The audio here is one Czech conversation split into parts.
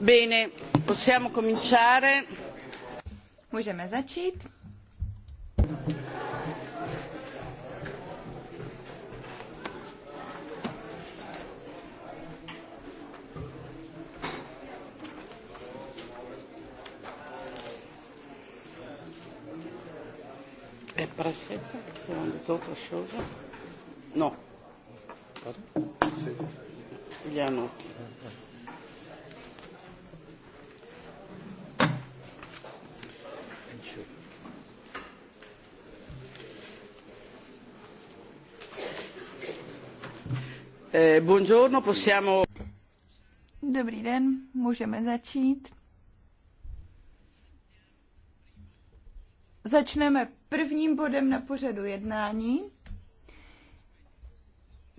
Bene, possiamo cominciare. Můžeme začít. È presente un'altra cosa? No. Gli annotti. Buongiorno, possiamo... Dobrý den, můžeme začít. Začneme prvním bodem na pořadu jednání.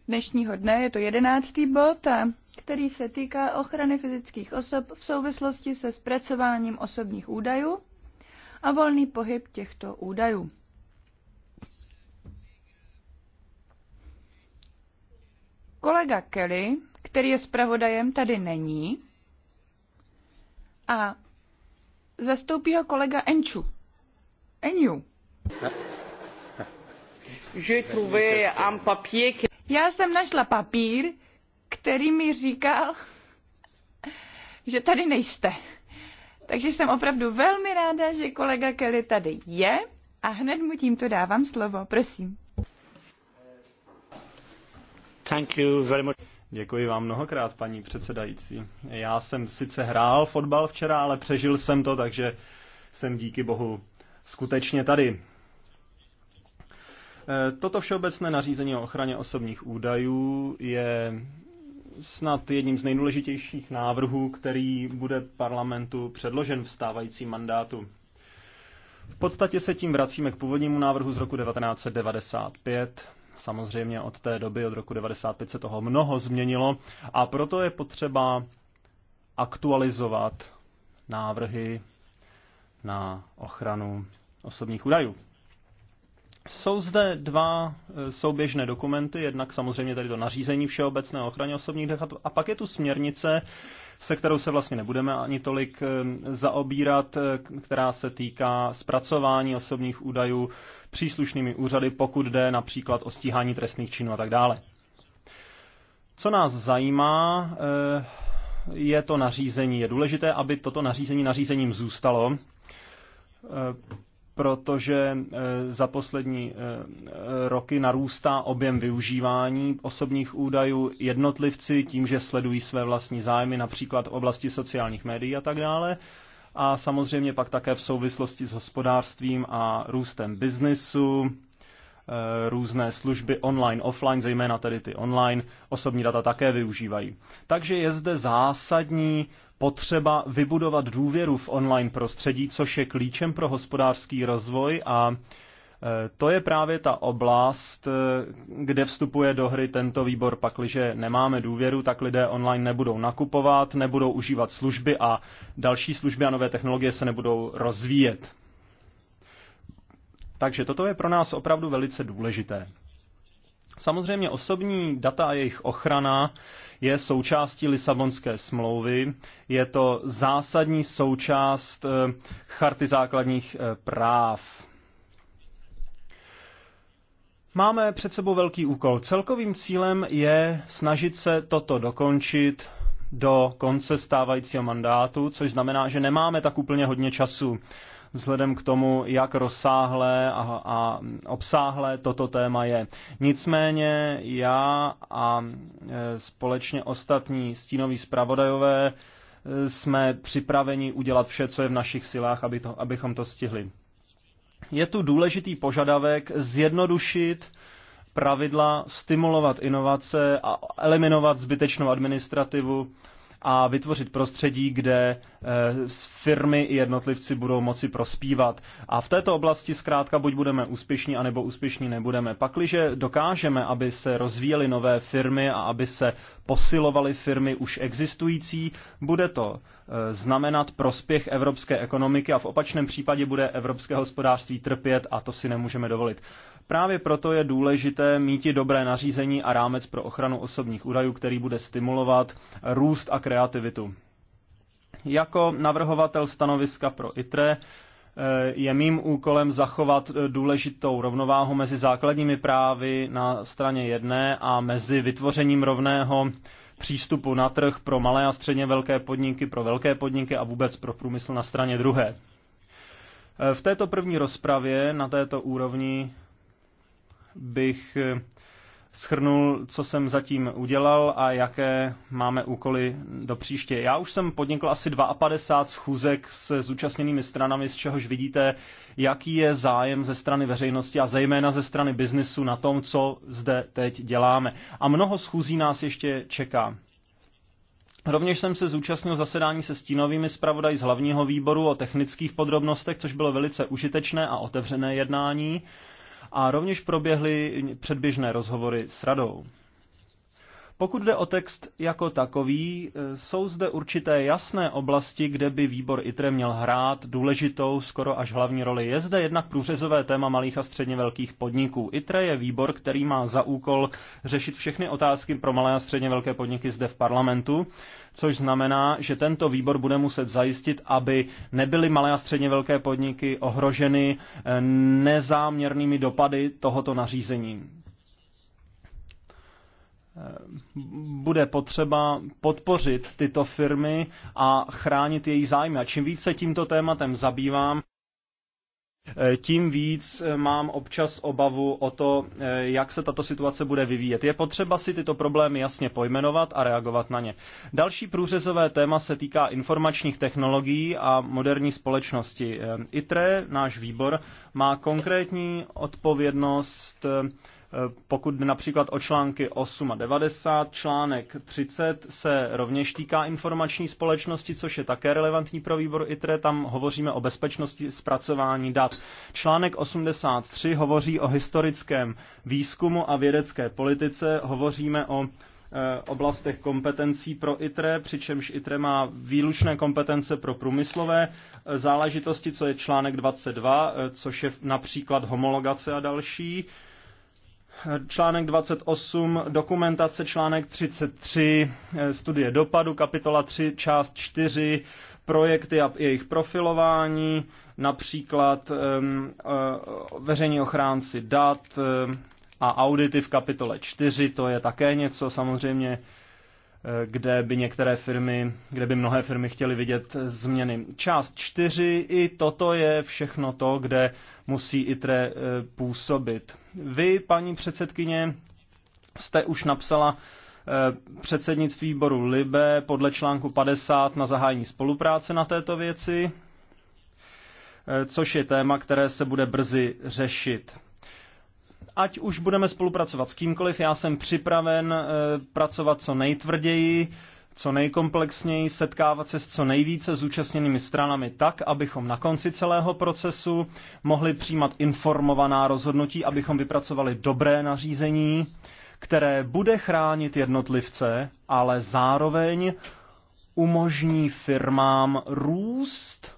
Dnešního dne je to jedenáctý bod, který se týká ochrany fyzických osob v souvislosti se zpracováním osobních údajů a volný pohyb těchto údajů. Kolega Kelly, který je zpravodajem, tady není a zastoupí ho kolega Enchu, Enju. Já jsem našla papír, který mi říkal, že tady nejste. Takže jsem opravdu velmi ráda, že kolega Kelly tady je a hned mu tímto dávám slovo. Prosím. Děkuji vám mnohokrát, paní předsedající. Já jsem sice hrál fotbal včera, ale přežil jsem to, takže jsem díky bohu skutečně tady. Eh, toto všeobecné nařízení o ochraně osobních údajů je snad jedním z nejdůležitějších návrhů, který bude parlamentu předložen v stávajícím mandátu. V podstatě se tím vracíme k původnímu návrhu z roku 1995, Samozřejmě od té doby, od roku 95 se toho mnoho změnilo a proto je potřeba aktualizovat návrhy na ochranu osobních údajů. Jsou zde dva e, souběžné dokumenty, jednak samozřejmě tady to nařízení všeobecné ochraně osobních dat a pak je tu směrnice, se kterou se vlastně nebudeme ani tolik e, zaobírat, e, která se týká zpracování osobních údajů příslušnými úřady, pokud jde například o stíhání trestných činů a tak dále. Co nás zajímá, je to nařízení. Je důležité, aby toto nařízení nařízením zůstalo, protože eh, za poslední eh, roky narůstá objem využívání osobních údajů jednotlivci tím, že sledují své vlastní zájmy, například v oblasti sociálních médií a tak dále. A samozřejmě pak také v souvislosti s hospodářstvím a růstem biznisu, eh, různé služby online, offline, zejména tedy ty online, osobní data také využívají. Takže je zde zásadní potřeba vybudovat důvěru v online prostředí, což je klíčem pro hospodářský rozvoj a e, to je právě ta oblast, e, kde vstupuje do hry tento výbor. Pakliže nemáme důvěru, tak lidé online nebudou nakupovat, nebudou užívat služby a další služby a nové technologie se nebudou rozvíjet. Takže toto je pro nás opravdu velice důležité. Samozřejmě osobní data a jejich ochrana je součástí Lisabonské smlouvy, je to zásadní součást eh, charty základních eh, práv. Máme před sebou velký úkol. Celkovým cílem je snažit se toto dokončit do konce stávajícího mandátu, což znamená, že nemáme tak úplně hodně času vzhledem k tomu, jak rozsáhlé a, a obsáhlé toto téma je. Nicméně já a e, společně ostatní stínoví zpravodajové e, jsme připraveni udělat vše, co je v našich silách, aby to, abychom to stihli. Je tu důležitý požadavek zjednodušit pravidla, stimulovat inovace a eliminovat zbytečnou administrativu a vytvořit prostředí, kde eh, firmy i jednotlivci budou moci prospívat. A v této oblasti zkrátka buď budeme úspěšní, anebo úspěšní nebudeme. Pakliže dokážeme, aby se rozvíjely nové firmy a aby se posilovaly firmy už existující. Bude to e, znamenat prospěch evropské ekonomiky a v opačném případě bude evropské hospodářství trpět a to si nemůžeme dovolit. Právě proto je důležité mít i dobré nařízení a rámec pro ochranu osobních údajů, který bude stimulovat růst a kreativitu. Jako navrhovatel stanoviska pro ITRE Eh, je mým úkolem zachovat eh, důležitou rovnováhu mezi základními právy na straně jedné a mezi vytvořením rovného přístupu na trh pro malé a středně velké podniky, pro velké podniky a vůbec pro průmysl na straně druhé. Eh, v této první rozpravě na této úrovni bych schrnul, co jsem zatím udělal a jaké máme úkoly do příště. Já už jsem podnikl asi 52 schůzek se zúčastněnými stranami, z čehož vidíte, jaký je zájem ze strany veřejnosti a zejména ze strany biznisu na tom, co zde teď děláme. A mnoho schůzí nás ještě čeká. Rovněž jsem se zúčastnil zasedání se stínovými zpravodaj z hlavního výboru o technických podrobnostech, což bylo velice užitečné a otevřené jednání a rovněž proběhly předběžné rozhovory s radou. Pokud jde o text jako takový, e, jsou zde určité jasné oblasti, kde by výbor ITRE měl hrát důležitou, skoro až hlavní roli. Je zde jednak průřezové téma malých a středně velkých podniků. ITRE je výbor, který má za úkol řešit všechny otázky pro malé a středně velké podniky zde v parlamentu, což znamená, že tento výbor bude muset zajistit, aby nebyly malé a středně velké podniky ohroženy e, nezáměrnými dopady tohoto nařízení. Eh, bude potřeba podpořit tyto firmy a chránit její zájmy. A čím více tímto tématem zabývám, eh, tím víc eh, mám občas obavu o to, jak se tato situace bude vyvíjet. Je potřeba si tyto problémy jasně pojmenovat a reagovat na ně. Další průřezové téma se týká informačních technologií a moderní společnosti. ITRE, náš výbor, má konkrétní odpovědnost pokud jde například o články 8 a 90, článek 30 se rovněž týká informační společnosti, což je také relevantní pro výbor ITRE, tam hovoříme o bezpečnosti zpracování dat. Článek 83 hovoří o historickém výzkumu a vědecké politice, hovoříme o eh, oblastech kompetencí pro ITRE, přičemž ITRE má výlučné kompetence pro průmyslové eh, záležitosti, co je článek 22, eh, což je například homologace a další článek 28, dokumentace, článek 33, eh, studie dopadu, kapitola 3, část 4, projekty a jejich profilování, například eh, eh, veřejní ochránci dat a audity v kapitole 4, to je také něco samozřejmě, kde by některé firmy, kde by mnohé firmy chtěly vidět změny. Část 4, i toto je všechno to, kde musí ITRE působit. Vy, paní předsedkyně, jste už napsala eh, předsednictví výboru Libe podle článku 50 na zahájení spolupráce na této věci, eh, což je téma, které se bude brzy řešit. Ať už budeme spolupracovat s kýmkoliv, já jsem připraven eh, pracovat co nejtvrději, co nejkomplexněji, setkávat se s co nejvíce zúčastněnými stranami tak, abychom na konci celého procesu mohli přijímat informovaná rozhodnutí, abychom vypracovali dobré nařízení, které bude chránit jednotlivce, ale zároveň umožní firmám růst,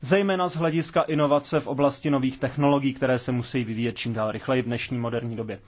zejména z hlediska inovace v oblasti nových technologií, které se musí vyvíjet čím dál rychleji v dnešní moderní době.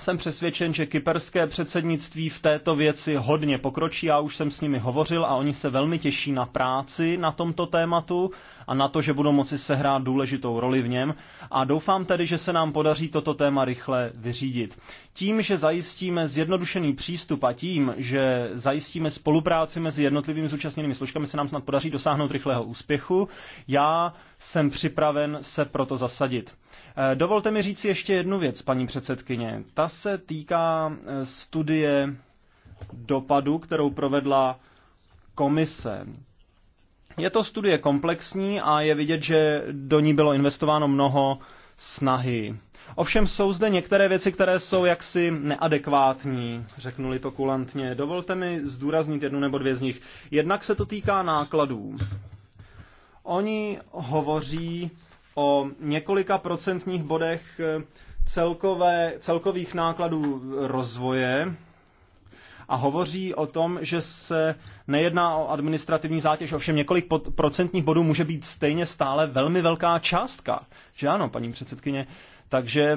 Jsem přesvědčen, že kyperské předsednictví v této věci hodně pokročí. Já už jsem s nimi hovořil a oni se velmi těší na práci na tomto tématu a na to, že budou moci sehrát důležitou roli v něm. A doufám tedy, že se nám podaří toto téma rychle vyřídit. Tím, že zajistíme zjednodušený přístup a tím, že zajistíme spolupráci mezi jednotlivými zúčastněnými složkami, se nám snad podaří dosáhnout rychlého úspěchu. Já jsem připraven se proto zasadit. Eh, dovolte mi říct ještě jednu věc, paní předsedkyně. Ta se týká eh, studie dopadu, kterou provedla komise. Je to studie komplexní a je vidět, že do ní bylo investováno mnoho snahy. Ovšem jsou zde některé věci, které jsou jaksi neadekvátní, řeknuli to kulantně. Dovolte mi zdůraznit jednu nebo dvě z nich. Jednak se to týká nákladů. Oni hovoří o několika procentních bodech eh, celkové, celkových nákladů rozvoje a hovoří o tom, že se nejedná o administrativní zátěž, ovšem několik procentních bodů může být stejně stále velmi velká částka. Že ano, paní předsedkyně? Takže e,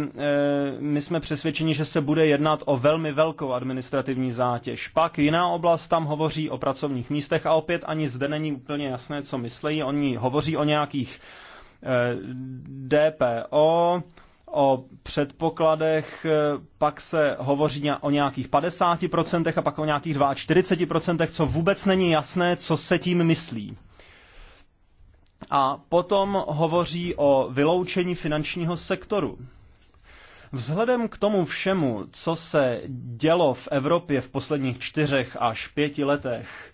my jsme přesvědčeni, že se bude jednat o velmi velkou administrativní zátěž. Pak jiná oblast tam hovoří o pracovních místech a opět ani zde není úplně jasné, co myslejí. Oni hovoří o nějakých Eh, DPO, o předpokladech, eh, pak se hovoří o nějakých 50% a pak o nějakých 42%, co vůbec není jasné, co se tím myslí. A potom hovoří o vyloučení finančního sektoru. Vzhledem k tomu všemu, co se dělo v Evropě v posledních čtyřech až pěti letech,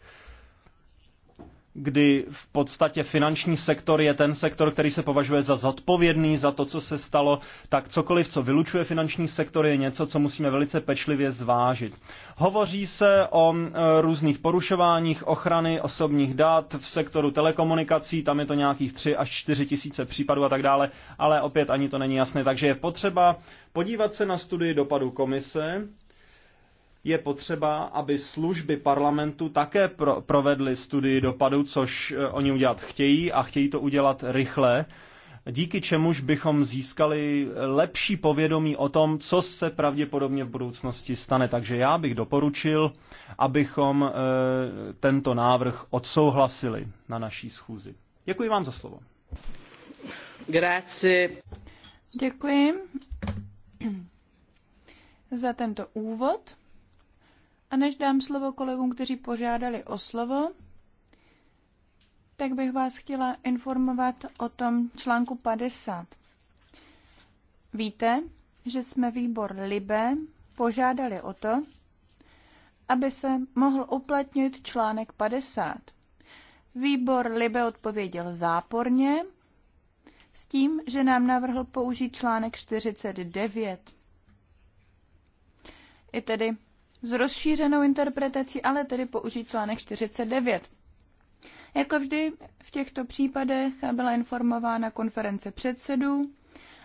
kdy v podstatě finanční sektor je ten sektor, který se považuje za zodpovědný za to, co se stalo, tak cokoliv, co vylučuje finanční sektor, je něco, co musíme velice pečlivě zvážit. Hovoří se o e, různých porušováních ochrany osobních dat v sektoru telekomunikací, tam je to nějakých 3 až 4 tisíce případů a tak dále, ale opět ani to není jasné, takže je potřeba podívat se na studii dopadu komise, je potřeba, aby služby parlamentu také pro, provedly studii dopadu, což eh, oni udělat chtějí a chtějí to udělat rychle, díky čemuž bychom získali lepší povědomí o tom, co se pravděpodobně v budoucnosti stane. Takže já bych doporučil, abychom eh, tento návrh odsouhlasili na naší schůzi. Děkuji vám za slovo. Grazie. Děkuji za tento úvod. A než dám slovo kolegům, kteří požádali o slovo, tak bych vás chtěla informovat o tom článku 50. Víte, že jsme výbor Libe požádali o to, aby se mohl uplatnit článek 50. Výbor Libe odpověděl záporně s tím, že nám navrhl použít článek 49. I tedy s rozšířenou interpretací, ale tedy použít článek 49. Jako vždy v těchto případech byla informována konference předsedů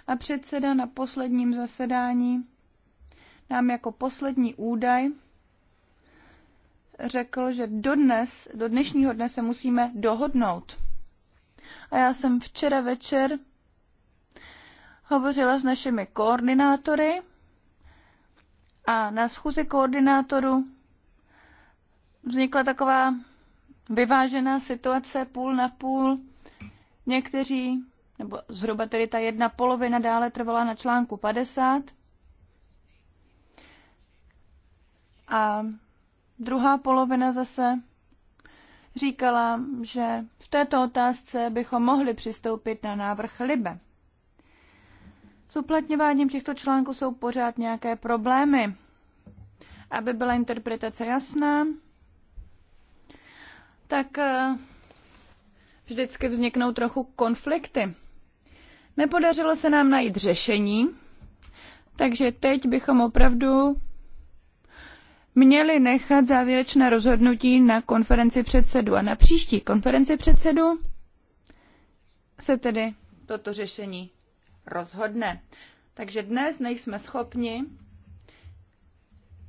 a předseda na posledním zasedání nám jako poslední údaj řekl, že dodnes, do dnešního dne se musíme dohodnout. A já jsem včera večer hovořila s našimi koordinátory a na schůzi koordinátoru vznikla taková vyvážená situace půl na půl. Někteří, nebo zhruba tedy ta jedna polovina dále trvala na článku 50. A druhá polovina zase říkala, že v této otázce bychom mohli přistoupit na návrh Libe. S uplatňováním těchto článků jsou pořád nějaké problémy. Aby byla interpretace jasná, tak eh, vždycky vzniknou trochu konflikty. Nepodařilo se nám najít řešení, takže teď bychom opravdu měli nechat závěrečné rozhodnutí na konferenci předsedu. A na příští konferenci předsedu se tedy toto řešení rozhodne. Takže dnes nejsme schopni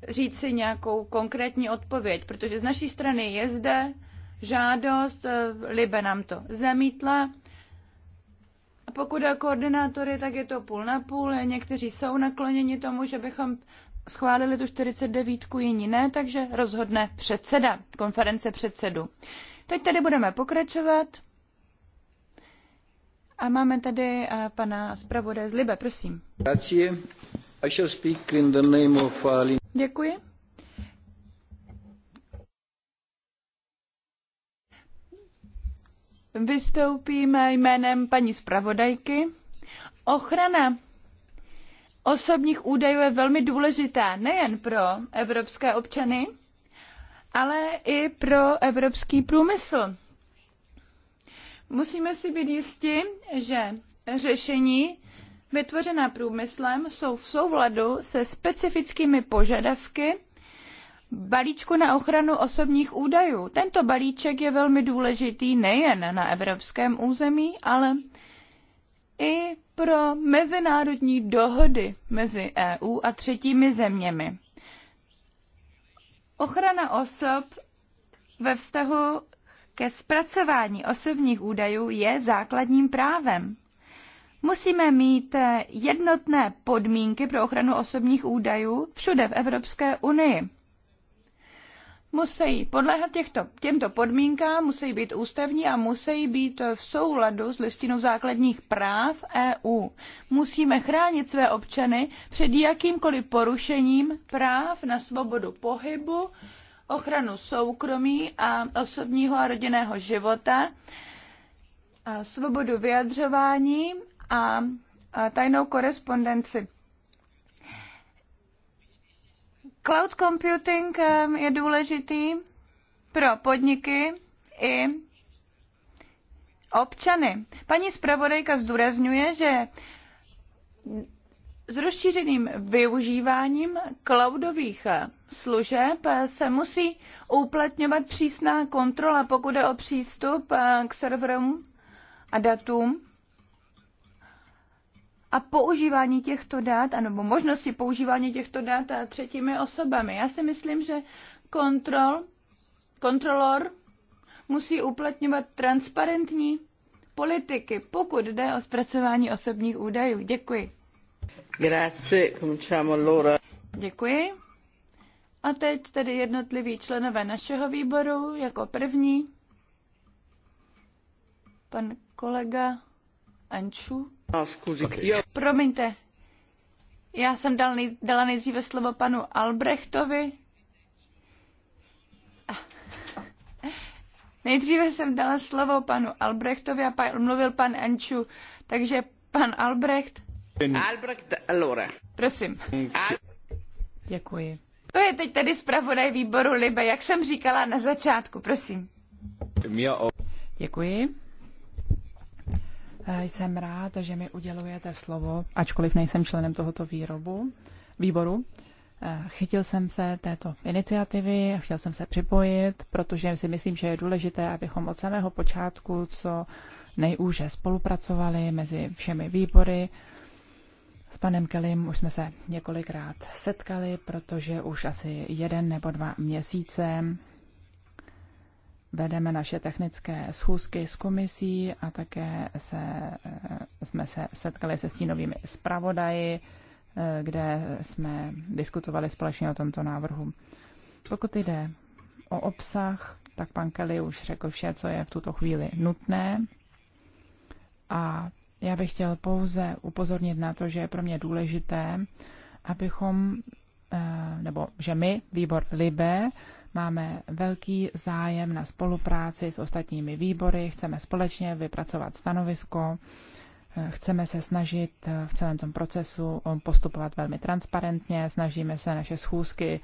říct si nějakou konkrétní odpověď, protože z naší strany je zde žádost, eh, Libe nám to zamítla. A pokud je koordinátory, tak je to půl na půl. Někteří jsou nakloněni tomu, že bychom schválili tu 49, jiní ne, takže rozhodne předseda konference předsedu. Teď tady budeme pokračovat. A máme tady eh, pana zpravodaje z Libe, prosím. Uh, Děkuji. Vystoupíme jménem paní zpravodajky. Ochrana osobních údajů je velmi důležitá nejen pro evropské občany, ale i pro evropský průmysl Musíme si být jisti, že řešení vytvořená průmyslem jsou v souladu se specifickými požadavky balíčku na ochranu osobních údajů. Tento balíček je velmi důležitý nejen na evropském území, ale i pro mezinárodní dohody mezi EU a třetími zeměmi. Ochrana osob ve vztahu ke zpracování osobních údajů je základním právem. Musíme mít eh, jednotné podmínky pro ochranu osobních údajů všude v Evropské unii. Musí podléhat těchto, těmto podmínkám, musí být ústavní a musí být eh, v souladu s listinou základních práv EU. Musíme chránit své občany před jakýmkoliv porušením práv na svobodu pohybu, ochranu soukromí a osobního a rodinného života, a svobodu vyjadřování a, a tajnou korespondenci. Cloud computing um, je důležitý pro podniky i občany. Paní zpravodajka zdůrazňuje, že s rozšířeným využíváním cloudových služeb se musí uplatňovat přísná kontrola, pokud je o přístup eh, k serverům a datům a používání těchto dat, anebo možnosti používání těchto dat eh, třetími osobami. Já si myslím, že kontrol, kontrolor musí uplatňovat transparentní politiky, pokud jde o zpracování osobních údajů. Děkuji. Děkuji. A teď tedy jednotliví členové našeho výboru jako první. Pan kolega Anču. No, okay. Promiňte, já jsem dal nej, dala nejdříve slovo panu Albrechtovi. Nejdříve jsem dala slovo panu Albrechtovi a pak mluvil pan Anču. Takže pan Albrecht. Albrecht, allora. Prosím. Děkuji. To je teď tady zpravodaj výboru Libe, jak jsem říkala na začátku, prosím. Děkuji. Eh, jsem rád, že mi udělujete slovo, ačkoliv nejsem členem tohoto výrobu, výboru. Eh, chytil jsem se této iniciativy a chtěl jsem se připojit, protože si myslím, že je důležité, abychom od samého počátku co nejúže spolupracovali mezi všemi výbory, s panem Kelim už jsme se několikrát setkali, protože už asi jeden nebo dva měsíce vedeme naše technické schůzky s komisí a také se, eh, jsme se setkali se stínovými zpravodaji, eh, kde jsme diskutovali společně o tomto návrhu. Pokud jde o obsah, tak pan Kelly už řekl vše, co je v tuto chvíli nutné a já bych chtěl pouze upozornit na to, že je pro mě důležité, abychom, eh, nebo že my, výbor Libe, máme velký zájem na spolupráci s ostatními výbory, chceme společně vypracovat stanovisko, eh, chceme se snažit eh, v celém tom procesu postupovat velmi transparentně, snažíme se naše schůzky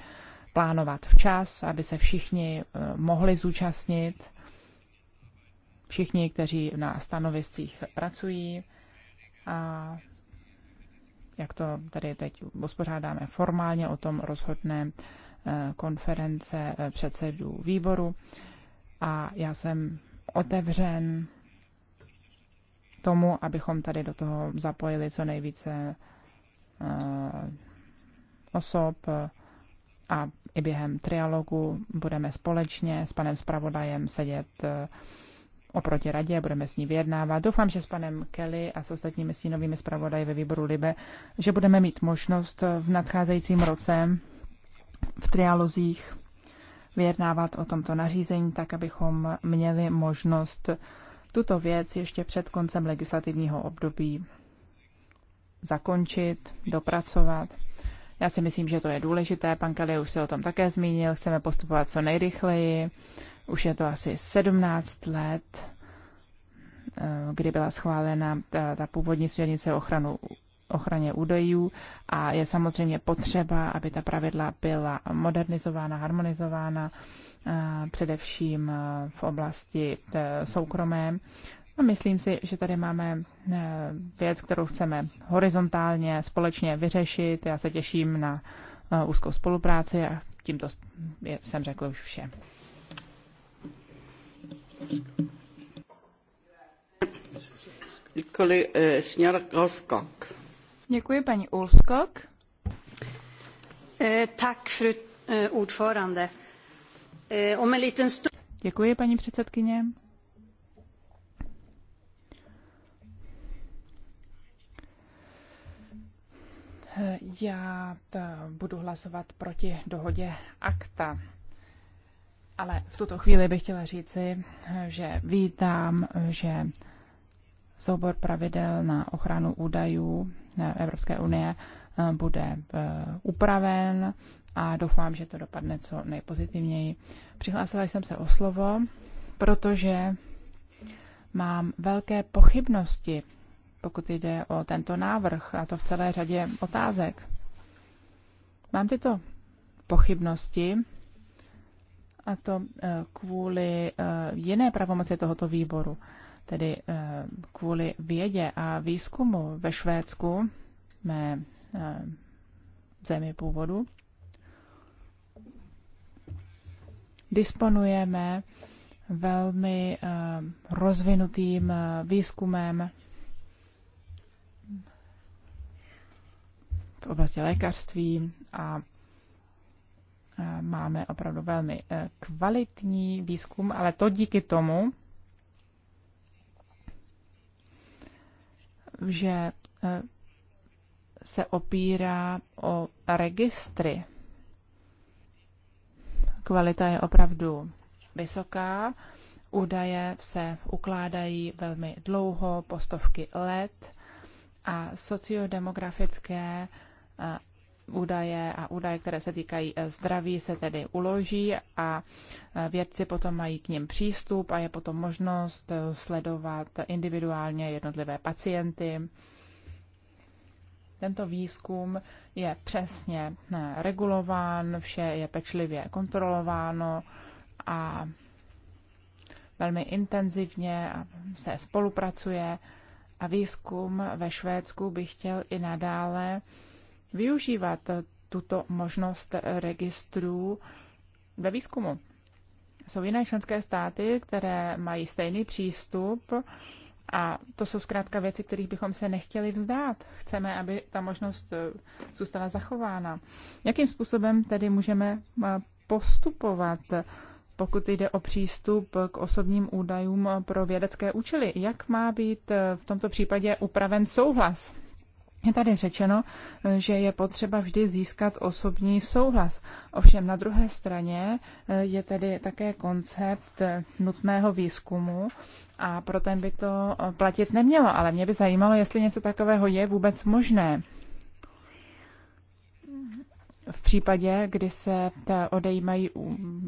plánovat včas, aby se všichni mohli zúčastnit všichni, kteří na stanoviscích pracují a jak to tady teď uspořádáme formálně, o tom rozhodne eh, konference eh, předsedů výboru. A já jsem otevřen tomu, abychom tady do toho zapojili co nejvíce eh, osob a i během trialogu budeme společně s panem zpravodajem sedět oproti radě a budeme s ní vyjednávat. Doufám, že s panem Kelly a s ostatními stínovými zpravodaji ve výboru Libe, že budeme mít možnost v nadcházejícím roce v trialozích vyjednávat o tomto nařízení, tak abychom měli možnost tuto věc ještě před koncem legislativního období zakončit, dopracovat. Já si myslím, že to je důležité. Pan Kelly už se o tom také zmínil. Chceme postupovat co nejrychleji. Už je to asi 17 let, eh, kdy byla schválena ta, eh, ta původní směrnice ochranu ochraně údajů a je samozřejmě potřeba, aby ta pravidla byla modernizována, harmonizována, eh, především v oblasti soukromé. A myslím si, že tady máme věc, kterou chceme horizontálně společně vyřešit. Já se těším na úzkou spolupráci a tímto jsem řekl už vše. Eh, Děkuji, paní Ulskok. Eh, tak, eh, Děkuji, paní předsedkyně. Já budu hlasovat proti dohodě akta. Ale v tuto chvíli bych chtěla říci, že vítám, že soubor pravidel na ochranu údajů eh, Evropské unie eh, bude eh, upraven a doufám, že to dopadne co nejpozitivněji. Přihlásila jsem se o slovo, protože mám velké pochybnosti, pokud jde o tento návrh, a to v celé řadě otázek. Mám tyto pochybnosti, a to eh, kvůli eh, jiné pravomoci tohoto výboru, tedy eh, kvůli vědě a výzkumu ve Švédsku, mé zemi původu, disponujeme velmi rozvinutým výzkumem v oblasti lékařství a Eh, máme opravdu velmi eh, kvalitní výzkum, ale to díky tomu, že eh, se opírá o registry. Kvalita je opravdu vysoká, údaje se ukládají velmi dlouho, postovky let a sociodemografické údaje a údaje, které se týkají eh, zdraví, se tedy uloží a eh, vědci potom mají k ním přístup a je potom možnost eh, sledovat individuálně jednotlivé pacienty. Tento výzkum je přesně regulován, vše je pečlivě kontrolováno a velmi intenzivně se spolupracuje a výzkum ve Švédsku bych chtěl i nadále využívat tuto možnost registrů ve výzkumu. Jsou jiné členské státy, které mají stejný přístup a to jsou zkrátka věci, kterých bychom se nechtěli vzdát. Chceme, aby ta možnost eh, zůstala zachována. Jakým způsobem tedy můžeme eh, postupovat, pokud jde o přístup k osobním údajům pro vědecké účely? Jak má být eh, v tomto případě upraven souhlas? Je tady řečeno, že je potřeba vždy získat osobní souhlas. Ovšem na druhé straně eh, je tedy také koncept eh, nutného výzkumu a pro ten by to eh, platit nemělo, ale mě by zajímalo, jestli něco takového je vůbec možné. V případě, kdy se odejímají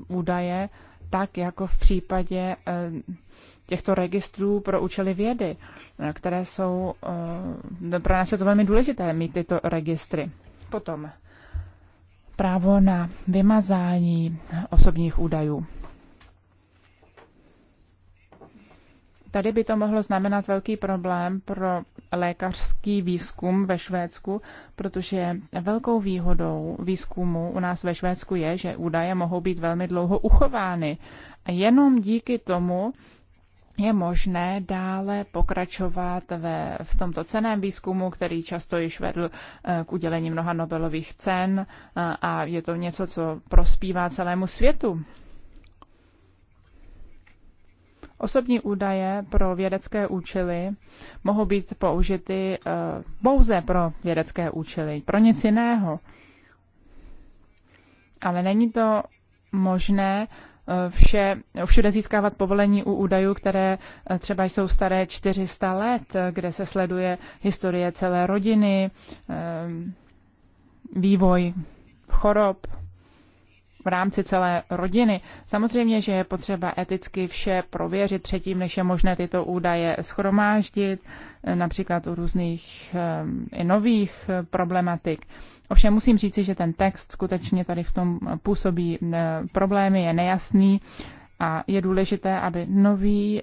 údaje, tak jako v případě těchto registrů pro účely vědy, eh, které jsou, eh, pro nás je to velmi důležité mít tyto registry. Potom právo na vymazání osobních údajů. Tady by to mohlo znamenat velký problém pro lékařský výzkum ve Švédsku, protože velkou výhodou výzkumu u nás ve Švédsku je, že údaje mohou být velmi dlouho uchovány. A jenom díky tomu, je možné dále pokračovat ve, v tomto ceném výzkumu, který často již vedl eh, k udělení mnoha Nobelových cen eh, a je to něco, co prospívá celému světu. Osobní údaje pro vědecké účely mohou být použity eh, pouze pro vědecké účely, pro nic jiného. Ale není to možné vše, všude získávat povolení u údajů, které eh, třeba jsou staré 400 let, eh, kde se sleduje historie celé rodiny, eh, vývoj chorob v rámci celé rodiny. Samozřejmě, že je potřeba eticky vše prověřit předtím, než je možné tyto údaje schromáždit, například u různých i nových problematik. Ovšem musím říci, že ten text skutečně tady v tom působí eh, problémy, je nejasný a je důležité, aby nový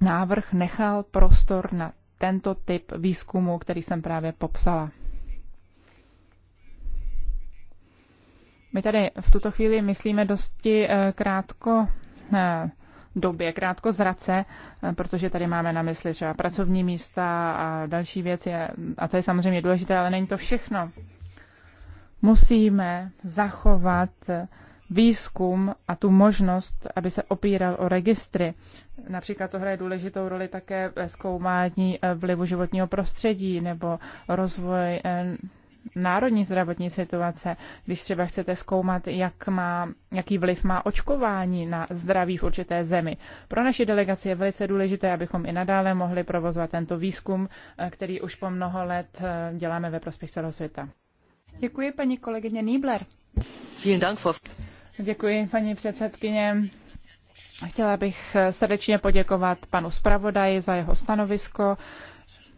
návrh nechal prostor na tento typ výzkumu, který jsem právě popsala. My tady v tuto chvíli myslíme dosti eh, krátko eh, době, krátko zrace, protože tady máme na mysli třeba pracovní místa a další věci a to je samozřejmě důležité, ale není to všechno musíme zachovat výzkum a tu možnost, aby se opíral o registry. Například to hraje důležitou roli také ve zkoumání eh, vlivu životního prostředí nebo rozvoj eh, národní zdravotní situace, když třeba chcete zkoumat, jak má, jaký vliv má očkování na zdraví v určité zemi. Pro naši delegaci je velice důležité, abychom i nadále mohli provozovat tento výzkum, eh, který už po mnoho let děláme ve prospěch celého světa. Děkuji paní kolegyně Niebler. Děkuji paní předsedkyně. Chtěla bych srdečně poděkovat panu zpravodaji za jeho stanovisko,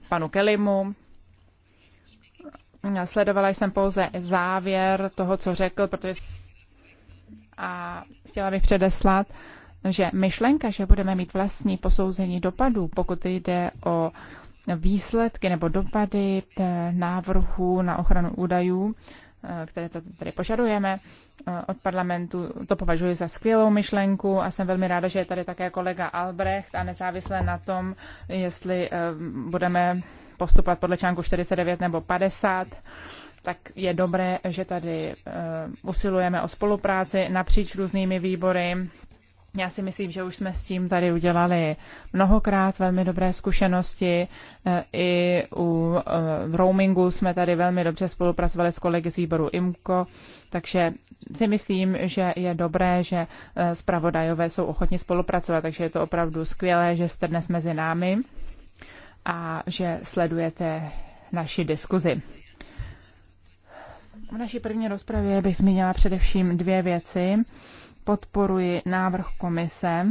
panu Kelimu. Sledovala jsem pouze závěr toho, co řekl, protože a chtěla bych předeslat, že myšlenka, že budeme mít vlastní posouzení dopadů, pokud jde o výsledky nebo dopady návrhu na ochranu údajů, eh, které tady požadujeme eh, od parlamentu. To považuji za skvělou myšlenku a jsem velmi ráda, že je tady také kolega Albrecht a nezávisle na tom, jestli eh, budeme postupovat podle článku 49 nebo 50, tak je dobré, že tady usilujeme o spolupráci napříč různými výbory já si myslím, že už jsme s tím tady udělali mnohokrát velmi dobré zkušenosti. E, I u e, roamingu jsme tady velmi dobře spolupracovali s kolegy z výboru IMCO, takže si myslím, že je dobré, že e, zpravodajové jsou ochotni spolupracovat, takže je to opravdu skvělé, že jste dnes mezi námi a že sledujete naši diskuzi. V naší první rozpravě bych zmínila především dvě věci podporuji návrh komise,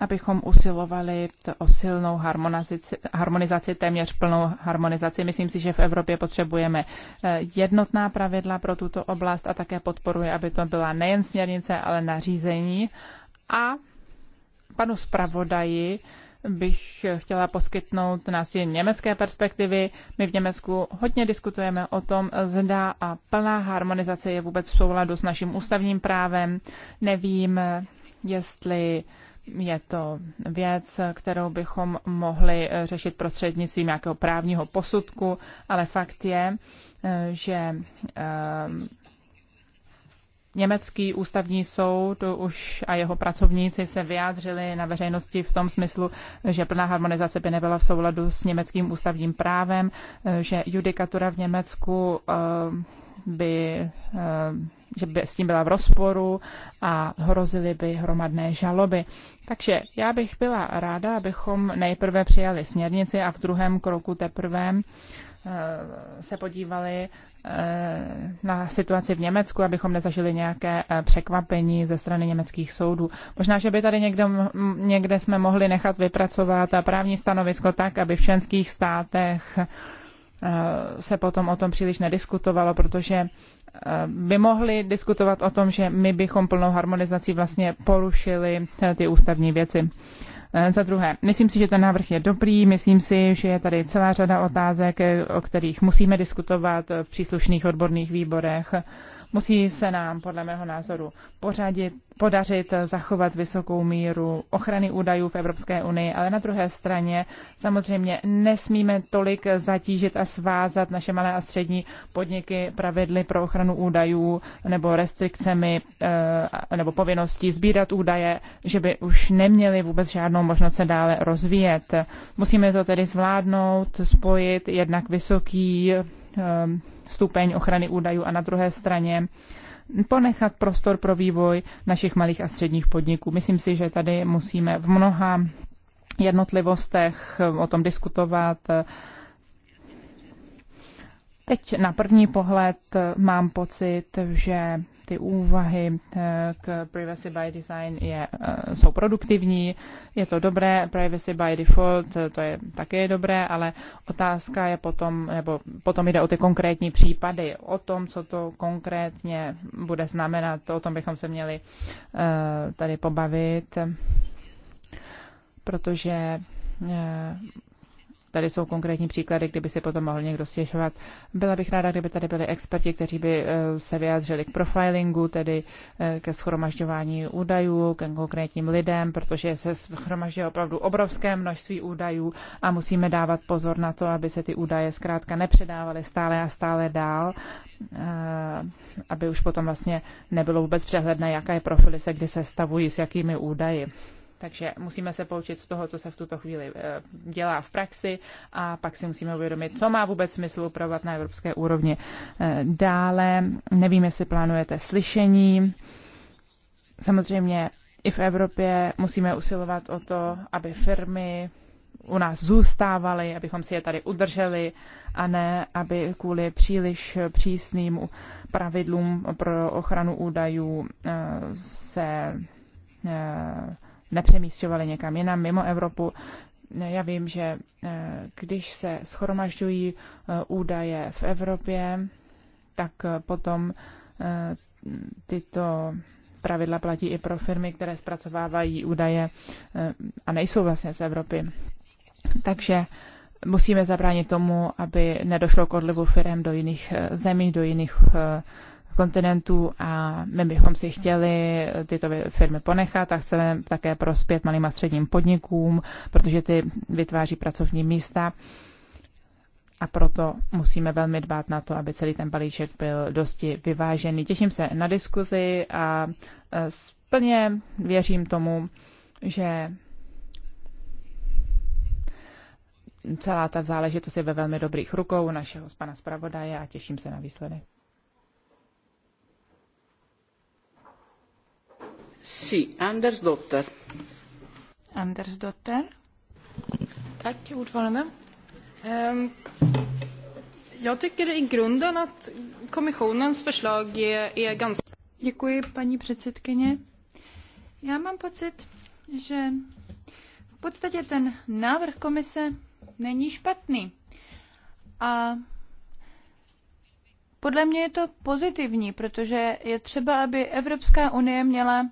abychom usilovali o silnou harmonizaci, harmonizaci, téměř plnou harmonizaci. Myslím si, že v Evropě potřebujeme eh, jednotná pravidla pro tuto oblast a také podporuji, aby to byla nejen směrnice, ale nařízení. A panu zpravodaji bych chtěla poskytnout nás je německé perspektivy. My v Německu hodně diskutujeme o tom, zda a plná harmonizace je vůbec v souladu s naším ústavním právem. Nevím, jestli je to věc, kterou bychom mohli řešit prostřednictvím nějakého právního posudku, ale fakt je, že ehm, Německý ústavní soud už a jeho pracovníci se vyjádřili na veřejnosti v tom smyslu, že plná harmonizace by nebyla v souladu s německým ústavním právem, že judikatura v Německu eh, by, eh, že by s tím byla v rozporu a hrozily by hromadné žaloby. Takže já bych byla ráda, abychom nejprve přijali směrnici a v druhém kroku teprve eh, se podívali na situaci v Německu, abychom nezažili nějaké eh, překvapení ze strany německých soudů. Možná, že by tady někdo, někde jsme mohli nechat vypracovat právní stanovisko tak, aby v členských státech eh, se potom o tom příliš nediskutovalo, protože by mohli diskutovat o tom, že my bychom plnou harmonizací vlastně porušili eh, ty ústavní věci. Eh, za druhé, myslím si, že ten návrh je dobrý, myslím si, že je tady celá řada otázek, eh, o kterých musíme diskutovat v příslušných odborných výborech. Musí se nám, podle mého názoru, pořadit, podařit zachovat vysokou míru ochrany údajů v Evropské unii, ale na druhé straně samozřejmě nesmíme tolik zatížit a svázat naše malé a střední podniky pravidly pro ochranu údajů nebo restrikcemi eh, nebo povinností sbírat údaje, že by už neměli vůbec žádnou možnost se dále rozvíjet. Musíme to tedy zvládnout, spojit jednak vysoký eh, stupeň ochrany údajů a na druhé straně ponechat prostor pro vývoj našich malých a středních podniků. Myslím si, že tady musíme v mnoha jednotlivostech o tom diskutovat. Teď na první pohled mám pocit, že ty úvahy eh, k Privacy by Design je, eh, jsou produktivní, je to dobré, Privacy by Default eh, to je také dobré, ale otázka je potom, nebo potom jde o ty konkrétní případy, o tom, co to konkrétně bude znamenat, o tom bychom se měli tady pobavit, protože Tady jsou konkrétní příklady, kdyby si potom mohl někdo stěžovat. Byla bych ráda, kdyby tady byli experti, kteří by eh, se vyjádřili k profilingu, tedy eh, ke schromažďování údajů, ke konkrétním lidem, protože se schromažďuje opravdu obrovské množství údajů a musíme dávat pozor na to, aby se ty údaje zkrátka nepředávaly stále a stále dál, eh, aby už potom vlastně nebylo vůbec přehledné, jaké profily se kdy stavují, s jakými údaji. Takže musíme se poučit z toho, co se v tuto chvíli eh, dělá v praxi a pak si musíme uvědomit, co má vůbec smysl upravovat na evropské úrovni. Eh, dále, nevím, jestli plánujete slyšení. Samozřejmě i v Evropě musíme usilovat o to, aby firmy u nás zůstávaly, abychom si je tady udrželi a ne, aby kvůli příliš přísným pravidlům pro ochranu údajů eh, se nepřemístěvali někam jinam mimo Evropu. Já vím, že eh, když se schromažďují eh, údaje v Evropě, tak eh, potom tyto pravidla platí i pro firmy, které zpracovávají údaje a nejsou vlastně z Evropy. Takže musíme zabránit tomu, aby nedošlo k odlivu firm do jiných zemí, do jiných kontinentů a my bychom si chtěli tyto firmy ponechat a chceme také prospět malým a středním podnikům, protože ty vytváří pracovní místa a proto musíme velmi dbát na to, aby celý ten balíček byl dosti vyvážený. Těším se na diskuzi a e, plně věřím tomu, že celá ta záležitost je ve velmi dobrých rukou našeho pana zpravodaje a těším se na výsledek. Sí, Anders ehm, jag tycker i grunden att kommissionens förslag är ganska... Děkuji, paní předsedkyně. Já mám pocit, že v podstatě ten návrh komise není špatný. A podle mě je to pozitivní, protože je třeba, aby Evropská unie měla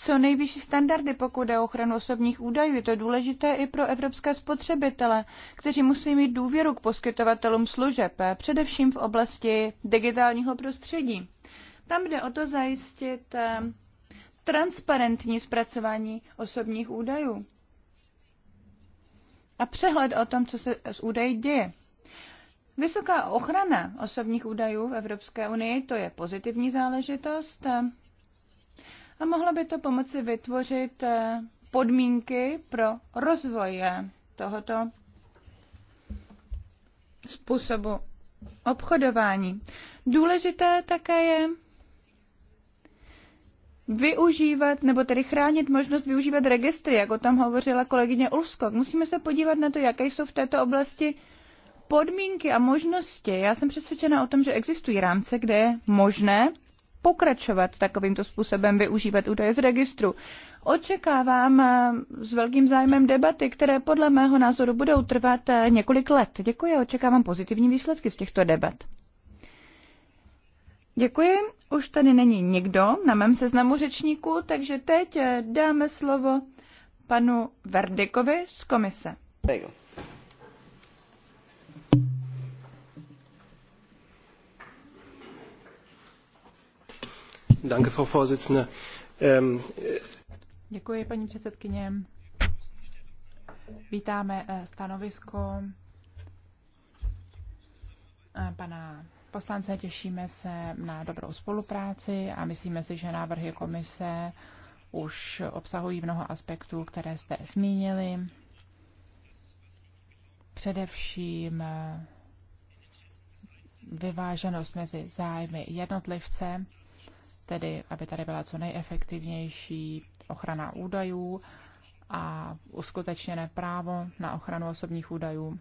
co nejvyšší standardy, pokud jde o ochranu osobních údajů. Je to důležité i pro evropské spotřebitele, kteří musí mít důvěru k poskytovatelům služeb, především v oblasti digitálního prostředí. Tam jde o to zajistit eh, transparentní zpracování osobních údajů a přehled o tom, co se s údaji děje. Vysoká ochrana osobních údajů v Evropské unii, to je pozitivní záležitost a mohlo by to pomoci vytvořit eh, podmínky pro rozvoj eh, tohoto způsobu obchodování. Důležité také je využívat, nebo tedy chránit možnost využívat registry, jak o tom hovořila kolegyně Ulskok. Musíme se podívat na to, jaké jsou v této oblasti podmínky a možnosti. Já jsem přesvědčena o tom, že existují rámce, kde je možné pokračovat takovýmto způsobem využívat údaje z registru. Očekávám eh, s velkým zájmem debaty, které podle mého názoru budou trvat eh, několik let. Děkuji a očekávám pozitivní výsledky z těchto debat. Děkuji. Už tady není nikdo na mém seznamu řečníků, takže teď eh, dáme slovo panu Verdikovi z komise. Děkuji. Danke, Frau Vorsitzende. Ähm, Děkuji, paní předsedkyně. Vítáme eh, stanovisko eh, pana poslance, těšíme se na dobrou spolupráci a myslíme si, že návrhy komise už obsahují mnoho aspektů, které jste zmínili. Především eh, vyváženost mezi zájmy jednotlivce tedy aby tady byla co nejefektivnější ochrana údajů a uskutečněné právo na ochranu osobních údajů.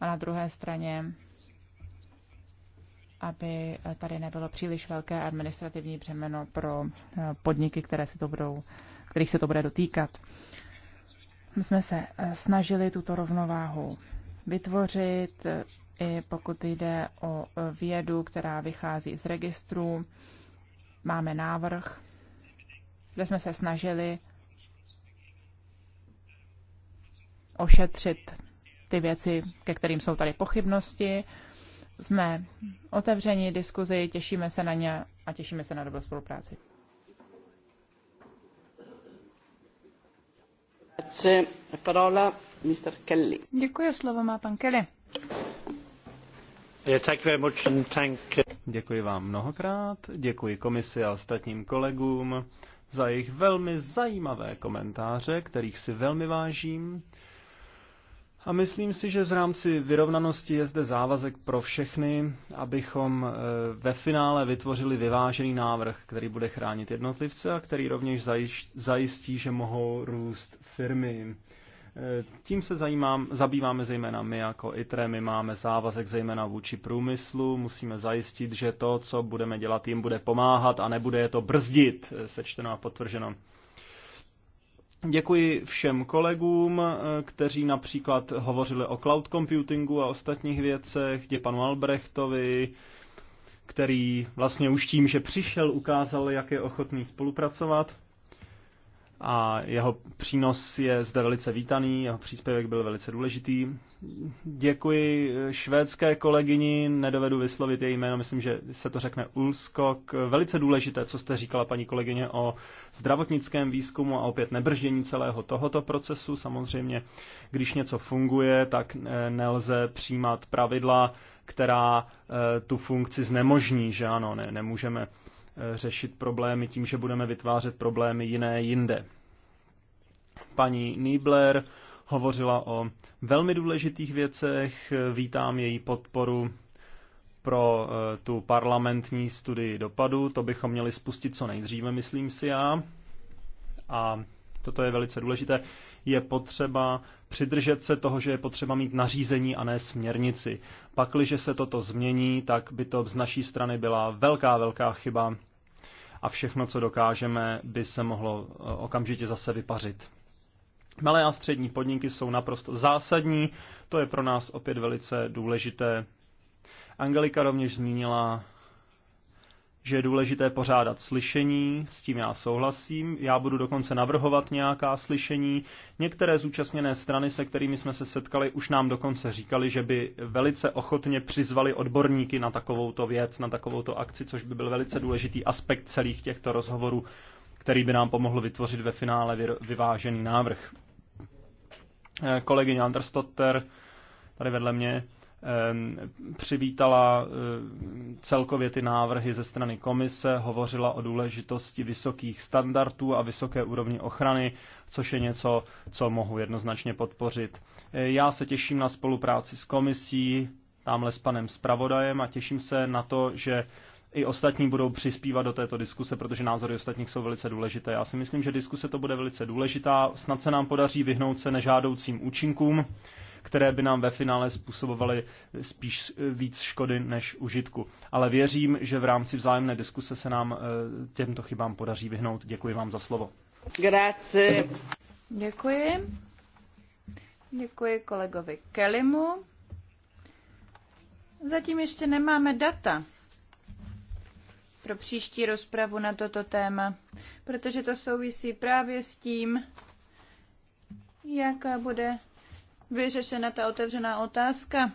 A na druhé straně, aby tady nebylo příliš velké administrativní břemeno pro eh, podniky, které se to budou, kterých se to bude dotýkat. My jsme se eh, snažili tuto rovnováhu vytvořit, eh, i pokud jde o vědu, která vychází z registru máme návrh, kde jsme se snažili ošetřit ty věci, ke kterým jsou tady pochybnosti. Jsme otevřeni diskuzi, těšíme se na ně a těšíme se na dobrou spolupráci. Děkuji, slovo má pan Kelly. Uh, děkuji vám mnohokrát, děkuji komisi a ostatním kolegům za jejich velmi zajímavé komentáře, kterých si velmi vážím. A myslím si, že v rámci vyrovnanosti je zde závazek pro všechny, abychom eh, ve finále vytvořili vyvážený návrh, který bude chránit jednotlivce a který rovněž zajistí, že mohou růst firmy. Tím se zajímám, zabýváme zejména my jako ITRE, my máme závazek zejména vůči průmyslu, musíme zajistit, že to, co budeme dělat, jim bude pomáhat a nebude je to brzdit, eh, sečteno a potvrženo. Děkuji všem kolegům, eh, kteří například hovořili o cloud computingu a ostatních věcech, děkuji panu Albrechtovi, který vlastně už tím, že přišel, ukázal, jak je ochotný spolupracovat a jeho přínos je zde velice vítaný, jeho příspěvek byl velice důležitý. Děkuji švédské kolegyni, nedovedu vyslovit její jméno, myslím, že se to řekne Ulskok. Velice důležité, co jste říkala, paní kolegyně, o zdravotnickém výzkumu a opět nebrždění celého tohoto procesu. Samozřejmě, když něco funguje, tak eh, nelze přijímat pravidla, která eh, tu funkci znemožní, že ano, ne, nemůžeme řešit problémy tím, že budeme vytvářet problémy jiné jinde. Paní Niebler hovořila o velmi důležitých věcech, vítám její podporu pro eh, tu parlamentní studii dopadu, to bychom měli spustit co nejdříve, myslím si já. A toto je velice důležité, je potřeba přidržet se toho, že je potřeba mít nařízení a ne směrnici. Pakliže se toto změní, tak by to z naší strany byla velká, velká chyba a všechno, co dokážeme, by se mohlo eh, okamžitě zase vypařit. Malé a střední podniky jsou naprosto zásadní, to je pro nás opět velice důležité. Angelika rovněž zmínila že je důležité pořádat slyšení, s tím já souhlasím. Já budu dokonce navrhovat nějaká slyšení. Některé zúčastněné strany, se kterými jsme se setkali, už nám dokonce říkali, že by velice ochotně přizvali odborníky na takovouto věc, na takovouto akci, což by byl velice důležitý aspekt celých těchto rozhovorů, který by nám pomohl vytvořit ve finále vyvážený návrh. Eh, kolegyně Anderstotter tady vedle mě přivítala eh, celkově ty návrhy ze strany komise, hovořila o důležitosti vysokých standardů a vysoké úrovni ochrany, což je něco, co mohu jednoznačně podpořit. Eh, já se těším na spolupráci s komisí, tamhle s panem zpravodajem a těším se na to, že i ostatní budou přispívat do této diskuse, protože názory ostatních jsou velice důležité. Já si myslím, že diskuse to bude velice důležitá. Snad se nám podaří vyhnout se nežádoucím účinkům které by nám ve finále způsobovaly spíš eh, víc škody než užitku. Ale věřím, že v rámci vzájemné diskuse se nám eh, těmto chybám podaří vyhnout. Děkuji vám za slovo. Grazie. Děkuji. Děkuji kolegovi Kelimu. Zatím ještě nemáme data pro příští rozpravu na toto téma, protože to souvisí právě s tím, jak bude vyřešena ta otevřená otázka,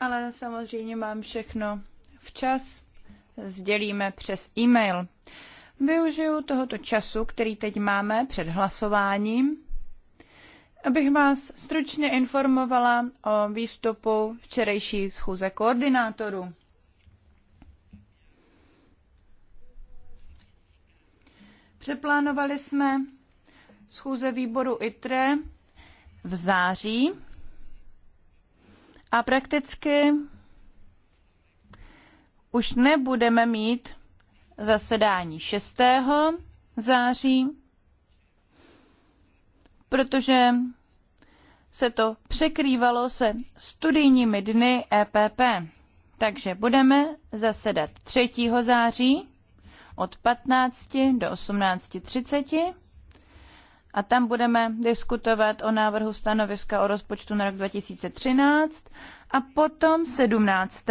ale samozřejmě mám všechno včas, sdělíme přes e-mail. Využiju tohoto času, který teď máme před hlasováním, abych vás stručně informovala o výstupu včerejší schůze koordinátorů. Přeplánovali jsme schůze výboru ITRE v září a prakticky už nebudeme mít zasedání 6. září, protože se to překrývalo se studijními dny EPP. Takže budeme zasedat 3. září od 15 do 18.30 a tam budeme diskutovat o návrhu stanoviska o rozpočtu na rok 2013 a potom 17.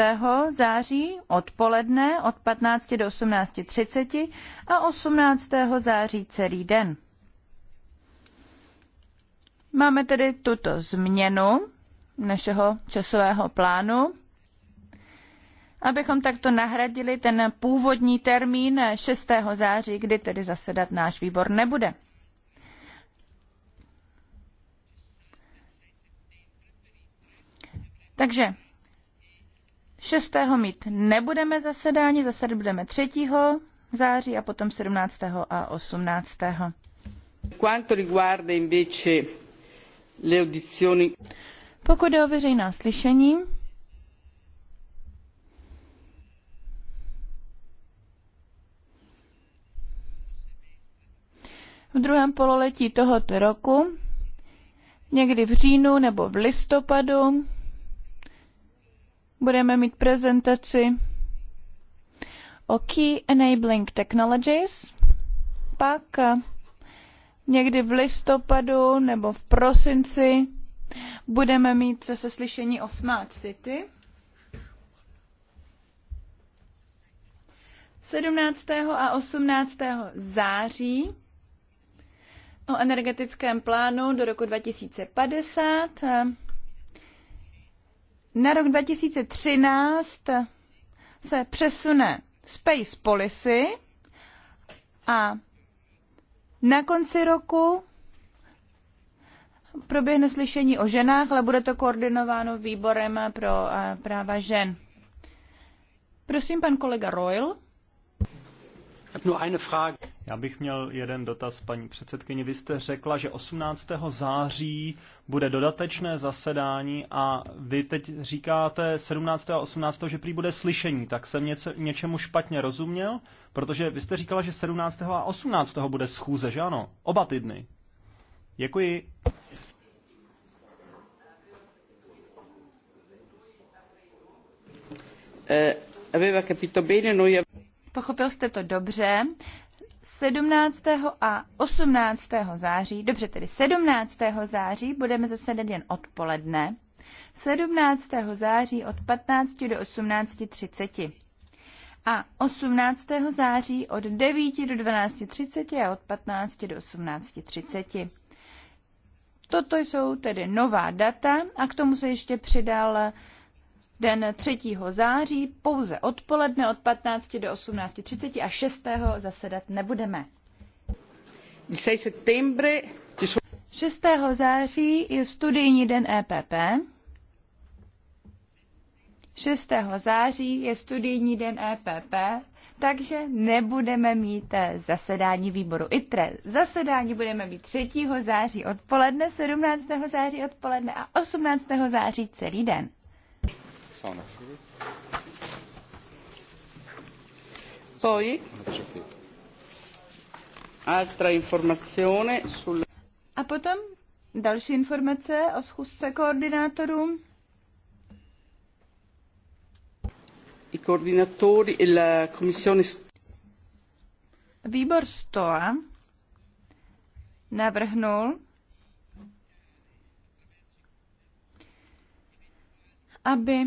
září odpoledne od 15 do 18.30 a 18. září celý den. Máme tedy tuto změnu našeho časového plánu, abychom takto nahradili ten původní termín 6. září, kdy tedy zasedat náš výbor nebude. Takže 6. mít nebudeme zasedání, zasedat budeme 3. září a potom 17. a 18. Quanto riguarda invece le audizioni... Pokud jde o veřejná slyšení, v druhém pololetí tohoto roku, někdy v říjnu nebo v listopadu, budeme mít prezentaci o Key Enabling Technologies, pak eh, někdy v listopadu nebo v prosinci budeme mít se slyšení o Smart City. 17. a 18. září o energetickém plánu do roku 2050 na rok 2013 se přesune Space Policy a na konci roku proběhne slyšení o ženách, ale bude to koordinováno výborem pro eh, práva žen. Prosím, pan kolega Royal. Já bych měl jeden dotaz, paní předsedkyně. Vy jste řekla, že 18. září bude dodatečné zasedání a vy teď říkáte 17. a 18. že prý bude slyšení. Tak jsem něco, něčemu špatně rozuměl? Protože vy jste říkala, že 17. a 18. bude schůze, že ano? Oba ty dny. Děkuji. Eh, aveva capito bene, noi Pochopil jste to dobře. 17. a 18. září, dobře tedy 17. září, budeme zasedat jen odpoledne. 17. září od 15 do 18.30 a 18. září od 9 do 12.30 a od 15 do 18.30. Toto jsou tedy nová data a k tomu se ještě přidal den 3. září pouze odpoledne od 15 do 18.30 a 6. zasedat nebudeme. 6. září je studijní den EPP. 6. září je studijní den EPP, takže nebudeme mít eh, zasedání výboru ITRE. Zasedání budeme mít 3. září odpoledne, 17. září odpoledne a 18. září celý den. Poi altra informazione sul... A potom další informace o schůzce koordinátorů. I koordinatori e la commissione... Výbor STOA navrhnul, aby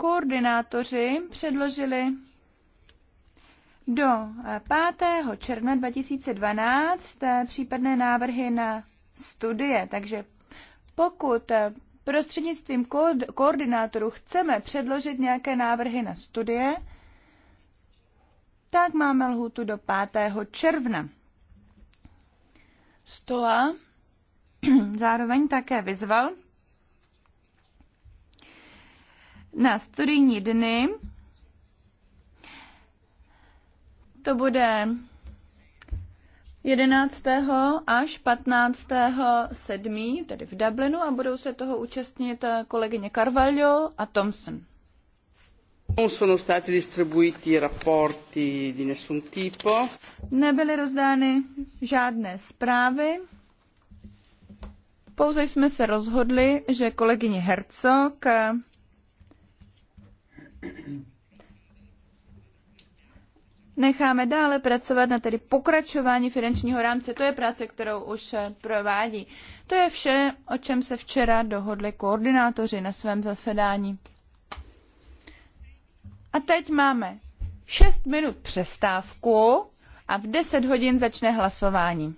koordinátoři předložili do 5. Eh, června 2012 eh, případné návrhy na studie. Takže pokud eh, prostřednictvím koordinátorů chceme předložit nějaké návrhy na studie, tak máme lhůtu do 5. června. Stoa zároveň také vyzval na studijní dny. To bude 11. až 15. 7. tedy v Dublinu a budou se toho účastnit eh, kolegyně Carvalho a Thompson. Nebyly rozdány žádné zprávy. Pouze jsme se rozhodli, že kolegyně Herzog eh, necháme dále pracovat na tedy pokračování finančního rámce. To je práce, kterou už eh, provádí. To je vše, o čem se včera dohodli koordinátoři na svém zasedání. A teď máme 6 minut přestávku a v 10 hodin začne hlasování.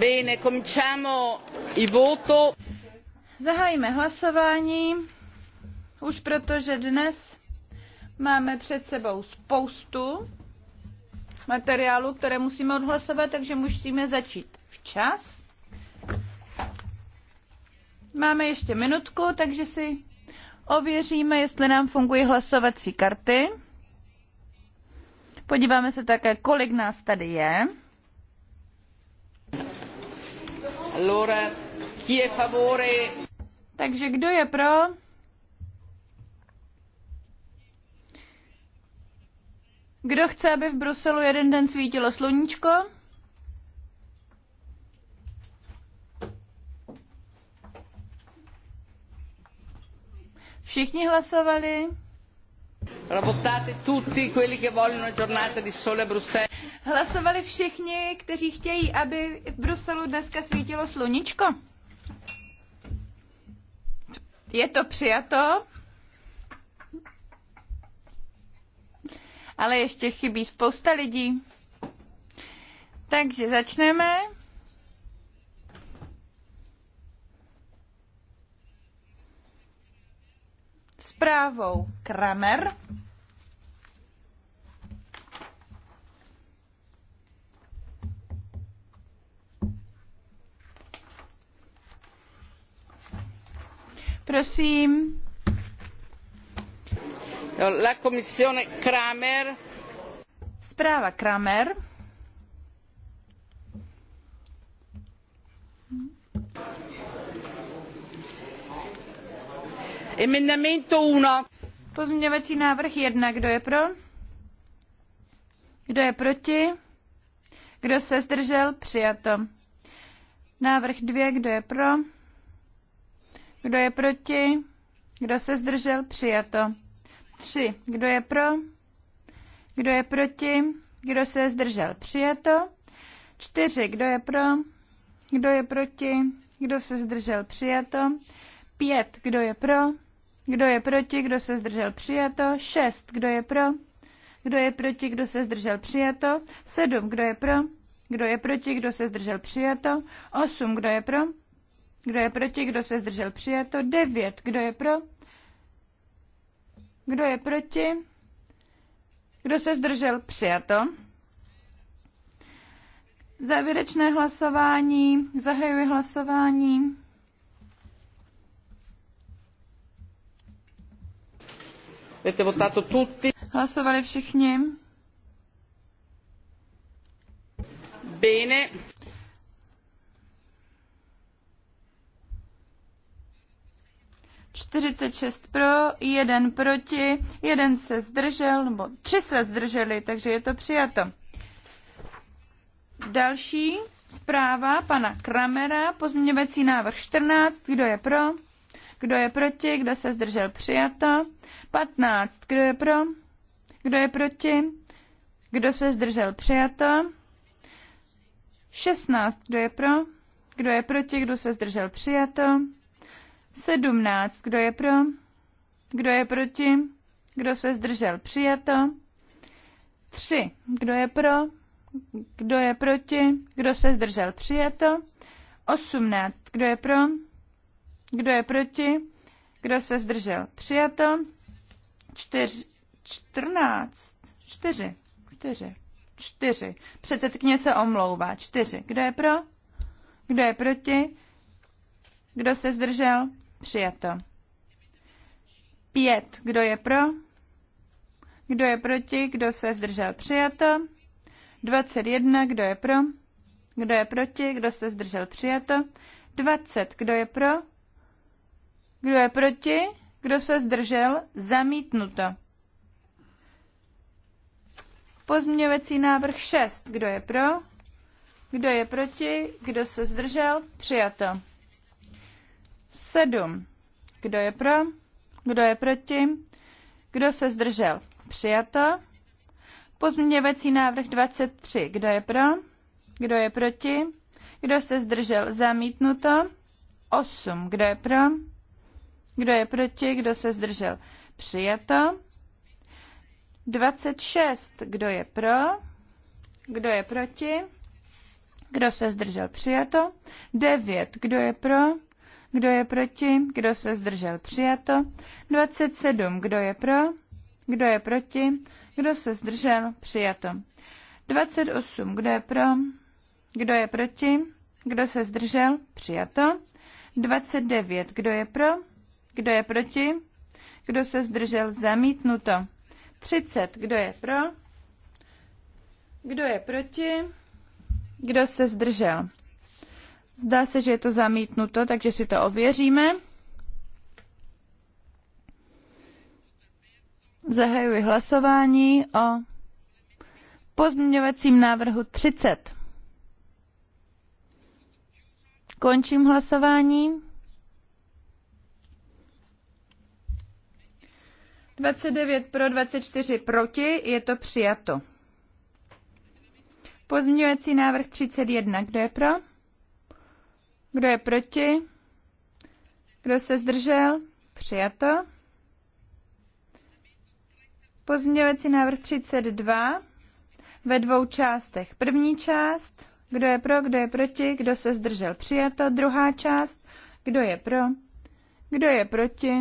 Bene, cominciamo voto. Zahájíme hlasování, už protože dnes máme před sebou spoustu materiálu, které musíme odhlasovat, takže musíme začít včas. Máme ještě minutku, takže si ověříme, jestli nám fungují hlasovací karty. Podíváme se také, kolik nás tady je. Allora, chi è favore? Takže kdo je pro? Kdo chce, aby v Bruselu jeden den svítilo sluníčko? Všichni hlasovali. Hlasovali všichni, kteří chtějí, aby v Bruselu dneska svítilo sluníčko. Je to přijato. Ale ještě chybí spousta lidí. Takže začneme. zprávou Kramer. Prosím. La komisione Kramer. Zpráva Kramer. Emendamento 1. Pozměňovací návrh 1. Kdo je pro? Kdo je proti? Kdo se zdržel? Přijato. Návrh 2. Kdo je pro? Kdo je proti? Kdo se zdržel? Přijato. 3. Kdo je pro? Kdo je proti? Kdo se zdržel? Přijato. 4. Kdo je pro? Kdo je proti? Kdo se zdržel? Přijato. 5. Kdo je pro? Kdo je proti? Kdo se zdržel? Přijato. 6. Kdo je pro? Kdo je proti? Kdo se zdržel? Přijato. 7. Kdo je pro? Kdo je proti? Kdo se zdržel? Přijato. 8. Kdo je pro? Kdo je proti? Kdo se zdržel? Přijato. 9. Kdo je pro? Kdo je proti? Kdo se zdržel? Přijato. Závěrečné hlasování. Zahajuji hlasování. Avete votato tutti? Hlasovali všichni? Bene. Čtyřicet šest pro, jeden proti, jeden se zdržel, nebo tři se zdrželi, takže je to přijato. Další zpráva pana Kramera, pozměňovací návrh 14, kdo je pro? Kdo je proti? Kdo se zdržel? Přijato. 15. Kdo je pro? Kdo je proti? Kdo se zdržel? Přijato. 16. Kdo je pro? Kdo je proti? Kdo se zdržel? Přijato. 17. Kdo je pro? Kdo je proti? Kdo se zdržel? Přijato. 3. Kdo je pro? Kdo je proti? Kdo se zdržel? Přijato. 18. Kdo je pro? Kdo je proti? Kdo se zdržel? Přijato. čtyř čtrnáct čtyři čtyři čtyři. Předsedkyně se omlouvá. čtyři. Kdo je pro? Kdo je proti? Kdo se zdržel? Přijato. pět. Kdo je pro? Kdo je proti? Kdo se zdržel? Přijato. 21. Kdo je pro? Kdo je proti? Kdo se zdržel? Přijato. 20. Kdo je pro? Kdo je proti? Kdo se zdržel? Zamítnuto. Pozměňovací návrh 6. Kdo je pro? Kdo je proti? Kdo se zdržel? Přijato. 7. Kdo je pro? Kdo je proti? Kdo se zdržel? Přijato. Pozměňovací návrh 23. Kdo je pro? Kdo je proti? Kdo se zdržel? Zamítnuto. 8. Kdo je pro? Kdo je proti? Kdo se zdržel? Přijato. 26. Kdo je pro? Kdo je proti? Kdo se zdržel? Přijato. 9. Kdo je pro? Kdo je proti? Kdo se zdržel? Přijato. 27. Kdo je pro? Kdo je proti? Kdo se zdržel? Přijato. 28. Kdo je pro? Kdo je proti? Kdo se zdržel? Přijato. 29. Kdo je pro? Kdo je proti? Kdo se zdržel? Zamítnuto. 30. Kdo je pro? Kdo je proti? Kdo se zdržel? Zdá se, že je to zamítnuto, takže si to ověříme. Zahajuji hlasování o pozměňovacím návrhu 30. Končím hlasování. 29 pro, 24 proti, je to přijato. Pozměňovací návrh 31, kdo je pro? Kdo je proti? Kdo se zdržel? Přijato. Pozměňovací návrh 32 ve dvou částech. První část, kdo je pro, kdo je proti, kdo se zdržel, přijato. Druhá část, kdo je pro, kdo je proti,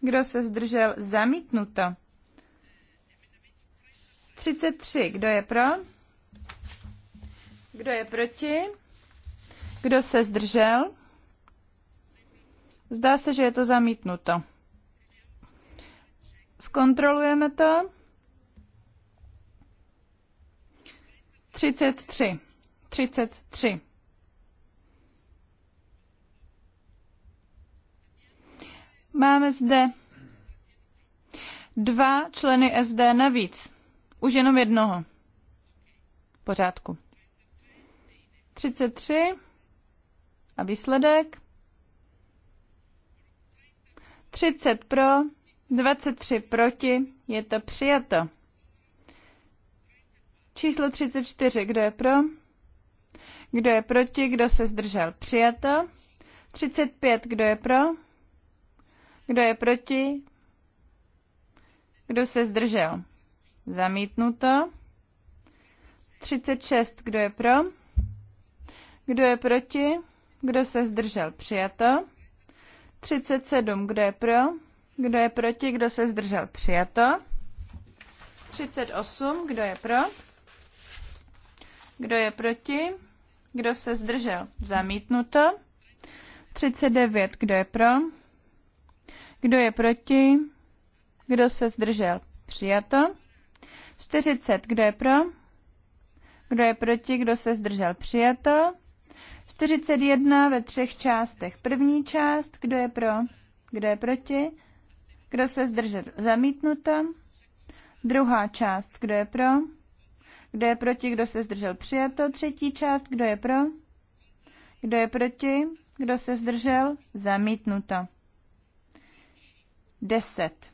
kdo se zdržel? Zamítnuto. 33. Kdo je pro? Kdo je proti? Kdo se zdržel? Zdá se, že je to zamítnuto. Zkontrolujeme to. 33. 33. Máme zde dva členy SD navíc. Už jenom jednoho. Pořádku. 33 a výsledek 30 pro, 23 proti, je to přijato. Číslo 34, kdo je pro? Kdo je proti, kdo se zdržel? Přijato. 35, kdo je pro? Kdo je proti? Kdo se zdržel? Zamítnuto. 36. Kdo je pro? Kdo je proti? Kdo se zdržel? Přijato. 37. Kdo je pro? Kdo je proti? Kdo se zdržel? Přijato. 38. Kdo je pro? Kdo je proti? Kdo se zdržel? Zamítnuto. 39. Kdo je pro? Kdo je proti? Kdo se zdržel? Přijato. 40. Kdo je pro? Kdo je proti? Kdo se zdržel? Přijato. 41 ve třech částech. První část, kdo je pro? Kdo je proti? Kdo se zdržel? Zamítnuto. Druhá část, kdo je pro? Kdo je proti? Kdo se zdržel? Přijato. Třetí část, kdo je pro? Kdo je proti? Kdo se zdržel? Zamítnuto. 10.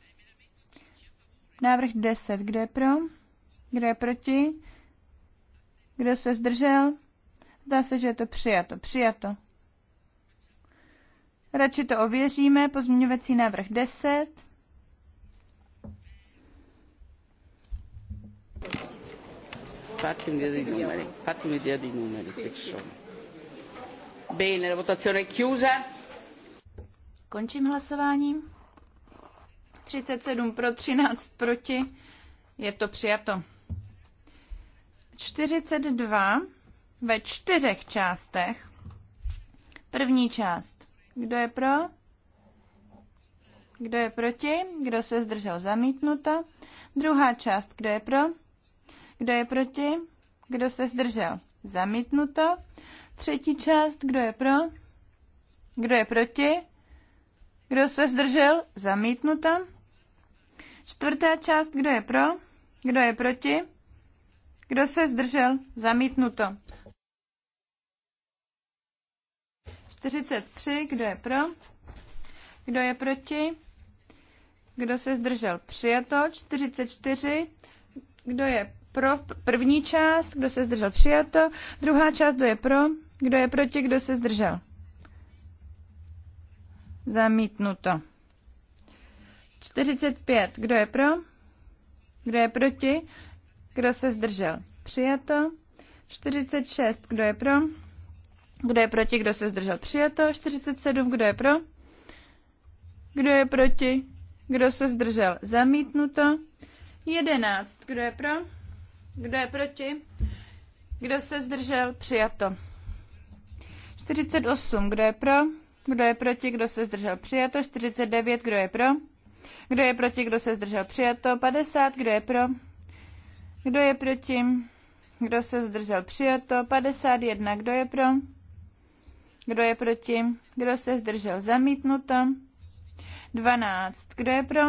Návrh 10. Kdo je pro? Kdo je proti? Kdo se zdržel? Zdá se, že je to přijato. Přijato. Radši to ověříme. Pozměňovací návrh 10. Končím hlasováním. 37 pro, 13 proti. Je to přijato. 42 ve čtyřech částech. První část. Kdo je pro? Kdo je proti? Kdo se zdržel zamítnuto? Druhá část. Kdo je pro? Kdo je proti? Kdo se zdržel? Zamítnuto. Třetí část. Kdo je pro? Kdo je proti? Kdo se zdržel? Zamítnuto. Čtvrtá část, kdo je pro? Kdo je proti? Kdo se zdržel? Zamítnuto. 43, kdo je pro? Kdo je proti? Kdo se zdržel? Přijato. 44, kdo je pro první část, kdo se zdržel? Přijato. Druhá část, kdo je pro? Kdo je proti? Kdo se zdržel? Zamítnuto. 45. Kdo je pro? Kdo je proti? Kdo se zdržel? Přijato. 46. Kdo je pro? Kdo je proti? Kdo se zdržel? Přijato. 47. Kdo je pro? Kdo je proti? Kdo se zdržel? Zamítnuto. 11. Kdo je pro? Kdo je proti? Kdo se zdržel? Přijato. 48. Kdo je pro? Kdo je proti? Kdo se zdržel? Přijato. 49. Kdo je pro? Kdo je proti, kdo se zdržel? Přijato. 50. Kdo je pro? Kdo je proti? Kdo se zdržel? Přijato. 51. Kdo je pro? Kdo je proti? Kdo se zdržel? Zamítnuto. 12. Kdo je pro?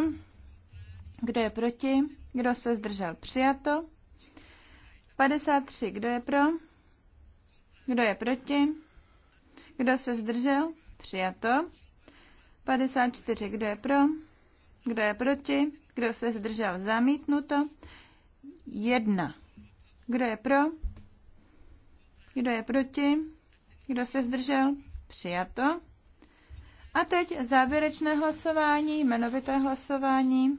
Kdo je proti? Kdo se zdržel? Přijato. 53. Kdo je pro? Kdo je proti? Kdo se zdržel? Přijato. 54. Kdo je pro? Kdo je proti? Kdo se zdržel? Zamítnuto. Jedna. Kdo je pro? Kdo je proti? Kdo se zdržel? Přijato. A teď závěrečné hlasování, jmenovité hlasování.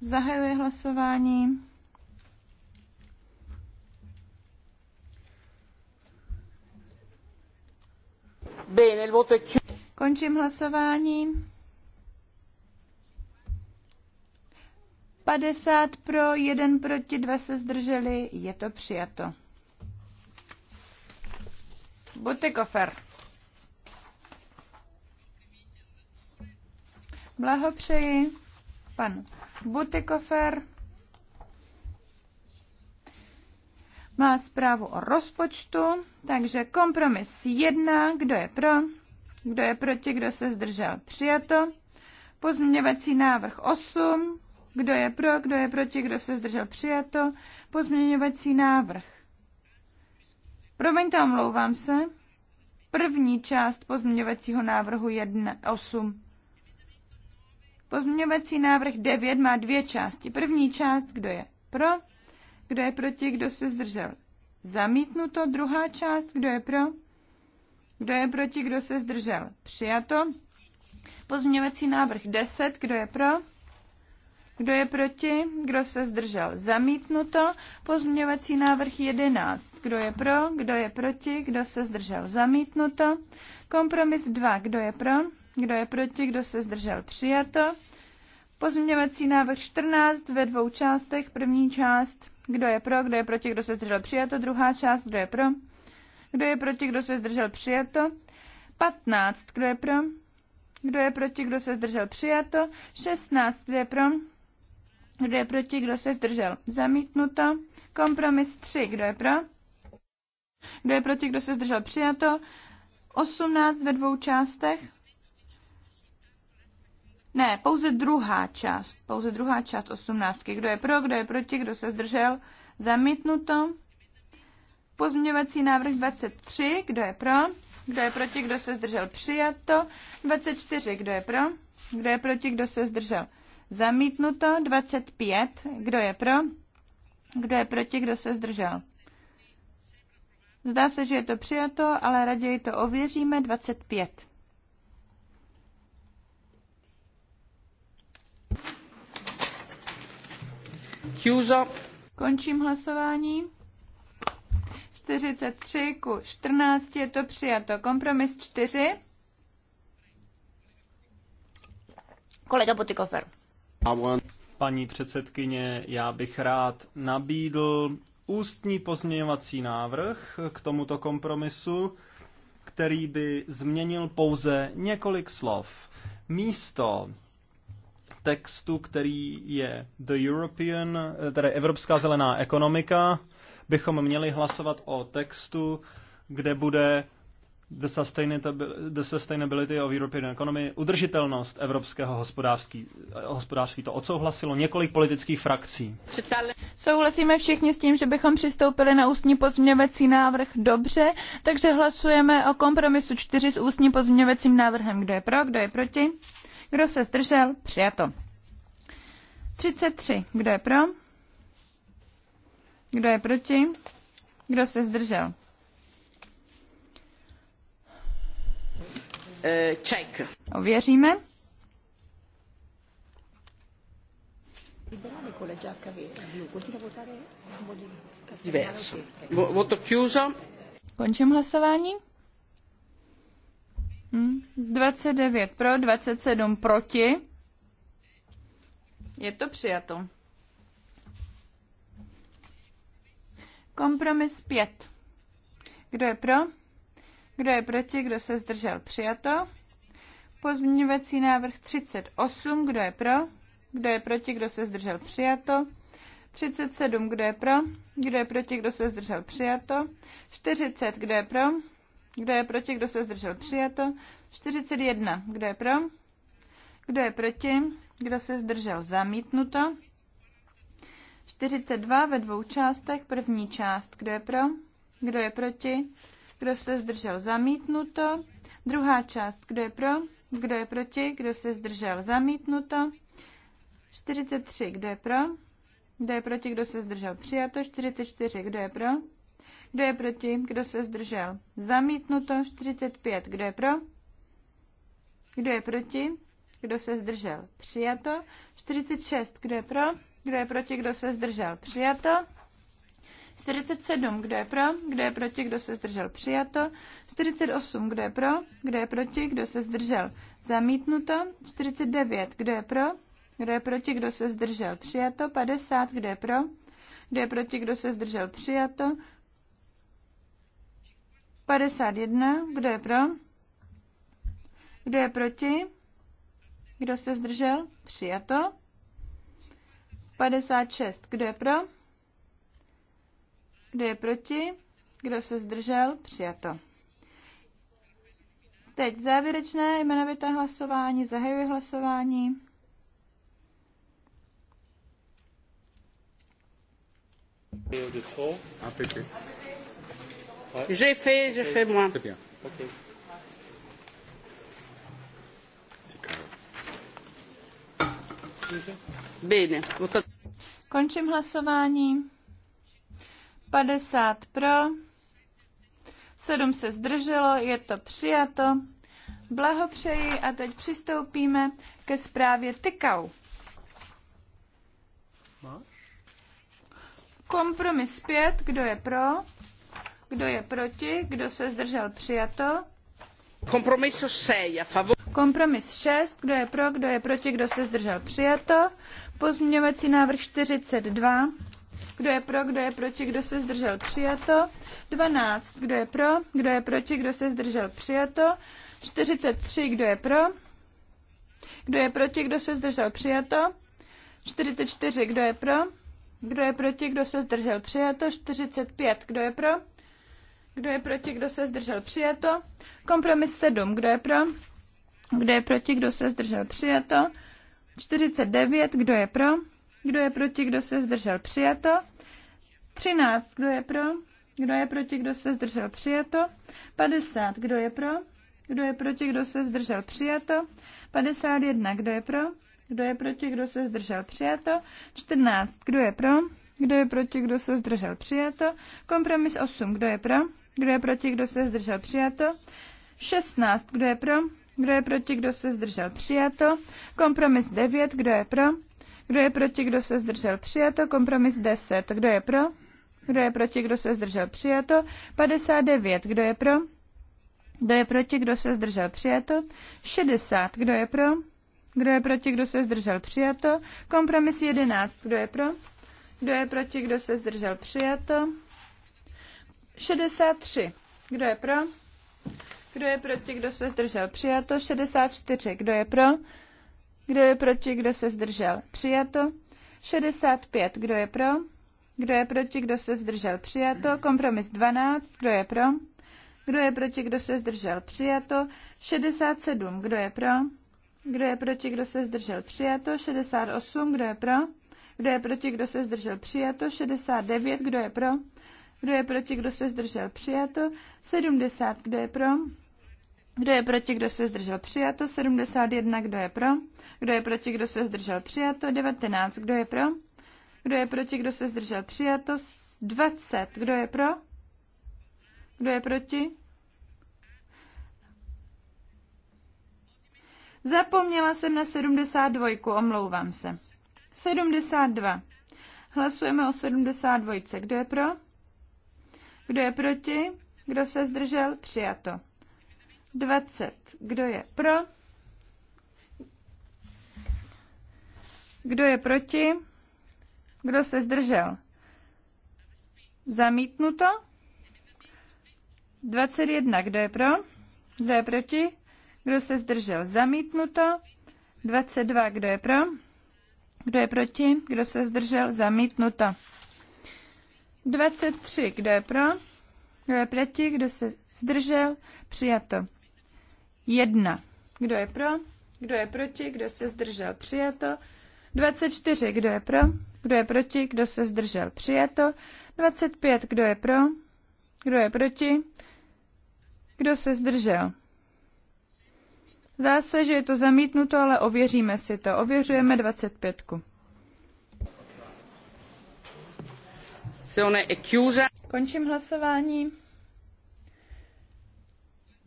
Zahajuje hlasování. Končím hlasování. 50 pro, 1 proti, 2 se zdrželi, je to přijato. Butikofer. Blahopřeji pan Butikofer. Má zprávu o rozpočtu, takže kompromis 1, kdo je pro, kdo je proti, kdo se zdržel, přijato. Pozměňovací návrh 8, kdo je pro, kdo je proti, kdo se zdržel přijato. Pozměňovací návrh. Promiňte, omlouvám se. První část pozměňovacího návrhu 1, 8. Pozměňovací návrh 9 má dvě části. První část, kdo je pro, kdo je proti, kdo se zdržel. Zamítnuto. Druhá část, kdo je pro, kdo je proti, kdo se zdržel. Přijato. Pozměňovací návrh 10, kdo je pro, kdo je proti? Kdo se zdržel? Zamítnuto. Pozměňovací návrh 11. Kdo je pro? Kdo je proti? Kdo se zdržel? Zamítnuto. Kompromis 2. Kdo je pro? Kdo je proti? Kdo se zdržel? Přijato. Pozměňovací návrh 14 ve dvou částech. První část. Kdo je pro? Kdo je proti? Kdo se zdržel? Přijato. Druhá část. Kdo je pro? Kdo je proti? Kdo se zdržel? Přijato. 15. Kdo je pro? Kdo je proti? Kdo se zdržel? Přijato. 16. Kdo je pro? Kdo je proti? Kdo se zdržel? Zamítnuto. Kompromis 3. Kdo je pro? Kdo je proti? Kdo se zdržel? Přijato. 18 ve dvou částech. Ne, pouze druhá část. Pouze druhá část osmnáctky. Kdo je pro, kdo je proti, kdo se zdržel? Zamítnuto. Pozměňovací návrh 23. Kdo je pro? Kdo je proti, kdo se zdržel? Přijato. 24. Kdo je pro? Kdo je proti, kdo se zdržel? Zamítnuto 25. Kdo je pro? Kdo je proti? Kdo se zdržel? Zdá se, že je to přijato, ale raději to ověříme. 25. Chiuso. Končím hlasování. 43 ku 14 je to přijato. Kompromis 4. Kolega Butikofer. Paní předsedkyně, já bych rád nabídl ústní pozměňovací návrh k tomuto kompromisu, který by změnil pouze několik slov. Místo textu, který je The European, tedy Evropská zelená ekonomika, bychom měli hlasovat o textu, kde bude The Sustainability, the sustainability of European Economy, udržitelnost evropského hospodářství. hospodářství. To odsouhlasilo několik politických frakcí. Souhlasíme všichni s tím, že bychom přistoupili na ústní pozměňovací návrh dobře, takže hlasujeme o kompromisu čtyři s ústním pozměňovacím návrhem. Kdo je pro, kdo je proti? Kdo se zdržel? Přijato. 33. Kdo je pro? Kdo je proti? Kdo se zdržel? Check. Ověříme. Diverso. Voto chiuso. Končím hlasování. 29 hm, pro, 27 proti. Je to přijato. Kompromis 5. Kdo je pro? Kdo je proti? Kdo se zdržel? Přijato. Pozměňovací návrh 38. Kdo je pro? Kdo je proti? Kdo se zdržel? Přijato. 37. Kdo je pro? Kdo je proti? Kdo se zdržel? Přijato. 40. Kdo je pro? Kdo je proti? Kdo se zdržel? Přijato. 41. Kdo je pro? Kdo je proti? Kdo se zdržel? Zamítnuto. 42 ve dvou částech. První část. Kdo je pro? Kdo je proti? Kdo se zdržel? Zamítnuto. Druhá část. Kdo je pro? Kdo je proti? Kdo se zdržel? Zamítnuto. 43. Kdo je pro? Kdo je proti? Kdo se zdržel? Přijato. 44. Kdo je pro? Kdo je proti? Kdo se zdržel? Zamítnuto. 45. Kdo je pro? Kdo je proti? Kdo se zdržel? Přijato. 46. Kdo je pro? Kdo je proti? Kdo se zdržel? Přijato. 47, kdo je pro, kdo je proti, kdo se zdržel, přijato. 48, kdo je pro, kdo je proti, kdo se zdržel, zamítnuto. 49, kdo je pro, kdo je proti, kdo se zdržel, přijato. 50, kdo je pro, kdo je proti, kdo se zdržel, přijato. 51, kdo je pro, kdo je proti, kdo se zdržel, přijato. 56, kdo je pro, kdo je proti? Kdo se zdržel? Přijato. Teď závěrečné jmenovité hlasování. Zahajuji hlasování. J'ai fait, j'ai fait moi. C'est bien. Bene. Končím hlasování. 50 pro, 7 se zdrželo, je to přijato. Blahopřeji a teď přistoupíme ke zprávě Tykau. Kompromis 5, kdo je pro, kdo je proti, kdo se zdržel přijato. Kompromiso 6, a favor. Kompromis 6, kdo je pro, kdo je proti, kdo se zdržel přijato. Pozměňovací návrh 42. Kdo je pro, kdo je proti, kdo se zdržel? Přijato. 12. Kdo je pro, kdo je proti, kdo se zdržel? Přijato. 43. Kdo je pro? Kdo je proti, kdo se zdržel? Přijato. 44. Kdo je pro? Kdo je proti, kdo se zdržel? Přijato. 45. Kdo je pro? Kdo je proti, kdo se zdržel? Přijato. Kompromis 7. Kdo je pro? Kdo je proti, kdo se zdržel? Přijato. 49. Kdo je pro? Kdo je proti, kdo se zdržel? Přijato. 13. Kdo je pro? Kdo je proti, kdo se zdržel? Přijato. 50. Kdo je pro? Kdo je proti, kdo se zdržel? Přijato. 51. Kdo je pro? Kdo je proti, kdo se zdržel? Přijato. 14. Kdo je pro? Kdo je proti, kdo se zdržel? Přijato. Kompromis 8. Kdo je pro? Kdo je proti, kdo se zdržel? Přijato. 16. Kdo je pro? Kdo je proti, kdo se zdržel? Přijato. Kompromis 9. Kdo je pro? Kdo je proti, kdo se zdržel? Přijato. Kompromis 10. Kdo je pro? Kdo je proti, kdo se zdržel? Přijato. 59. Kdo je pro? Kdo je proti, kdo se zdržel? Přijato. 60. Kdo je pro? Kdo je proti, kdo se zdržel? Přijato. Kompromis 11. Kdo je pro? Kdo je proti, kdo se zdržel? Přijato. 63. Kdo je pro? Kdo je proti, kdo se zdržel? Přijato. 64. Kdo je pro? Kdo je proti, kdo se zdržel? Přijato. 65. Kdo je pro? Kdo je proti, kdo se zdržel? Přijato. Kompromis 12. Kdo je pro? Kdo je proti, kdo se zdržel? Přijato. 67. Kdo je pro? Kdo je proti, kdo se zdržel? Přijato. 68. Kdo je pro? Kdo je proti, kdo se zdržel? Přijato. 69. Kdo je pro? Kdo je proti, kdo se zdržel? Přijato. 70. Kdo je pro? Kdo je proti, kdo se zdržel přijato? 71. Kdo je pro? Kdo je proti, kdo se zdržel přijato? 19. Kdo je pro? Kdo je proti, kdo se zdržel přijato? 20. Kdo je pro? Kdo je proti? Zapomněla jsem na 72, omlouvám se. 72. Hlasujeme o 72. Kdo je pro? Kdo je proti? Kdo se zdržel? Přijato. 20. Kdo je pro? Kdo je proti? Kdo se zdržel? Zamítnuto. 21. Kdo je pro? Kdo je proti? Kdo se zdržel? Zamítnuto. 22. Kdo je pro? Kdo je proti? Kdo se zdržel? Zamítnuto. 23. Kdo je pro? Kdo je proti? Kdo se zdržel? Přijato. 1. Kdo je pro? Kdo je proti? Kdo se zdržel? Přijato. 24. Kdo je pro? Kdo je proti? Kdo se zdržel? Přijato. 25. Kdo je pro? Kdo je proti? Kdo se zdržel? Zdá se, že je to zamítnuto, ale ověříme si to. Ověřujeme 25. Končím hlasování.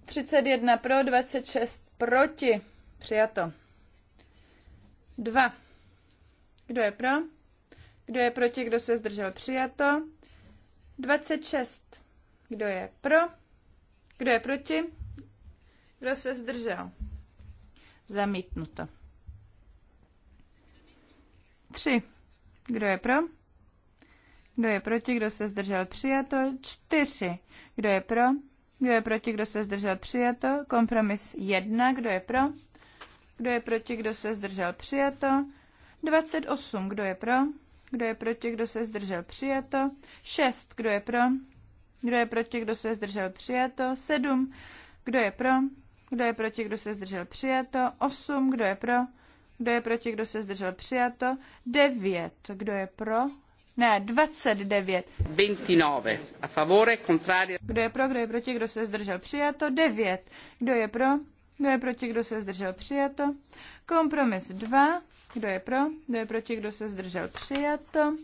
31 pro, 26 proti. Přijato. 2. Kdo je pro? Kdo je proti? Kdo se zdržel? Přijato. 26. Kdo je pro? Kdo je proti? Kdo se zdržel? Zamítnuto. 3. Kdo je pro? Kdo je proti? Kdo se zdržel? Přijato. 4. Kdo je pro? Kdo je proti, kdo se zdržel přijato? Kompromis 1. Kdo je pro? Kdo je proti, kdo se zdržel přijato? 28. Kdo je pro? Kdo je proti, kdo se zdržel přijato? 6. Kdo je pro? Kdo je proti, kdo se zdržel přijato? 7. Kdo je pro? Kdo je proti, kdo se zdržel přijato? 8. Kdo je pro? Kdo je proti, kdo se zdržel přijato? 9. Kdo je pro? Ne, 29. 29. A favore, contrario. Kdo je pro, kdo je proti, kdo se zdržel přijato? 9. Kdo je pro, kdo je proti, kdo se zdržel přijato? Kompromis 2. Kdo je pro, kdo je proti, kdo se zdržel přijato?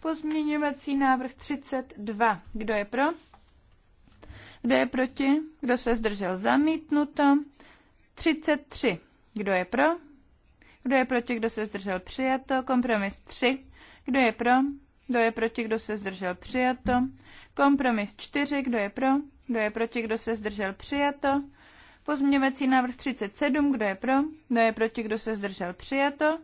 Pozměňovací návrh 32. Kdo je pro? Kdo je proti? Kdo se zdržel zamítnuto? 33. Kdo je pro? Kdo je proti? Kdo se zdržel přijato? Kompromis 3. Kdo je pro? Kdo je proti, kdo se zdržel? Přijato. Kompromis 4. Kdo je pro? Kdo je proti, kdo se zdržel? Přijato. Pozměňovací návrh 37. Kdo je pro? Kdo je proti, kdo se zdržel? Přijato.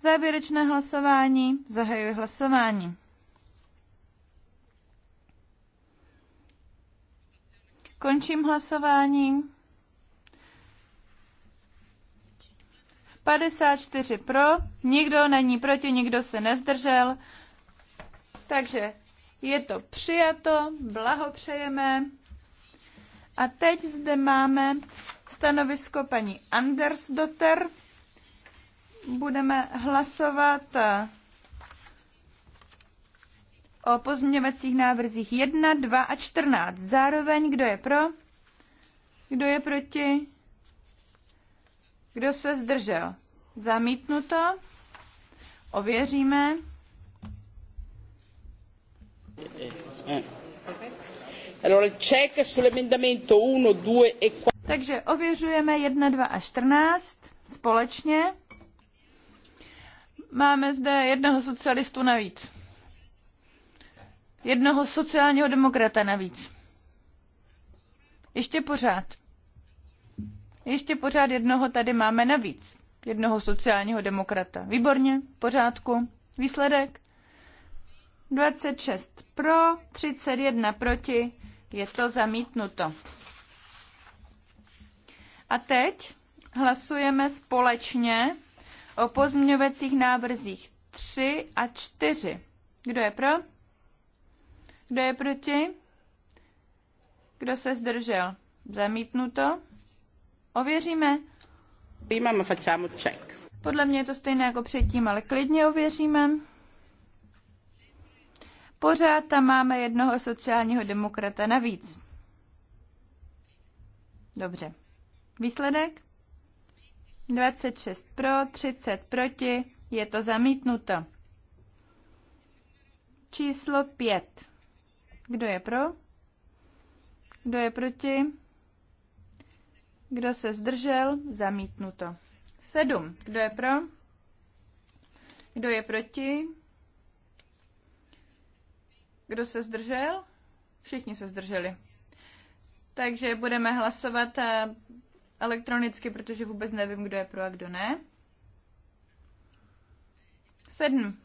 Závěrečné hlasování. Zahajuji hlasování. Končím hlasování. 54 pro, nikdo není proti, nikdo se nezdržel. Takže je to přijato, blahopřejeme. A teď zde máme stanovisko paní Andersdotter. Budeme hlasovat eh, o pozměňovacích návrzích 1, 2 a 14. Zároveň, kdo je pro? Kdo je proti? Kdo se zdržel? Zamítnuto. Ověříme. E Takže ověřujeme 1, 2 a 14 společně. Máme zde jednoho socialistu navíc. Jednoho sociálního demokrata navíc. Ještě pořád. Ještě pořád jednoho tady máme navíc. Jednoho sociálního demokrata. Výborně, pořádku. Výsledek? 26 pro, 31 proti. Je to zamítnuto. A teď hlasujeme společně o pozměňovacích návrzích 3 a 4. Kdo je pro? Kdo je proti? Kdo se zdržel? Zamítnuto. Ověříme? Prima facciamo check. Podle mě je to stejné jako předtím, ale klidně ověříme. Pořád tam máme jednoho sociálního demokrata navíc. Dobře. Výsledek? 26 pro, 30 proti, je to zamítnuto. Číslo 5. Kdo je pro? Kdo je proti? Kdo se zdržel? Zamítnuto. 7. Kdo je pro? Kdo je proti? Kdo se zdržel? Všichni se zdrželi. Takže budeme hlasovat eh, elektronicky, protože vůbec nevím, kdo je pro a kdo ne. 7.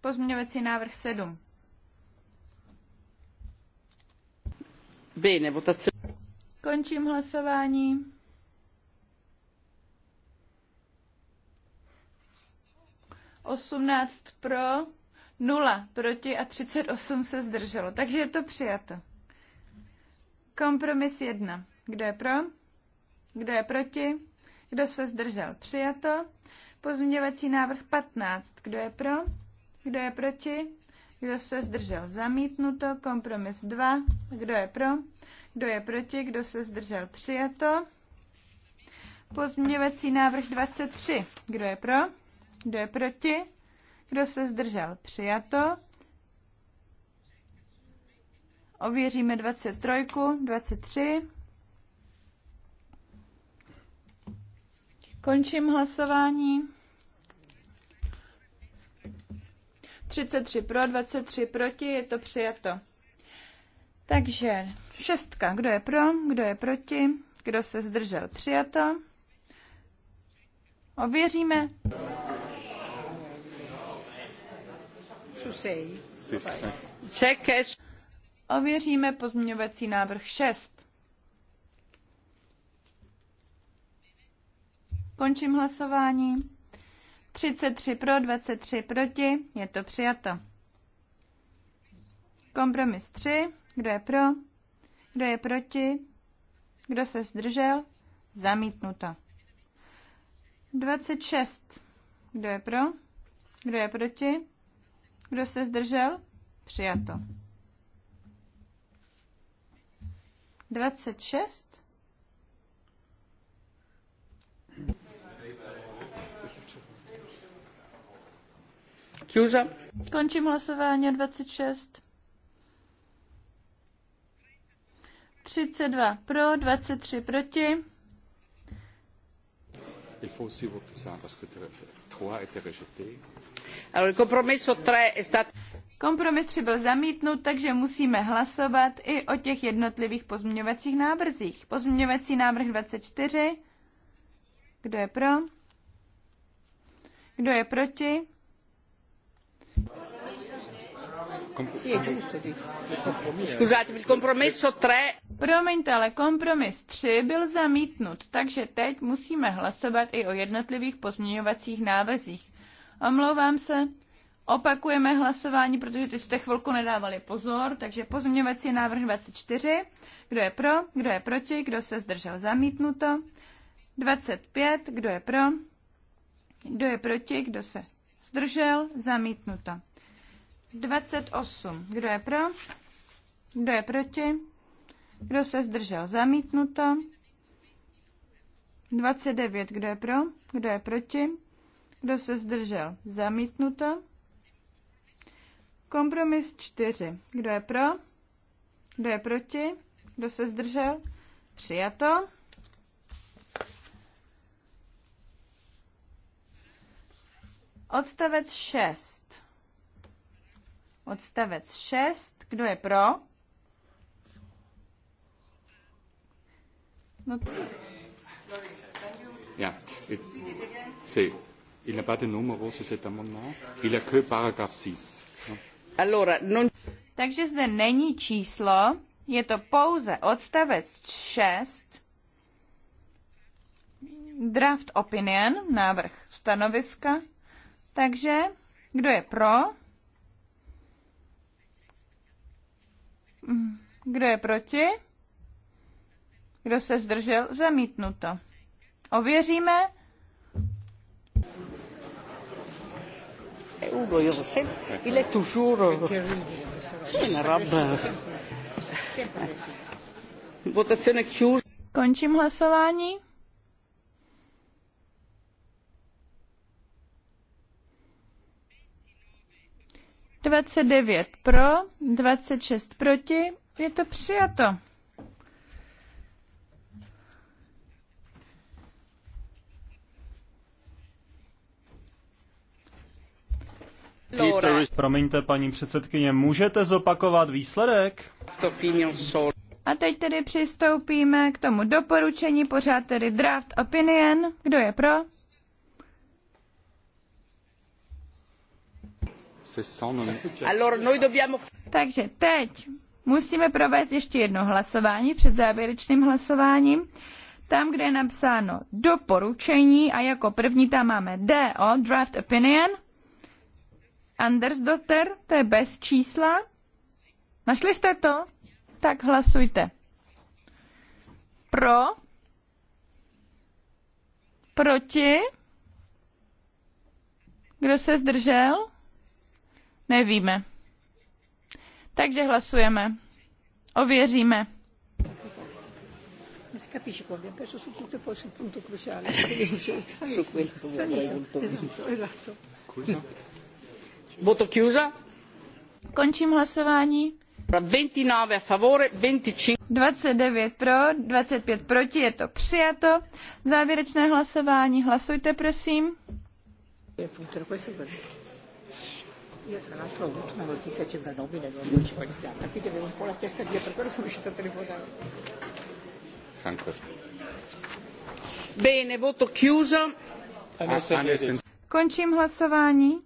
Pozměňovací návrh 7. Končím hlasování. 18 pro, 0 proti a 38 se zdrželo. Takže je to přijato. Kompromis 1. Kdo je pro? Kdo je proti? Kdo se zdržel? Přijato. Pozměňovací návrh 15. Kdo je pro? Kdo je proti? Kdo se zdržel? Zamítnuto. Kompromis 2. Kdo je pro? Kdo je proti? Kdo se zdržel? Přijato. Pozměňovací návrh 23. Kdo je pro? Kdo je proti? Kdo se zdržel? Přijato. Ověříme 23, 23. Končím hlasování. 33 pro, 23 proti, je to přijato. Takže šestka, kdo je pro, kdo je proti, kdo se zdržel, přijato. Ověříme. Ověříme pozměňovací návrh 6. Končím hlasování. 33 pro, 23 proti. Je to přijato. Kompromis 3. Kdo je pro? Kdo je proti? Kdo se zdržel? Zamítnuto. 26. Kdo je pro? Kdo je proti? Kdo se zdržel? Přijato. 26. Kjuža. Končím hlasování 26. 32 pro, 23 proti. Il faut aussi voter ça parce que 3 a été rejeté. Kompromis 3 byl zamítnut, takže musíme hlasovat i o těch jednotlivých pozměňovacích návrzích. Pozměňovací návrh 24. Kdo je pro? Kdo je proti? Sì, è giusto. Scusatemi, il compromesso 3. Promiňte, ale kompromis 3 byl zamítnut, takže teď musíme hlasovat i o jednotlivých pozměňovacích návrzích. Omlouvám se, opakujeme hlasování, protože teď jste chvilku nedávali pozor, takže pozměňovací návrh 24. Kdo je pro, kdo je proti, kdo se zdržel zamítnuto. 25. Kdo je pro, kdo je proti, kdo se zdržel zamítnuto. 28. Kdo je pro? Kdo je proti? Kdo se zdržel? Zamítnuto. 29. Kdo je pro? Kdo je proti? Kdo se zdržel? Zamítnuto. Kompromis 4. Kdo je pro? Kdo je proti? Kdo se zdržel? Přijato. Odstavec 6. Odstavec 6. Kdo je pro? No co? Ja, C'est, il n'a pas de numéro sur cet amendement, il a que paragraphe 6. Allora, non... Takže zde není číslo, je to pouze odstavec 6, draft opinion, návrh stanoviska. Takže kdo je pro? Mm. Kdo je proti? Kdo se zdržel? Zamítnuto. Ověříme. Euh, Končím hlasování. 29 pro, 26 proti, je to přijato. Promiňte, paní předsedkyně, můžete zopakovat výsledek? A teď tedy přistoupíme k tomu doporučení, pořád tedy draft opinion. Kdo je pro? Takže teď musíme provést ještě jedno hlasování před závěrečným hlasováním. Tam, kde je napsáno doporučení a jako první tam máme DO, draft opinion, Andersdotter, to je bez čísla. Našli jste to? Tak hlasujte. Pro. Proti. Kdo se zdržel? Nevíme. Takže hlasujeme. Ověříme. Voto chiusa. Končím hlasování. 29 a favore, 25. 29 pro, 25 proti, je to přijato. Závěrečné hlasování, hlasujte prosím. Io tra l'altro notizia quindi avevo un po' la testa via, per quello sono riuscita a telefonare. Bene, voto chiuso. Končím hlasování.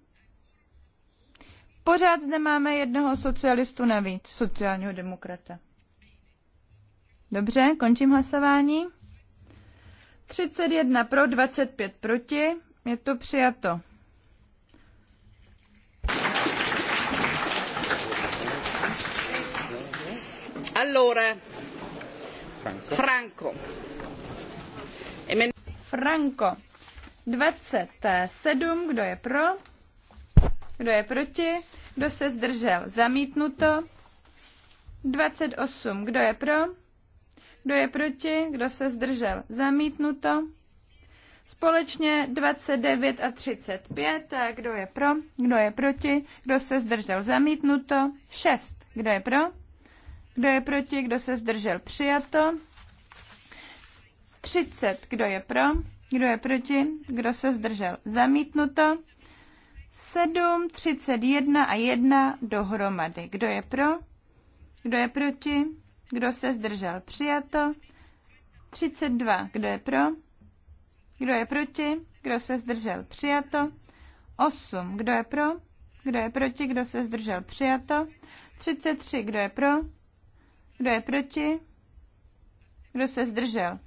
Pořád zde máme jednoho socialistu navíc, sociálního demokrata. Dobře, končím hlasování. 31 pro, 25 proti. Je to přijato. Allora, Franco. Franco. Franco. 27. Kdo je pro? Kdo je proti? Kdo se zdržel? Zamítnuto. 28. Kdo je pro? Kdo je proti? Kdo se zdržel? Zamítnuto. Společně 29 a 35. Kdo je pro? Kdo je proti? Kdo se zdržel? Zamítnuto. 6. Kdo je pro? Kdo je proti? Kdo se zdržel? Přijato. 30. Kdo je pro? Kdo je proti? Kdo se zdržel? Zamítnuto. 7, 31 a 1 dohromady. Kdo je pro? Kdo je proti? Kdo se zdržel? Přijato. 32. Kdo je pro? Kdo je proti? Kdo se zdržel? Přijato. 8. Kdo je pro? Kdo je proti? Kdo se zdržel? Přijato. 33. Kdo je pro? Kdo je proti? Kdo se zdržel?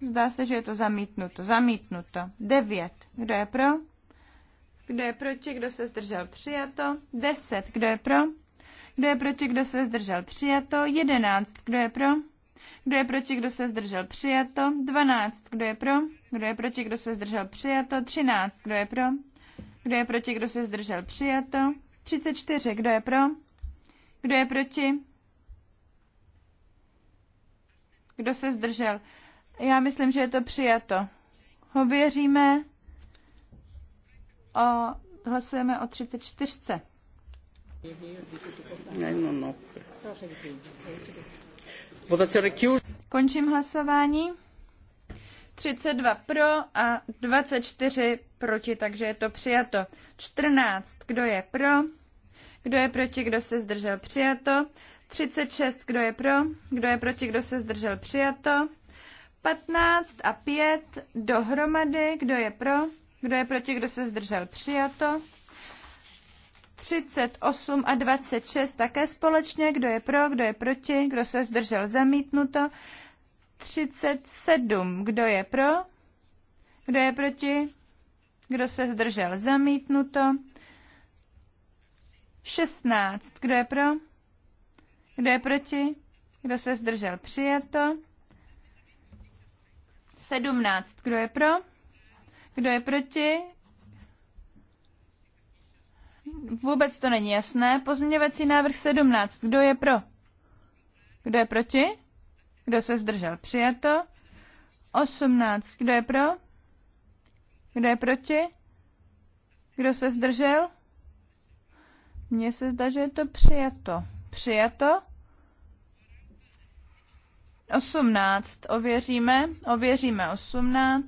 Zdá se, že je to zamítnuto. Zamítnuto. 9. Kdo je pro? Kdo je proti? Kdo se zdržel? Přijato. 10. Kdo je pro? Kdo je proti? Kdo se zdržel? Přijato. 11. Kdo je pro? Kdo je proti? Kdo se zdržel? Přijato. 12. Kdo je pro? Kdo je proti? Kdo se zdržel? Přijato. 13. Kdo je pro? Kdo je proti? Kdo se zdržel? Přijato. 34. Kdo je pro? Kdo je proti? Kdo se zdržel? Já myslím, že je to přijato. Hověříme o, hlasujeme o 34. No, no. Končím hlasování. 32 pro a 24 proti, takže je to přijato. 14, kdo je pro, kdo je proti, kdo se zdržel, přijato. 36, kdo je pro, kdo je proti, kdo se zdržel, přijato. 15 a 5 dohromady, kdo je pro, kdo je proti, kdo se zdržel, přijato. 38 a 26 také společně, kdo je pro, kdo je proti, kdo se zdržel, zamítnuto. 37, kdo je pro, kdo je proti, kdo se zdržel, zamítnuto. 16, kdo je pro, kdo je proti? Kdo se zdržel? Přijeto. 17. Kdo je pro? Kdo je proti? Vůbec to není jasné. Pozměňovací návrh 17. Kdo je pro? Kdo je proti? Kdo se zdržel? Přijeto. 18. Kdo je pro? Kdo je proti? Kdo se zdržel? Mně se zdá, že je to přijato přijato. 18. Ověříme. Ověříme 18.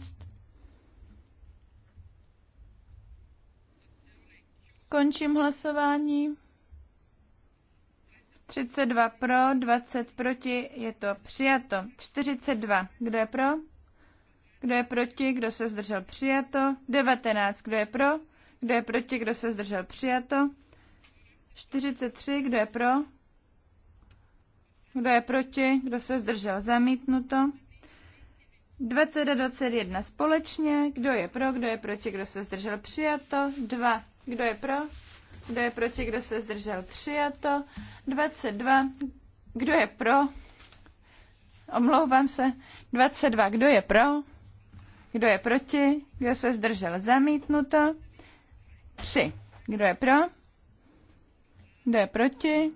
Končím hlasování. 32 pro, 20 proti, je to přijato. 42. Kdo je pro? Kdo je proti? Kdo se zdržel? Přijato. 19. Kdo je pro? Kdo je proti? Kdo se zdržel? Přijato. 43. Kdo je pro? Kdo je proti? Kdo se zdržel? Zamítnuto. 20 a 21 společně. Kdo je pro? Kdo je proti? Kdo se zdržel? Přijato. 2. Kdo je pro? Kdo je proti? Kdo se zdržel? Přijato. 22. Kdo je pro? Omlouvám se. 22. Kdo je pro? Kdo je proti? Kdo se zdržel? Zamítnuto. 3. Kdo je pro? Kdo je proti?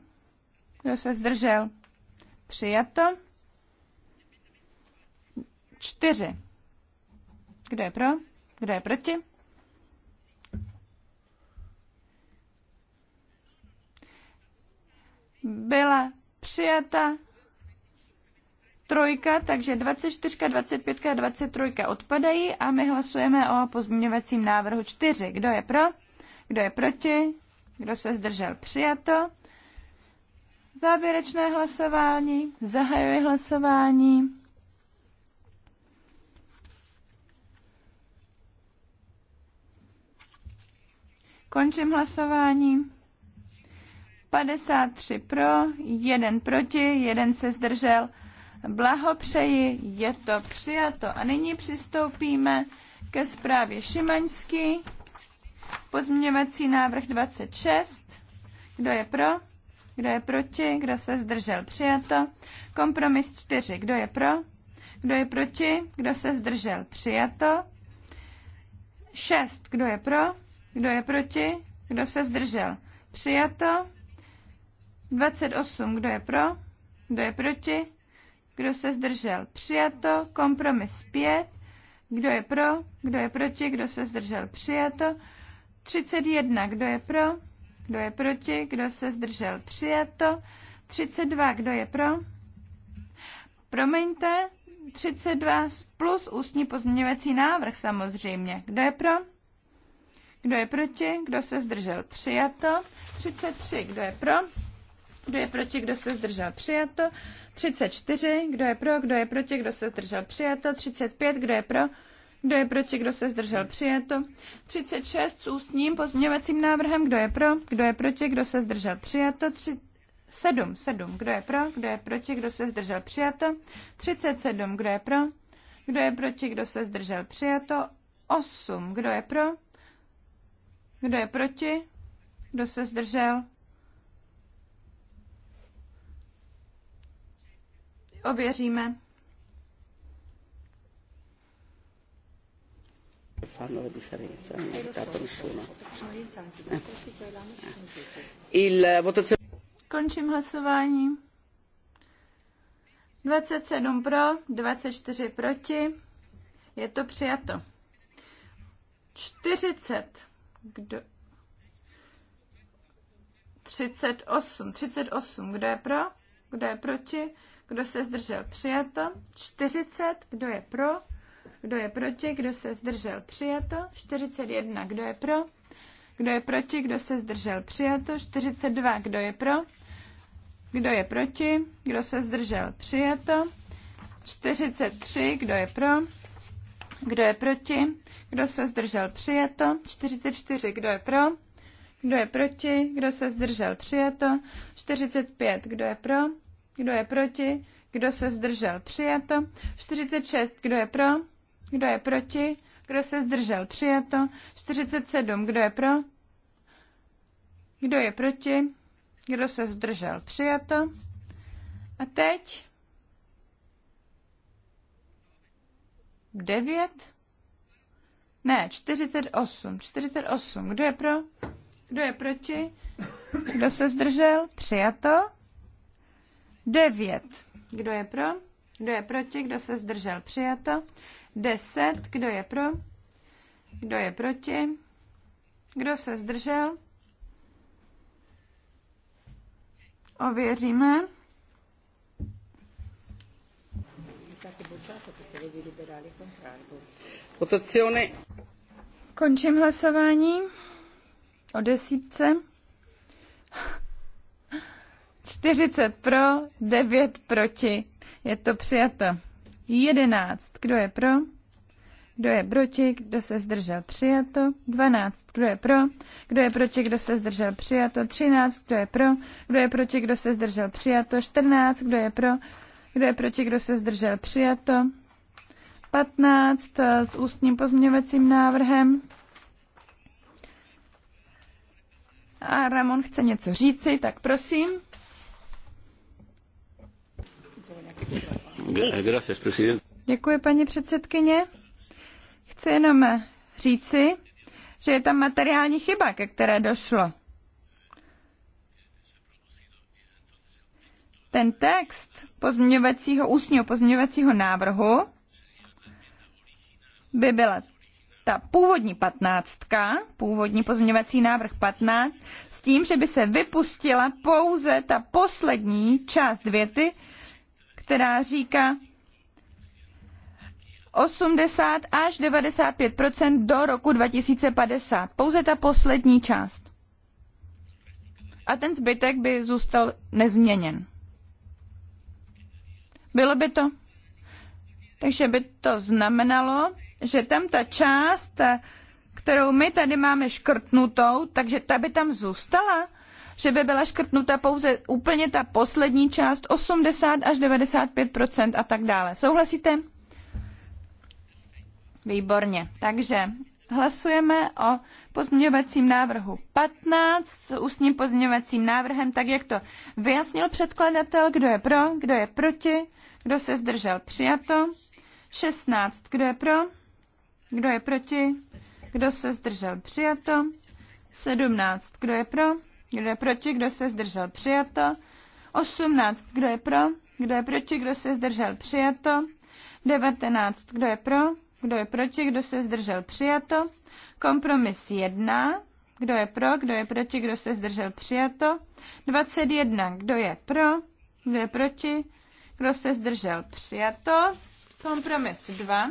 Kdo se zdržel? Přijato. Čtyři. Kdo je pro? Kdo je proti? Byla přijata trojka, takže 24, 25 a 23 odpadají a my hlasujeme o pozměňovacím návrhu 4. Kdo je pro? Kdo je proti? Kdo se zdržel? Přijato. Závěrečné hlasování. Zahajuji hlasování. Končím hlasování. 53 pro, 1 proti, 1 se zdržel. Blahopřeji, je to přijato. A nyní přistoupíme ke zprávě Šimaňský. Pozměňovací návrh 26. Kdo je pro? Kdo je proti? Kdo se zdržel? Přijato. Kompromis 4. Kdo je pro? Kdo je proti? Kdo se zdržel? Přijato. 6. Kdo je pro? Kdo je proti? Kdo se zdržel? Přijato. 28. Kdo je pro? Kdo je proti? Kdo se zdržel? Přijato. Kompromis 5. Kdo je pro? Kdo je proti? Kdo se zdržel? Přijato. 31. Kdo je pro? Kdo je proti? Kdo se zdržel? Přijato. 32. Kdo je pro? Promiňte, 32 plus ústní pozměňovací návrh samozřejmě. Kdo je pro? Kdo je proti? Kdo se zdržel? Přijato. 33. Kdo je pro? Kdo je proti? Kdo se zdržel? Přijato. 34. Kdo je pro? Kdo je proti? Kdo se zdržel? Přijato. 35. Kdo je pro? Kdo je proti, kdo se zdržel? Přijeto. 36 s ústním pozměňovacím návrhem. Kdo je pro? Kdo je proti, kdo se zdržel? Přijeto. 7, 7. Kdo je pro? Kdo je proti, kdo se zdržel? Přijeto. 37. Kdo je pro? Kdo je proti, kdo se zdržel? Přijeto. 8. Kdo je pro? Kdo je proti? Kdo se zdržel? Ověříme. fanno la differenza, non aiutato nessuno. Eh. Il eh, votazione... Končím hlasování. 27 pro, 24 proti. Je to přijato. 40. Kdo? 38. 38. Kdo je pro? Kdo je proti? Kdo se zdržel? Přijato. 40. Kdo je pro? Kdo je proti? Kdo se zdržel? Přijato. 41. Kdo je pro? Kdo je proti? Kdo se zdržel? Přijato. 42. Kdo je pro? Kdo je proti? Kdo se zdržel? Přijato. 43. Kdo je pro? Kdo je proti? Kdo se zdržel? Přijato. 44. Kdo je pro? Kdo je proti? Kdo se zdržel? Přijato. 45. Kdo je pro? Kdo je proti? Kdo se zdržel? Přijato. 46. Kdo je pro? Kdo je proti? Kdo se zdržel? Přijato. 47. Kdo je pro? Kdo je proti? Kdo se zdržel? Přijato. A teď 9. Ne, 48. 48. Kdo je pro? Kdo je proti? Kdo se zdržel? Přijato. 9. Kdo je pro? Kdo je proti? Kdo se zdržel? Přijato. 10. Kdo je pro? Kdo je proti? Kdo se zdržel? Ověříme. Votazione. Končím hlasování o desítce. 40 pro, 9 proti. Je to přijato. 11. Kdo je pro? Kdo je proti? Kdo se zdržel? Přijato. 12. Kdo je pro? Kdo je proti? Kdo se zdržel? Přijato. 13. Kdo je pro? Kdo je proti? Kdo se zdržel? Přijato. 14. Kdo je pro? Kdo je proti? Kdo se zdržel? Přijato. 15 eh, s ústním pozměňovacím návrhem. A Ramon chce něco říci, tak prosím. Děkuji, paní předsedkyně. Chci jenom říci, že je tam materiální chyba, ke které došlo. Ten text pozměňovacího ústního pozměňovacího návrhu by byla ta původní patnáctka, původní pozměňovací návrh 15, s tím, že by se vypustila pouze ta poslední část věty, která říká 80 až 95 do roku 2050. Pouze ta poslední část. A ten zbytek by zůstal nezměněn. Bylo by to? Takže by to znamenalo, že tam ta část, kterou my tady máme škrtnutou, takže ta by tam zůstala? že by byla škrtnuta pouze úplně ta poslední část, 80 až 95 a tak dále. Souhlasíte? Výborně. Takže hlasujeme o pozměňovacím návrhu 15 s ústním pozměňovacím návrhem, tak jak to vyjasnil předkladatel, kdo je pro, kdo je proti, kdo se zdržel přijato. 16, kdo je pro, kdo je proti, kdo se zdržel přijato. 17, kdo je pro, kdo je proti? Kdo se zdržel? Přijato. 18. Kdo je pro? Kdo je proti? Kdo se zdržel? Přijato. 19. Kdo je pro? Kdo je proti? Kdo se zdržel? Přijato. Kompromis 1. Kdo je pro? Kdo je proti? Kdo se zdržel? Přijato. 21. Kdo je pro? Kdo je proti? Kdo se zdržel? Přijato. Kompromis 2.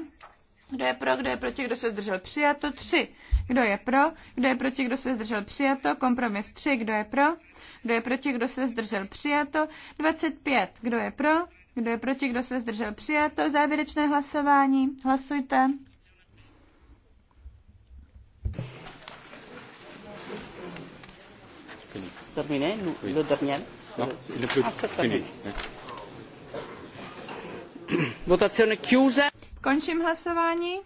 Kdo je pro, kdo je proti, kdo se zdržel přijato? tři. Kdo je pro, kdo je proti, kdo se zdržel přijato? Kompromis tři. Kdo je pro, kdo je proti, kdo se zdržel přijato? 25. Kdo je pro, kdo je proti, kdo se zdržel přijato? Závěrečné hlasování. Hlasujte. No, ah, terminé? No, eh. ne Votazione chiusa. Končím hlasování.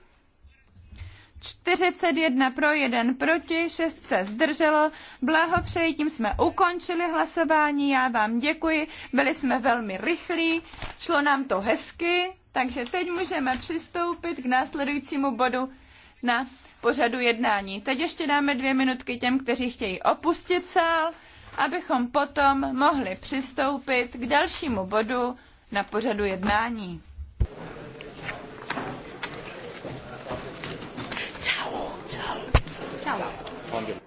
41 pro, 1 proti, 6 se zdrželo. Blahopřeji, tím jsme ukončili hlasování. Já vám děkuji. Byli jsme velmi rychlí, šlo nám to hezky, takže teď můžeme přistoupit k následujícímu bodu na pořadu jednání. Teď ještě dáme dvě minutky těm, kteří chtějí opustit sál, abychom potom mohli přistoupit k dalšímu bodu na pořadu jednání. Ciao. Ciao.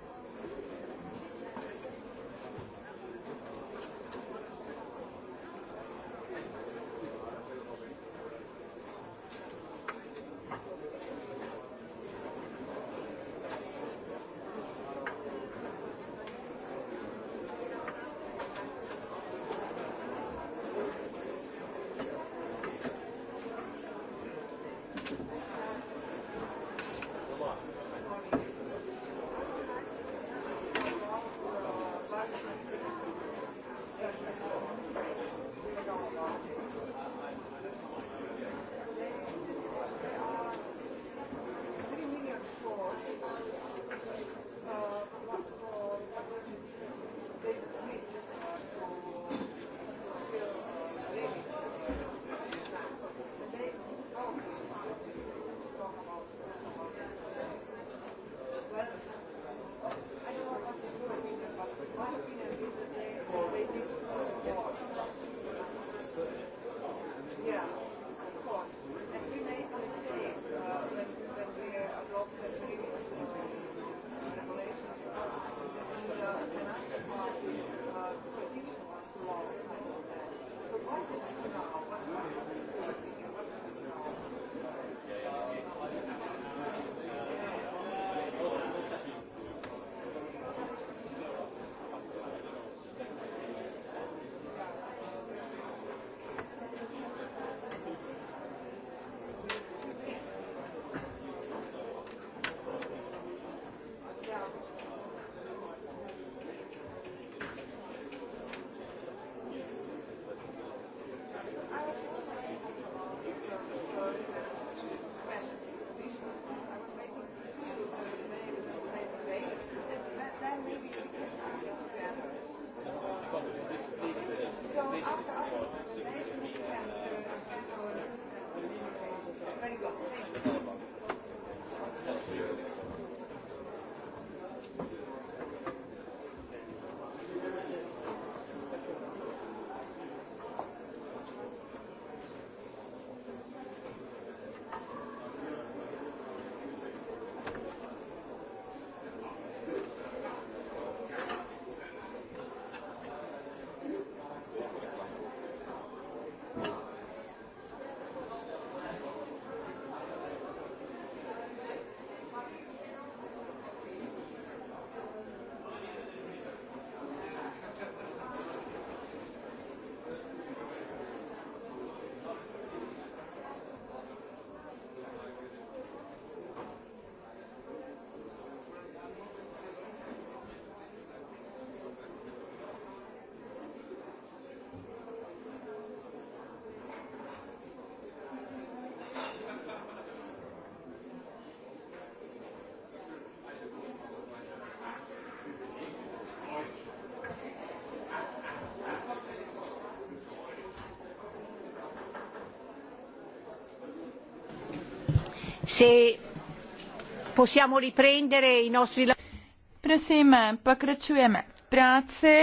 Prosím, pokračujeme v práci.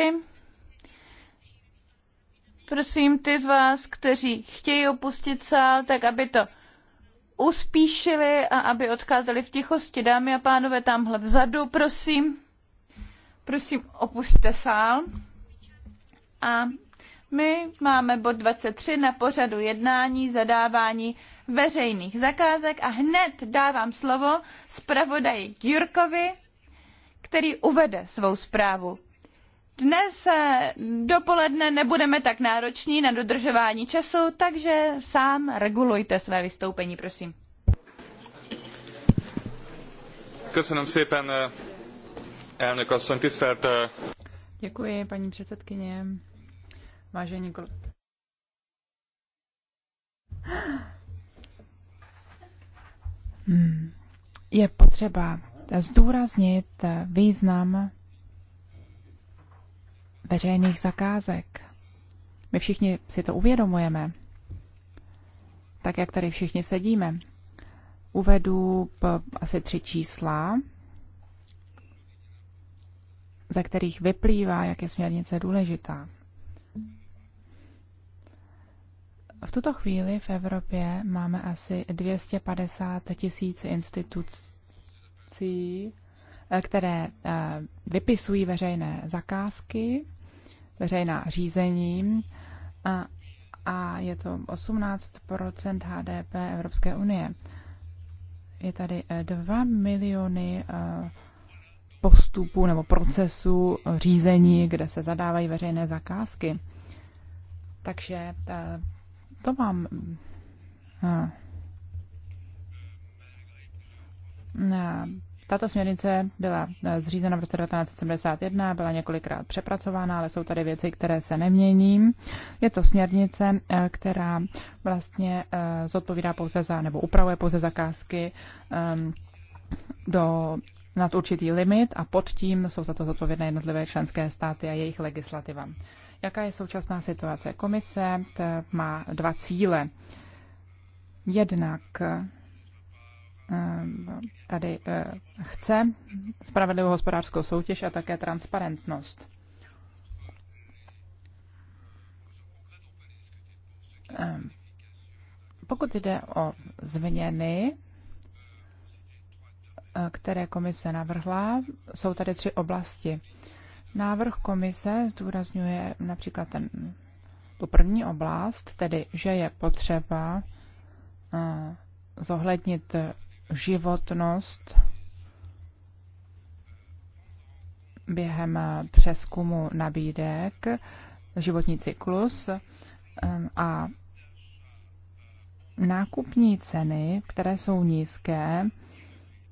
Prosím ty z vás, kteří chtějí opustit sál, tak aby to uspíšili a aby odcházeli v tichosti. Dámy a pánové, tamhle vzadu, prosím. Prosím, opuste sál. A my máme bod 23 na pořadu jednání zadávání veřejných zakázek a hned dávám slovo zpravodaji Jurkovi, který uvede svou zprávu. Dnes eh, dopoledne nebudeme tak nároční na dodržování času, takže sám regulujte své vystoupení, prosím. Eh, eh, Děkuji, paní předsedkyně. Vážení kolegové. Hmm. Je potřeba zdůraznit význam veřejných zakázek. My všichni si to uvědomujeme, tak jak tady všichni sedíme. Uvedu asi tři čísla, ze kterých vyplývá, jak je směrnice důležitá. V tuto chvíli v Evropě máme asi 250 tisíc institucí, eh, které eh, vypisují veřejné zakázky, veřejná řízení a, a je to 18 HDP Evropské unie. Je tady 2 eh, miliony postupů nebo procesů řízení, kde se zadávají veřejné zakázky. Takže to mám. Eh, tato směrnice byla eh, zřízena v roce 1971, byla několikrát přepracována, ale jsou tady věci, které se nemění. Je to směrnice, eh, která vlastně zodpovídá pouze za, nebo upravuje pouze zakázky ehm, do nad určitý limit a pod tím jsou za to zodpovědné jednotlivé členské státy a jejich legislativa. Jaká je současná situace? Komise eh, má dva cíle. Jednak eh, tady eh, chce spravedlivou hospodářskou soutěž a také transparentnost. Pokud jde o změny, které komise navrhla, jsou tady tři oblasti. Návrh komise zdůrazňuje například ten, tu první oblast, tedy že je potřeba eh, zohlednit životnost během eh, přeskumu nabídek, životní cyklus eh, a nákupní ceny, které jsou nízké,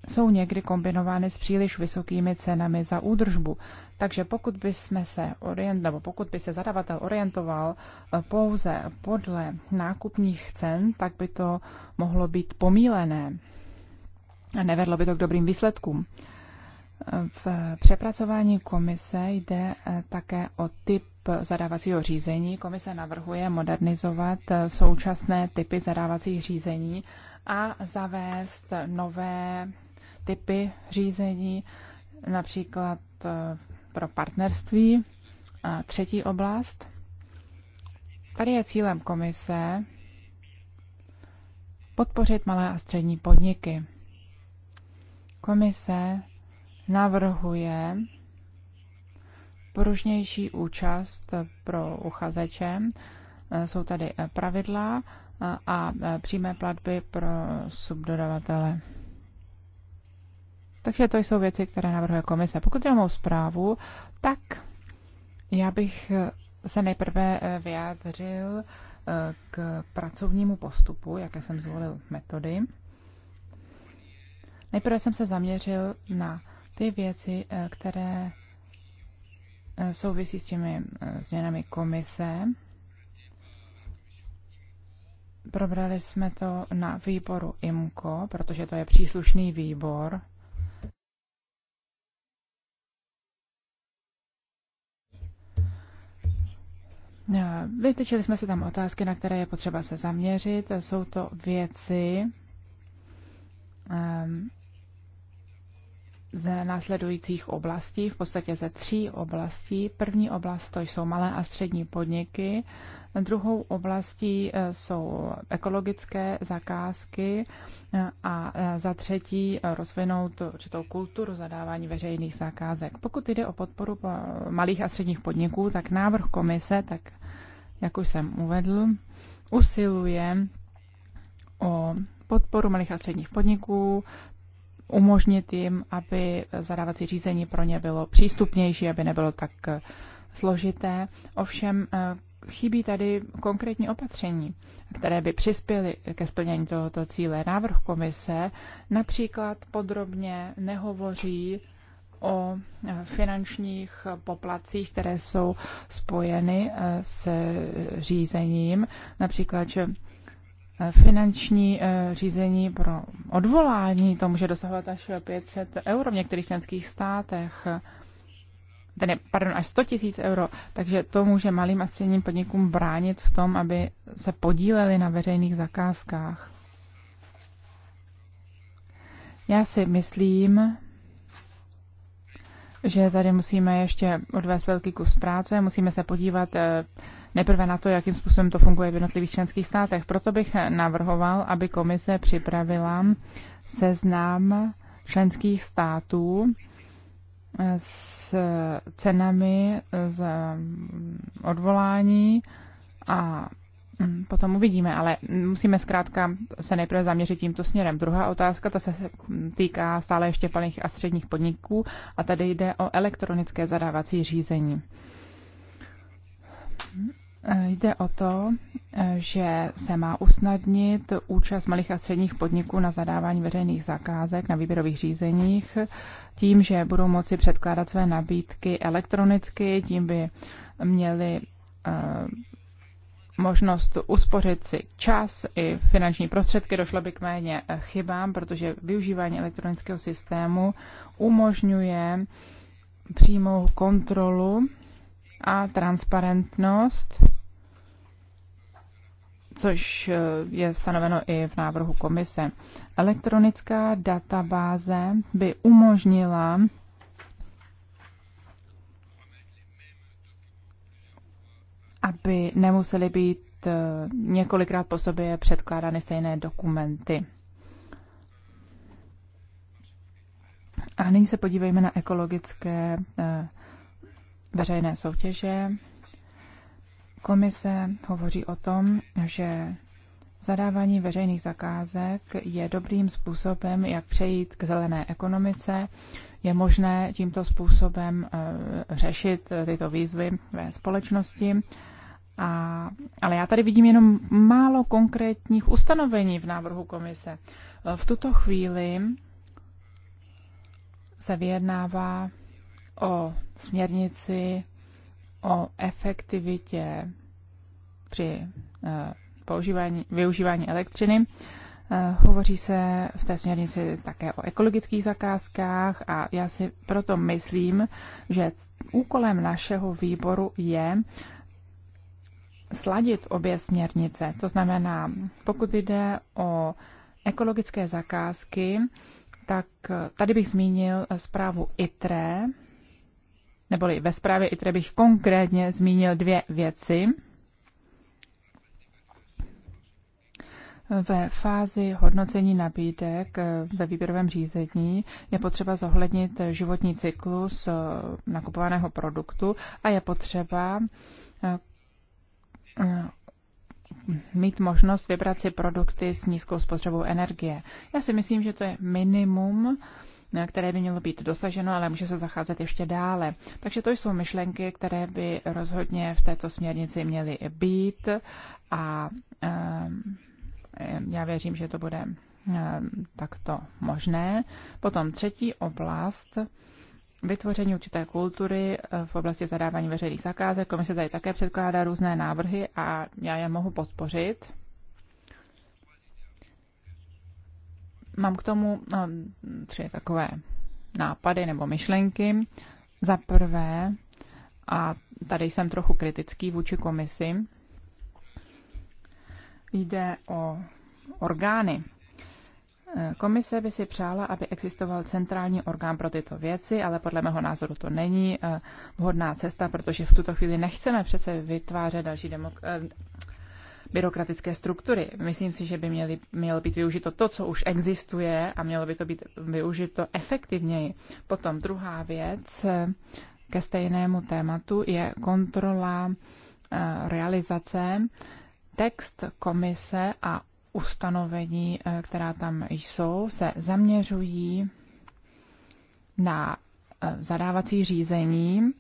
jsou někdy kombinovány s příliš vysokými cenami za údržbu. Takže pokud by jsme se orient, nebo pokud by se zadavatel orientoval eh, pouze podle nákupních cen, tak by to mohlo být pomílené a nevedlo by to k dobrým výsledkům. Eh, v přepracování komise jde eh, také o typ zadávacího řízení. Komise navrhuje modernizovat současné typy zadávacích řízení a zavést nové typy řízení, například pro partnerství. A třetí oblast. Tady je cílem komise podpořit malé a střední podniky. Komise navrhuje poružnější účast pro uchazeče. Jsou tady pravidla a přímé platby pro subdodavatele. Takže to jsou věci, které navrhuje komise. Pokud jde o mou zprávu, tak já bych eh, se nejprve eh, vyjádřil eh, k pracovnímu postupu, jaké jsem zvolil metody. Nejprve jsem se zaměřil na ty věci, které souvisí s těmi změnami komise. Probrali jsme to na výboru IMCO, protože to je příslušný výbor Eh, Vytečili jsme si tam otázky, na které je potřeba se zaměřit. Jsou to věci, ehm, z následujících oblastí, v podstatě ze tří oblastí. První oblast to jsou malé a střední podniky, druhou oblastí eh, jsou ekologické zakázky eh, a eh, za třetí rozvinout určitou kulturu zadávání veřejných zakázek. Pokud jde o podporu malých a středních podniků, tak návrh komise, tak jak už jsem uvedl, usiluje o podporu malých a středních podniků umožnit jim, aby zadávací řízení pro ně bylo přístupnější, aby nebylo tak eh, složité. Ovšem eh, chybí tady konkrétní opatření, které by přispěly ke splnění tohoto cíle. Návrh komise například podrobně nehovoří o eh, finančních poplacích, které jsou spojeny s řízením. Například, že finanční eh, řízení pro odvolání, to může dosahovat až 500 euro v některých členských státech, tedy, pardon, až 100 tisíc euro, takže to může malým a středním podnikům bránit v tom, aby se podíleli na veřejných zakázkách. Já si myslím, že tady musíme ještě odvést velký kus práce, musíme se podívat eh, Nejprve na to, jakým způsobem to funguje v jednotlivých členských státech. Proto bych navrhoval, aby komise připravila seznam členských států eh, s cenami z mm, odvolání a mm, Potom uvidíme, ale musíme zkrátka se nejprve zaměřit tímto směrem. Druhá otázka, ta se týká stále ještě malých a středních podniků a tady jde o elektronické zadávací řízení. Jde o to, že se má usnadnit účast malých a středních podniků na zadávání veřejných zakázek na výběrových řízeních tím, že budou moci předkládat své nabídky elektronicky, tím by měli eh, možnost uspořit si čas i finanční prostředky, došlo by k méně eh, chybám, protože využívání elektronického systému umožňuje přímou kontrolu a transparentnost, což eh, je stanoveno i v návrhu komise. Elektronická databáze by umožnila aby nemusely být eh, několikrát po sobě předkládány stejné dokumenty. A nyní se podívejme na ekologické eh, veřejné soutěže. Komise hovoří o tom, že zadávání veřejných zakázek je dobrým způsobem, jak přejít k zelené ekonomice. Je možné tímto způsobem eh, řešit eh, tyto výzvy ve společnosti. A, ale já tady vidím jenom málo konkrétních ustanovení v návrhu komise. V tuto chvíli se vyjednává o směrnici o efektivitě při eh, používání, využívání elektřiny. Eh, hovoří se v té směrnici také o ekologických zakázkách a já si proto myslím, že úkolem našeho výboru je sladit obě směrnice. To znamená, pokud jde o ekologické zakázky, tak eh, tady bych zmínil zprávu ITRE neboli ve zprávě ITRE bych konkrétně zmínil dvě věci. Ve fázi hodnocení nabídek eh, ve výběrovém řízení je potřeba zohlednit životní cyklus eh, nakupovaného produktu a je potřeba eh, mít možnost vybrat si produkty s nízkou spotřebou energie. Já si myslím, že to je minimum, Eh, které by mělo být dosaženo, ale může se zacházet ještě dále. Takže to jsou myšlenky, které by rozhodně v této směrnici měly být a eh, já věřím, že to bude eh, takto možné. Potom třetí oblast, vytvoření určité kultury v oblasti zadávání veřejných zakázek. Komise tady také předkládá různé návrhy a já je mohu podpořit. Mám k tomu um, tři takové nápady nebo myšlenky. Za prvé, a tady jsem trochu kritický vůči komisi, jde o orgány. Komise by si přála, aby existoval centrální orgán pro tyto věci, ale podle mého názoru to není eh, vhodná cesta, protože v tuto chvíli nechceme přece vytvářet další demok- eh, byrokratické struktury. Myslím si, že by měly, mělo být využito to, co už existuje a mělo by to být využito efektivněji. Potom druhá věc eh, ke stejnému tématu je kontrola eh, realizace, text komise a ustanovení, eh, která tam jsou, se zaměřují na zadávací řízení,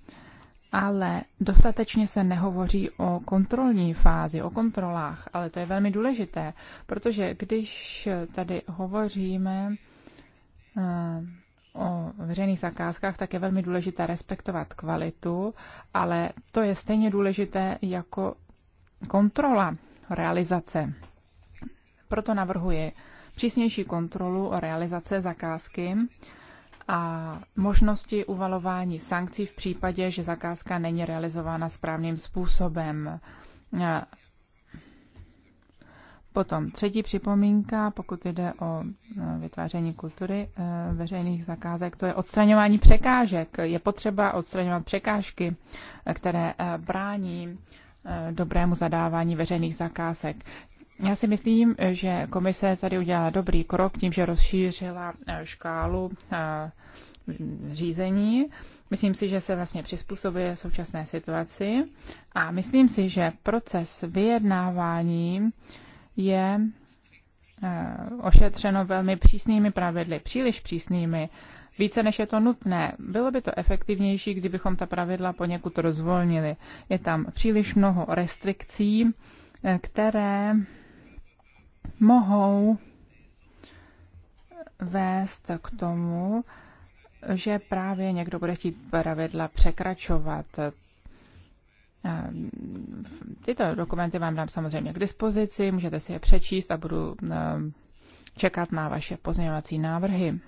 ale dostatečně se nehovoří o kontrolní fázi, o kontrolách, ale to je velmi důležité, protože když tady hovoříme eh, o veřejných zakázkách, tak je velmi důležité respektovat kvalitu, ale to je stejně důležité jako kontrola realizace. Proto navrhuji přísnější kontrolu o realizace zakázky, a možnosti uvalování sankcí v případě, že zakázka není realizována správným způsobem. Potom třetí připomínka, pokud jde o e, vytváření kultury e, veřejných zakázek, to je odstraňování překážek. Je potřeba odstraňovat překážky, e, které brání dobrému zadávání veřejných zakázek. Já si myslím, že komise tady udělala dobrý krok tím, že rozšířila eh, škálu eh, řízení. Myslím si, že se vlastně přizpůsobuje současné situaci a myslím si, že proces vyjednávání je eh, ošetřeno velmi přísnými pravidly, příliš přísnými, více než je to nutné. Bylo by to efektivnější, kdybychom ta pravidla poněkud rozvolnili. Je tam příliš mnoho restrikcí, které mohou vést k tomu, že právě někdo bude chtít pravidla překračovat. Ehm, tyto dokumenty vám dám samozřejmě k dispozici, můžete si je přečíst a budu ehm, čekat na vaše pozměňovací návrhy.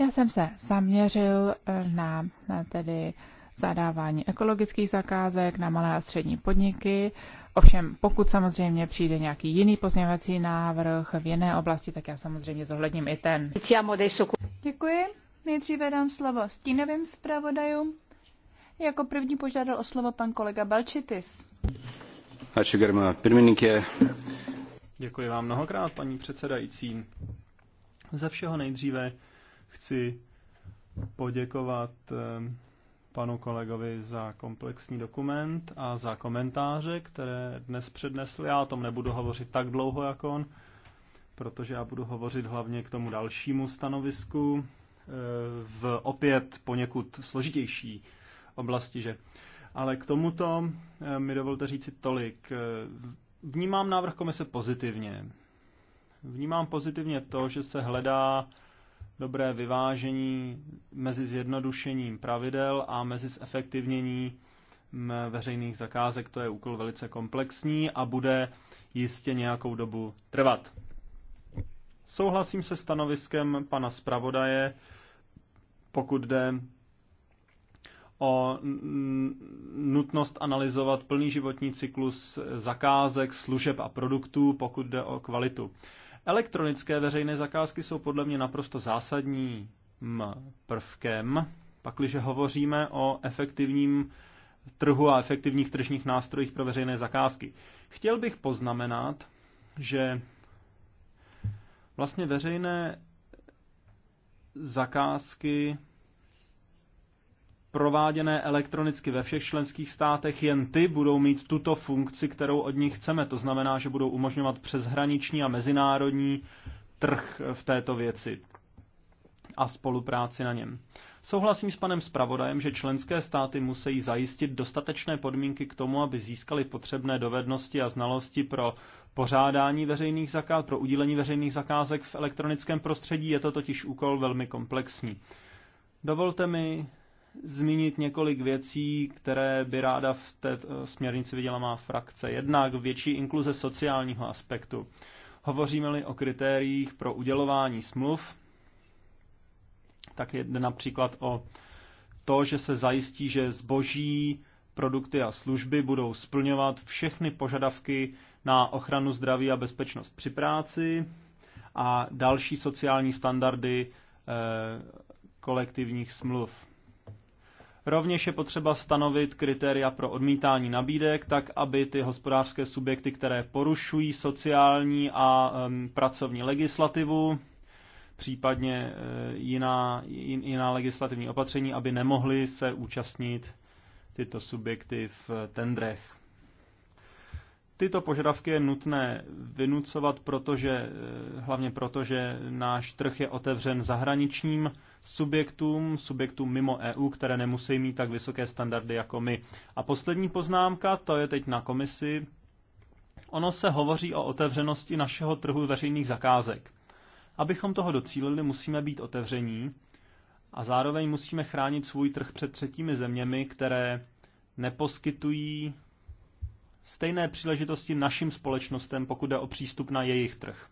Já jsem se zaměřil na, na tedy zadávání ekologických zakázek na malé a střední podniky. Ovšem, pokud samozřejmě přijde nějaký jiný pozměňovací návrh v jiné oblasti, tak já samozřejmě zohledním i ten. Děkuji. Nejdříve dám slovo stínovým zpravodajům. Jako první požádal o slovo pan kolega Balčitis. Děkuji vám mnohokrát, paní předsedající. Za všeho nejdříve chci poděkovat eh, panu kolegovi za komplexní dokument a za komentáře, které dnes přednesl. Já o tom nebudu hovořit tak dlouho jako on, protože já budu hovořit hlavně k tomu dalšímu stanovisku eh, v opět poněkud složitější oblasti, že. Ale k tomuto eh, mi dovolte říci tolik. Eh, vnímám návrh komise pozitivně. Vnímám pozitivně to, že se hledá dobré vyvážení mezi zjednodušením pravidel a mezi zefektivnění mm, veřejných zakázek. To je úkol velice komplexní a bude jistě nějakou dobu trvat. Souhlasím se stanoviskem pana zpravodaje, pokud jde o nutnost analyzovat plný životní cyklus zakázek, služeb a produktů, pokud jde o kvalitu. Elektronické veřejné zakázky jsou podle mě naprosto zásadním prvkem, pakliže hovoříme o efektivním trhu a efektivních tržních nástrojích pro veřejné zakázky. Chtěl bych poznamenat, že vlastně veřejné zakázky prováděné elektronicky ve všech členských státech, jen ty budou mít tuto funkci, kterou od nich chceme. To znamená, že budou umožňovat přeshraniční a mezinárodní trh v této věci a spolupráci na něm. Souhlasím s panem zpravodajem, že členské státy musí zajistit dostatečné podmínky k tomu, aby získali potřebné dovednosti a znalosti pro pořádání veřejných zakázek, pro udílení veřejných zakázek v elektronickém prostředí. Je to totiž úkol velmi komplexní. Dovolte mi zmínit několik věcí, které by ráda v té eh, směrnici viděla má frakce. Jednak větší inkluze sociálního aspektu. Hovoříme-li o kritériích pro udělování smluv, tak jde například o to, že se zajistí, že zboží, produkty a služby budou splňovat všechny požadavky na ochranu zdraví a bezpečnost při práci a další sociální standardy eh, kolektivních smluv. Rovněž je potřeba stanovit kritéria pro odmítání nabídek, tak aby ty hospodářské subjekty, které porušují sociální a um, pracovní legislativu, případně uh, jiná, jiná legislativní opatření, aby nemohly se účastnit tyto subjekty v tendrech. Tyto požadavky je nutné vynucovat, protože, e, hlavně proto, že náš trh je otevřen zahraničním subjektům, subjektům mimo EU, které nemusí mít tak vysoké standardy jako my. A poslední poznámka, to je teď na komisi. Ono se hovoří o otevřenosti našeho trhu veřejných zakázek. Abychom toho docílili, musíme být otevření a zároveň musíme chránit svůj trh před třetími zeměmi, které neposkytují stejné příležitosti našim společnostem, pokud jde o přístup na jejich trh.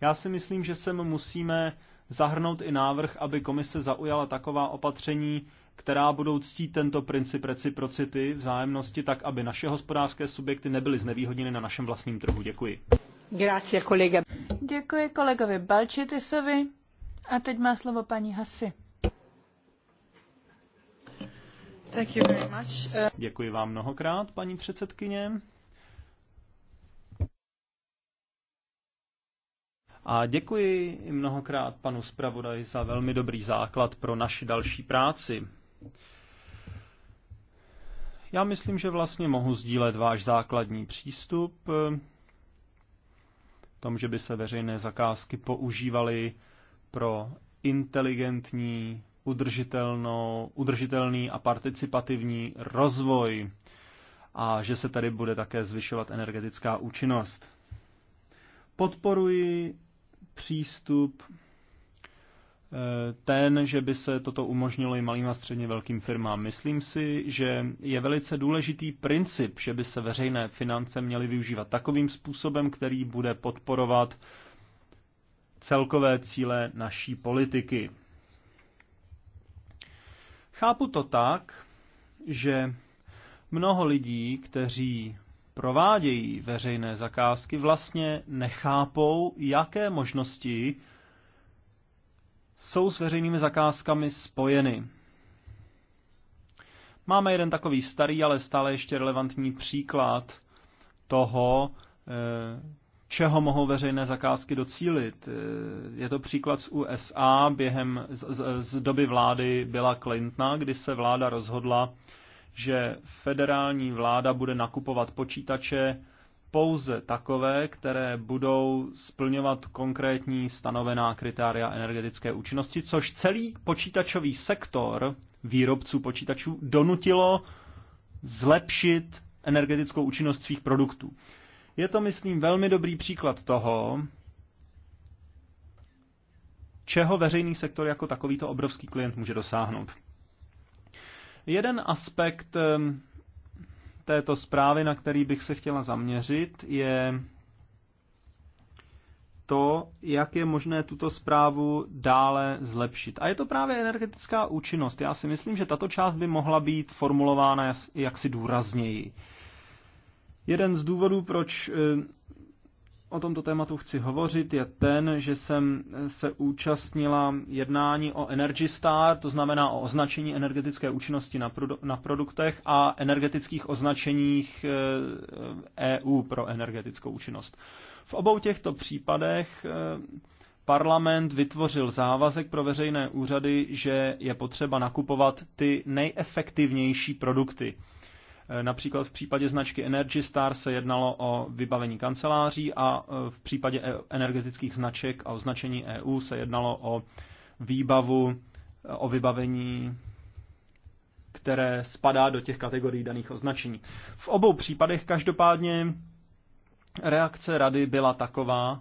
Já si myslím, že se musíme zahrnout i návrh, aby komise zaujala taková opatření, která budou ctít tento princip reciprocity, vzájemnosti, tak aby naše hospodářské subjekty nebyly znevýhodněny na našem vlastním trhu. Děkuji. Grazie, kolega. Děkuji kolegovi Balčitisovi. A teď má slovo paní Hasi. Thank you very much. Děkuji vám mnohokrát, paní předsedkyně. A děkuji mnohokrát panu zpravodaji za velmi dobrý základ pro naši další práci. Já myslím, že vlastně mohu sdílet váš základní přístup eh, v tom, že by se veřejné zakázky používaly pro inteligentní, udržitelnou, udržitelný a participativní rozvoj a že se tady bude také zvyšovat energetická účinnost. Podporuji přístup eh, ten, že by se toto umožnilo i malým a středně velkým firmám. Myslím si, že je velice důležitý princip, že by se veřejné finance měly využívat takovým způsobem, který bude podporovat celkové cíle naší politiky. Chápu to tak, že mnoho lidí, kteří provádějí veřejné zakázky, vlastně nechápou, jaké možnosti jsou s veřejnými zakázkami spojeny. Máme jeden takový starý, ale stále ještě relevantní příklad toho, eh, čeho mohou veřejné zakázky docílit. Eh, je to příklad z USA během z, z, z doby vlády byla Clintona, kdy se vláda rozhodla že federální vláda bude nakupovat počítače pouze takové, které budou splňovat konkrétní stanovená kritéria energetické účinnosti, což celý počítačový sektor výrobců počítačů donutilo zlepšit energetickou účinnost svých produktů. Je to, myslím, velmi dobrý příklad toho, čeho veřejný sektor jako takovýto obrovský klient může dosáhnout. Jeden aspekt této zprávy, na který bych se chtěla zaměřit, je to, jak je možné tuto zprávu dále zlepšit. A je to právě energetická účinnost. Já si myslím, že tato část by mohla být formulována jaksi důrazněji. Jeden z důvodů, proč o tomto tématu chci hovořit, je ten, že jsem se účastnila jednání o Energy Star, to znamená o označení energetické účinnosti na, produ- na produktech a energetických označeních EU eh, e pro energetickou účinnost. V obou těchto případech eh, parlament vytvořil závazek pro veřejné úřady, že je potřeba nakupovat ty nejefektivnější produkty Eh, například v případě značky Energy Star se jednalo o vybavení kanceláří a eh, v případě e, energetických značek a označení EU se jednalo o výbavu, eh, o vybavení které spadá do těch kategorií daných označení. V obou případech každopádně reakce rady byla taková,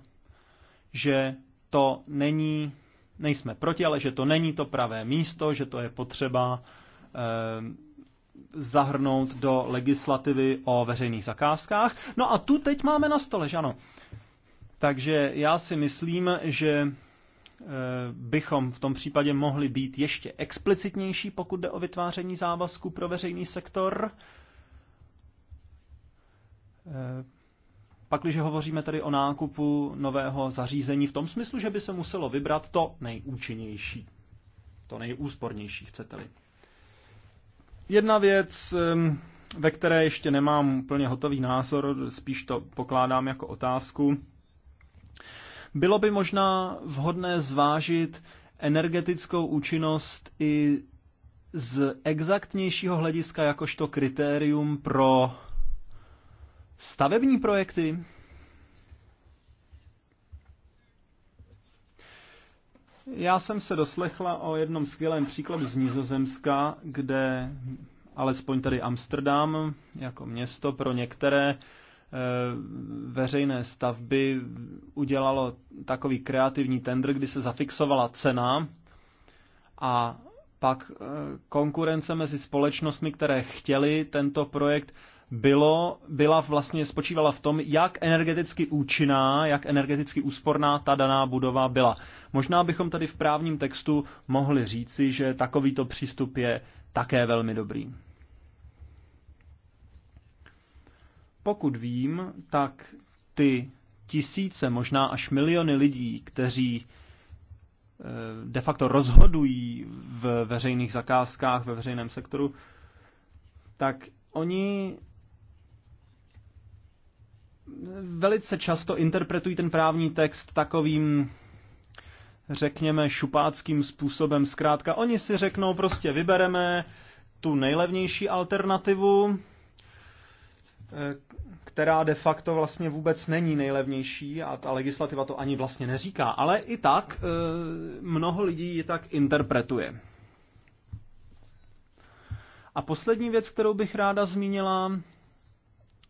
že to není, nejsme proti, ale že to není to pravé místo, že to je potřeba eh, zahrnout do legislativy o veřejných zakázkách. No a tu teď máme na stole, že ano. Takže já si myslím, že eh, bychom v tom případě mohli být ještě explicitnější, pokud jde o vytváření závazků pro veřejný sektor. Eh, Pak, když hovoříme tady o nákupu nového zařízení v tom smyslu, že by se muselo vybrat to nejúčinnější, to nejúspornější, chcete-li. Jedna věc, ve které ještě nemám úplně hotový názor, spíš to pokládám jako otázku. Bylo by možná vhodné zvážit energetickou účinnost i z exaktnějšího hlediska jakožto kritérium pro stavební projekty? Já jsem se doslechla o jednom skvělém příkladu z Nizozemska, kde alespoň tady Amsterdam jako město pro některé eh, veřejné stavby udělalo takový kreativní tender, kdy se zafixovala cena a pak eh, konkurence mezi společnostmi, které chtěly tento projekt, bylo, byla vlastně spočívala v tom, jak energeticky účinná, jak energeticky úsporná ta daná budova byla. Možná bychom tady v právním textu mohli říci, že takovýto přístup je také velmi dobrý. Pokud vím, tak ty tisíce, možná až miliony lidí, kteří eh, de facto rozhodují v veřejných zakázkách, ve veřejném sektoru, tak oni velice často interpretují ten právní text takovým řekněme, šupáckým způsobem. Zkrátka, oni si řeknou, prostě vybereme tu nejlevnější alternativu, eh, která de facto vlastně vůbec není nejlevnější a ta legislativa to ani vlastně neříká, ale i tak eh, mnoho lidí ji tak interpretuje. A poslední věc, kterou bych ráda zmínila,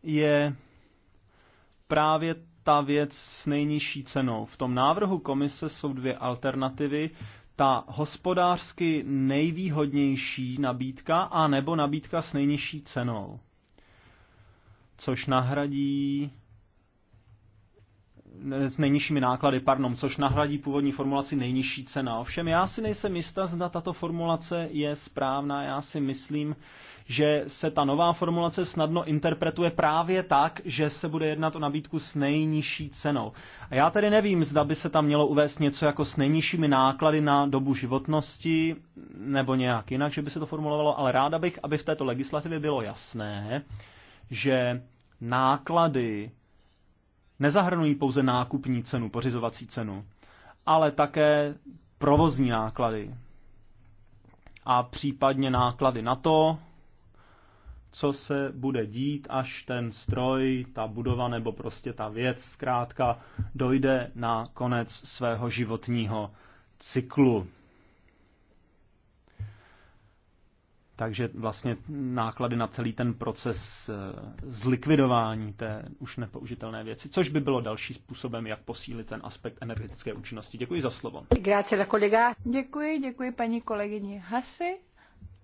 je právě ta věc s nejnižší cenou. V tom návrhu komise jsou dvě alternativy. Ta hospodářsky nejvýhodnější nabídka a nebo nabídka s nejnižší cenou. Což nahradí s nejnižšími náklady, pardon, což nahradí původní formulaci nejnižší cena. Ovšem já si nejsem jistá, zda tato formulace je správná. Já si myslím, že se ta nová formulace snadno interpretuje právě tak, že se bude jednat o nabídku s nejnižší cenou. A já tedy nevím, zda by se tam mělo uvést něco jako s nejnižšími náklady na dobu životnosti, nebo nějak jinak, že by se to formulovalo, ale ráda bych, aby v této legislativě bylo jasné, že náklady nezahrnují pouze nákupní cenu, pořizovací cenu, ale také provozní náklady a případně náklady na to, co se bude dít, až ten stroj, ta budova nebo prostě ta věc zkrátka dojde na konec svého životního cyklu. Takže vlastně náklady na celý ten proces eh, zlikvidování té už nepoužitelné věci, což by bylo další způsobem, jak posílit ten aspekt energetické účinnosti. Děkuji za slovo. Děkuji, děkuji paní kolegyni Hasi.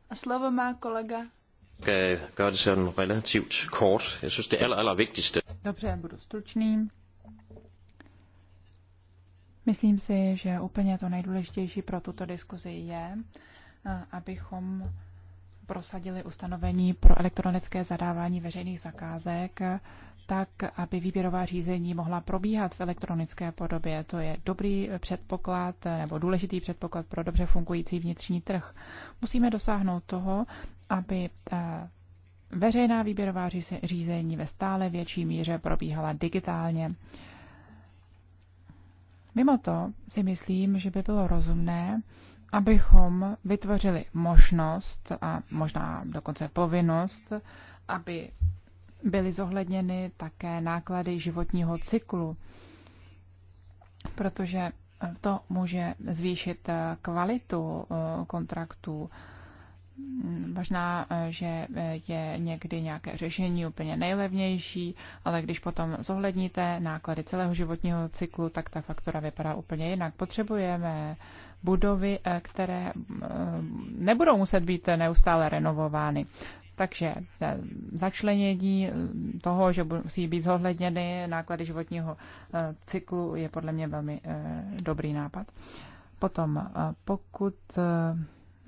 A slovo má kolega. Dobře, budu stručný. Myslím si, že úplně to nejdůležitější pro tuto diskuzi je, eh, abychom prosadili ustanovení pro elektronické zadávání veřejných zakázek, tak, aby výběrová řízení mohla probíhat v elektronické podobě. To je dobrý předpoklad nebo důležitý předpoklad pro dobře fungující vnitřní trh. Musíme dosáhnout toho, aby eh, veřejná výběrová řízení ve stále větší míře probíhala digitálně. Mimo to si myslím, že by bylo rozumné, abychom vytvořili možnost a možná dokonce povinnost, aby byly zohledněny také náklady životního cyklu, protože to může zvýšit kvalitu eh, kontraktů. Možná, eh, že je někdy nějaké řešení úplně nejlevnější, ale když potom zohledníte náklady celého životního cyklu, tak ta faktura vypadá úplně jinak. Potřebujeme budovy, eh, které eh, nebudou muset být neustále renovovány. Takže eh, začlenění toho, že musí být zohledněny náklady životního cyklu, je podle mě velmi dobrý nápad. Potom, pokud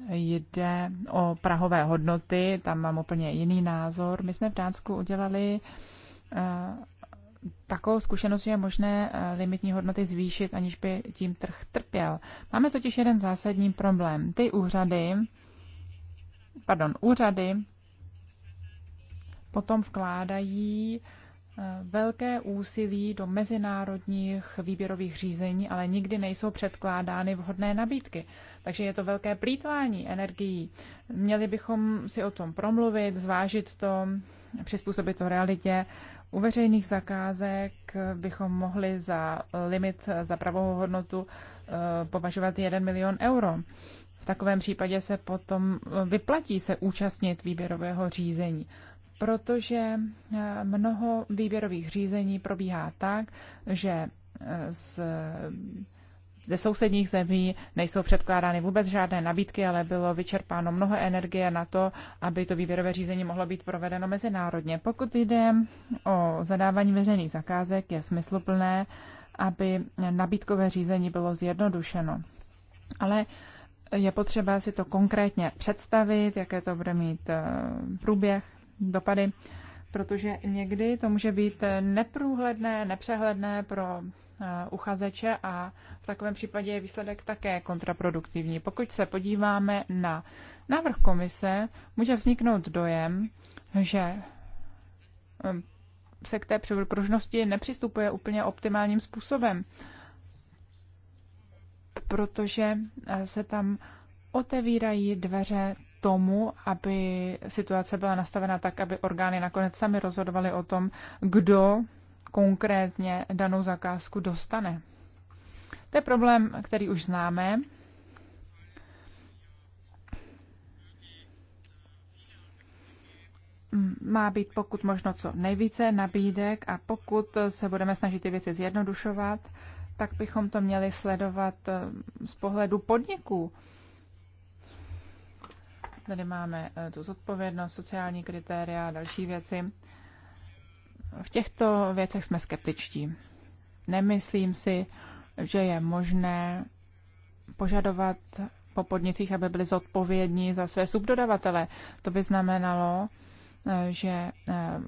jde o prahové hodnoty, tam mám úplně jiný názor. My jsme v Dánsku udělali takovou zkušenost, že je možné eh, limitní hodnoty zvýšit, aniž by tím trh trpěl. Máme totiž jeden zásadní problém. Ty úřady, pardon, úřady potom vkládají eh, velké úsilí do mezinárodních výběrových řízení, ale nikdy nejsou předkládány vhodné nabídky. Takže je to velké plítvání energií. Měli bychom si o tom promluvit, zvážit to, přizpůsobit to realitě, u veřejných zakázek bychom mohli za limit za pravou hodnotu eh, považovat 1 milion euro. V takovém případě se potom eh, vyplatí se účastnit výběrového řízení, protože eh, mnoho výběrových řízení probíhá tak, že z ze sousedních zemí nejsou předkládány vůbec žádné nabídky, ale bylo vyčerpáno mnoho energie na to, aby to výběrové řízení mohlo být provedeno mezinárodně. Pokud jde o zadávání veřejných zakázek, je smysluplné, aby nabídkové řízení bylo zjednodušeno. Ale je potřeba si to konkrétně představit, jaké to bude mít eh, průběh, dopady, protože někdy to může být neprůhledné, nepřehledné pro Eh, uchazeče a v takovém případě je výsledek také kontraproduktivní. Pokud se podíváme na návrh komise, může vzniknout dojem, že eh, se k té pružnosti nepřistupuje úplně optimálním způsobem, protože eh, se tam otevírají dveře tomu, aby situace byla nastavena tak, aby orgány nakonec sami rozhodovaly o tom, kdo konkrétně danou zakázku dostane. To je problém, který už známe. Má být pokud možno co nejvíce nabídek a pokud se budeme snažit ty věci zjednodušovat, tak bychom to měli sledovat eh, z pohledu podniků. Tady máme eh, tu zodpovědnost, sociální kritéria a další věci. V těchto věcech jsme skeptičtí. Nemyslím si, že je možné požadovat po podnicích, aby byli zodpovědní za své subdodavatele. To by znamenalo, že eh,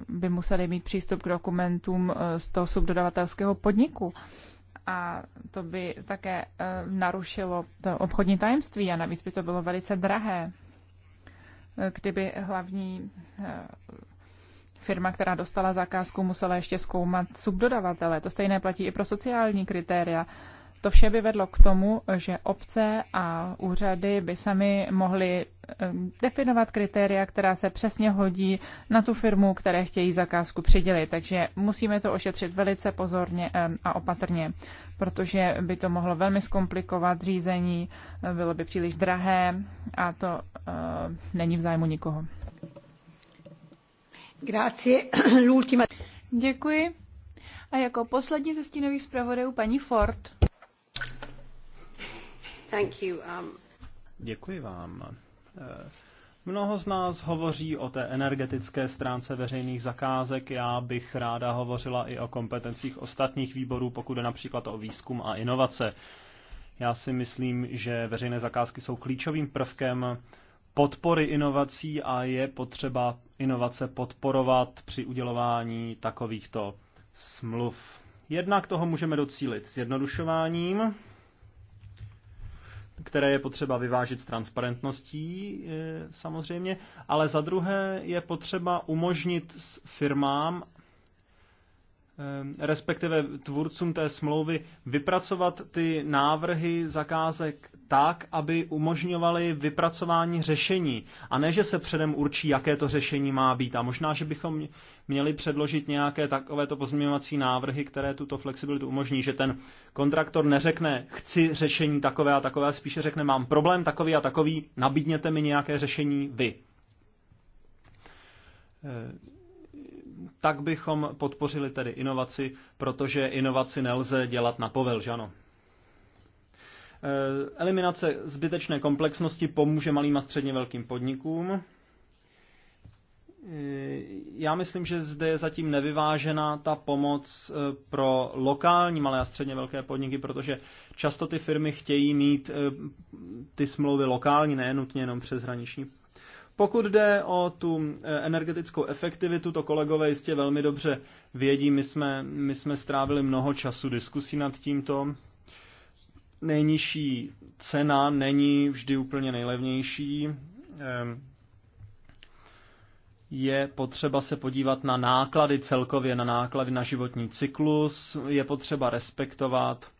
by museli mít přístup k dokumentům eh, z toho subdodavatelského podniku. A to by také eh, narušilo to obchodní tajemství a navíc by to bylo velice drahé, kdyby hlavní Firma, která dostala zakázku, musela ještě zkoumat subdodavatele. To stejné platí i pro sociální kritéria. To vše by vedlo k tomu, že obce a úřady by sami mohly eh, definovat kritéria, která se přesně hodí na tu firmu, které chtějí zakázku přidělit. Takže musíme to ošetřit velice pozorně eh, a opatrně, protože by to mohlo velmi zkomplikovat řízení, eh, bylo by příliš drahé a to není v zájmu nikoho. Děkuji. A jako poslední ze stínových zpravodajů paní Ford. Um- Děkuji vám. Eh, mnoho z nás hovoří o té energetické stránce veřejných zakázek. Já bych ráda hovořila i o kompetencích ostatních výborů, pokud je například o výzkum a inovace. Já si myslím, že veřejné zakázky jsou klíčovým prvkem podpory inovací a je potřeba inovace podporovat při udělování takovýchto smluv. Jednak toho můžeme docílit zjednodušováním, které je potřeba vyvážit s transparentností e, samozřejmě, ale za druhé je potřeba umožnit firmám, e, respektive tvůrcům té smlouvy, vypracovat ty návrhy zakázek tak, aby umožňovaly vypracování řešení. A ne, že se předem určí, jaké to řešení má být. A možná, že bychom měli předložit nějaké takovéto pozměňovací návrhy, které tuto flexibilitu umožní, že ten kontraktor neřekne, chci řešení takové a takové, a spíše řekne, mám problém takový a takový, nabídněte mi nějaké řešení vy. Eh, tak bychom podpořili tedy inovaci, protože inovaci nelze dělat na povel, že ano? Eh, eliminace zbytečné komplexnosti pomůže malým a středně velkým podnikům. Eh, já myslím, že zde je zatím nevyvážená ta pomoc eh, pro lokální malé a středně velké podniky, protože často ty firmy chtějí mít ty smlouvy lokální, ne nutně jenom přeshraniční. Pokud jde o tu energetickou efektivitu, to kolegové jistě velmi dobře vědí. My jsme, my jsme strávili mnoho času diskusí nad tímto nejnižší cena není vždy úplně nejlevnější. Ehm, je potřeba se podívat na náklady celkově, na náklady na životní cyklus. Je potřeba respektovat,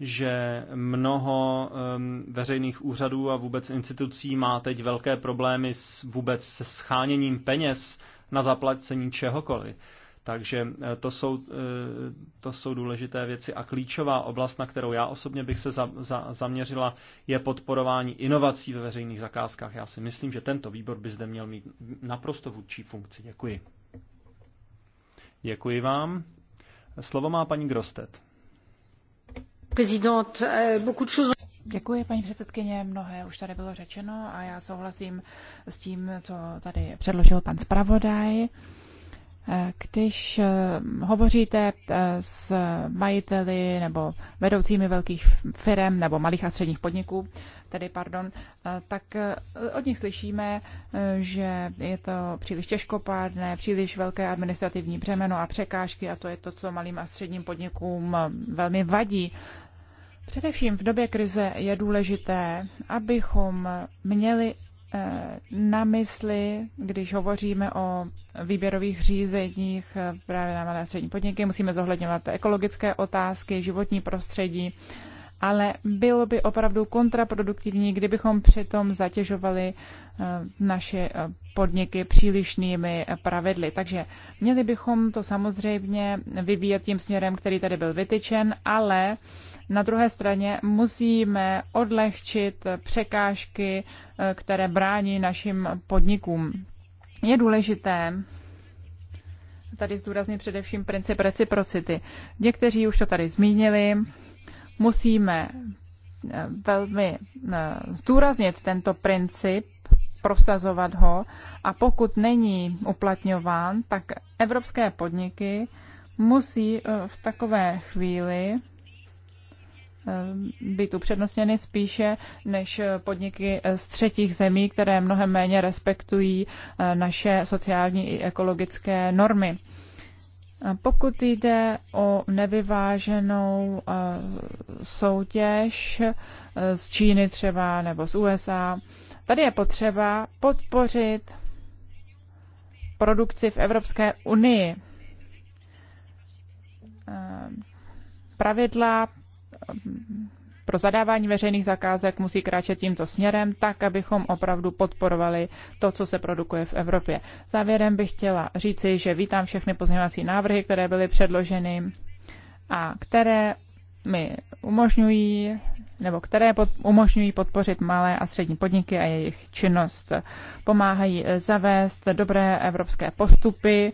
že mnoho ehm, veřejných úřadů a vůbec institucí má teď velké problémy s, vůbec se scháněním peněz na zaplacení čehokoliv. Takže eh, to jsou, eh, to jsou důležité věci. A klíčová oblast, na kterou já osobně bych se za, za, zaměřila, je podporování inovací ve veřejných zakázkách. Já si myslím, že tento výbor by zde měl mít naprosto vůdčí funkci. Děkuji. Děkuji vám. Slovo má paní Grostet. Eh, Děkuji, paní předsedkyně. Mnohé už tady bylo řečeno a já souhlasím s tím, co tady předložil pan zpravodaj. Když eh, hovoříte eh, s majiteli nebo vedoucími velkých firm nebo malých a středních podniků, tedy pardon, eh, tak od nich slyšíme, že je to příliš těžkopádné, příliš velké administrativní břemeno a překážky a to je to, co malým a středním podnikům velmi vadí. Především v době krize je důležité, abychom měli na mysli, když hovoříme o výběrových řízeních právě na malé a střední podniky. Musíme zohledňovat ekologické otázky, životní prostředí, ale bylo by opravdu kontraproduktivní, kdybychom přitom zatěžovali eh, naše eh, podniky přílišnými pravidly. Takže měli bychom to samozřejmě vyvíjet tím směrem, který tady byl vytyčen, ale na druhé straně musíme odlehčit překážky, eh, které brání našim podnikům. Je důležité tady zdůraznit především princip reciprocity. Někteří už to tady zmínili. Musíme eh, velmi eh, zdůraznit tento princip, prosazovat ho a pokud není uplatňován, tak evropské podniky musí v takové chvíli Eh, být upřednostněny spíše než podniky z třetích zemí, které mnohem méně respektují eh, naše sociální i ekologické normy. Pokud jde o nevyváženou eh, soutěž z Číny třeba nebo z USA, tady je potřeba podpořit produkci v Evropské unii. Pravidla pro zadávání veřejných zakázek musí kráčet tímto směrem, tak abychom opravdu podporovali to, co se produkuje v Evropě. Závěrem bych chtěla říci, že vítám všechny pozměňovací návrhy, které byly předloženy a které mi umožňují nebo které pod, umožňují podpořit malé a střední podniky a jejich činnost. Pomáhají zavést dobré evropské postupy,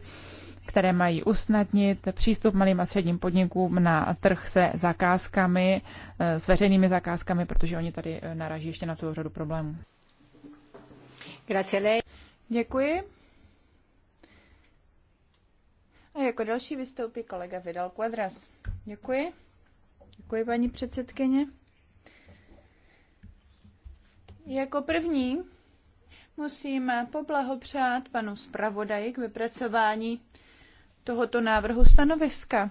které mají usnadnit přístup malým a středním podnikům na trh se zakázkami, eh, s veřejnými zakázkami, protože oni tady eh, naraží ještě na celou řadu problémů. Děkuji. A jako další vystoupí kolega Vidal Quadras. Děkuji. Děkuji, paní předsedkyně. Jako první musím poblahopřát panu zpravodaji k vypracování tohoto návrhu stanoviska.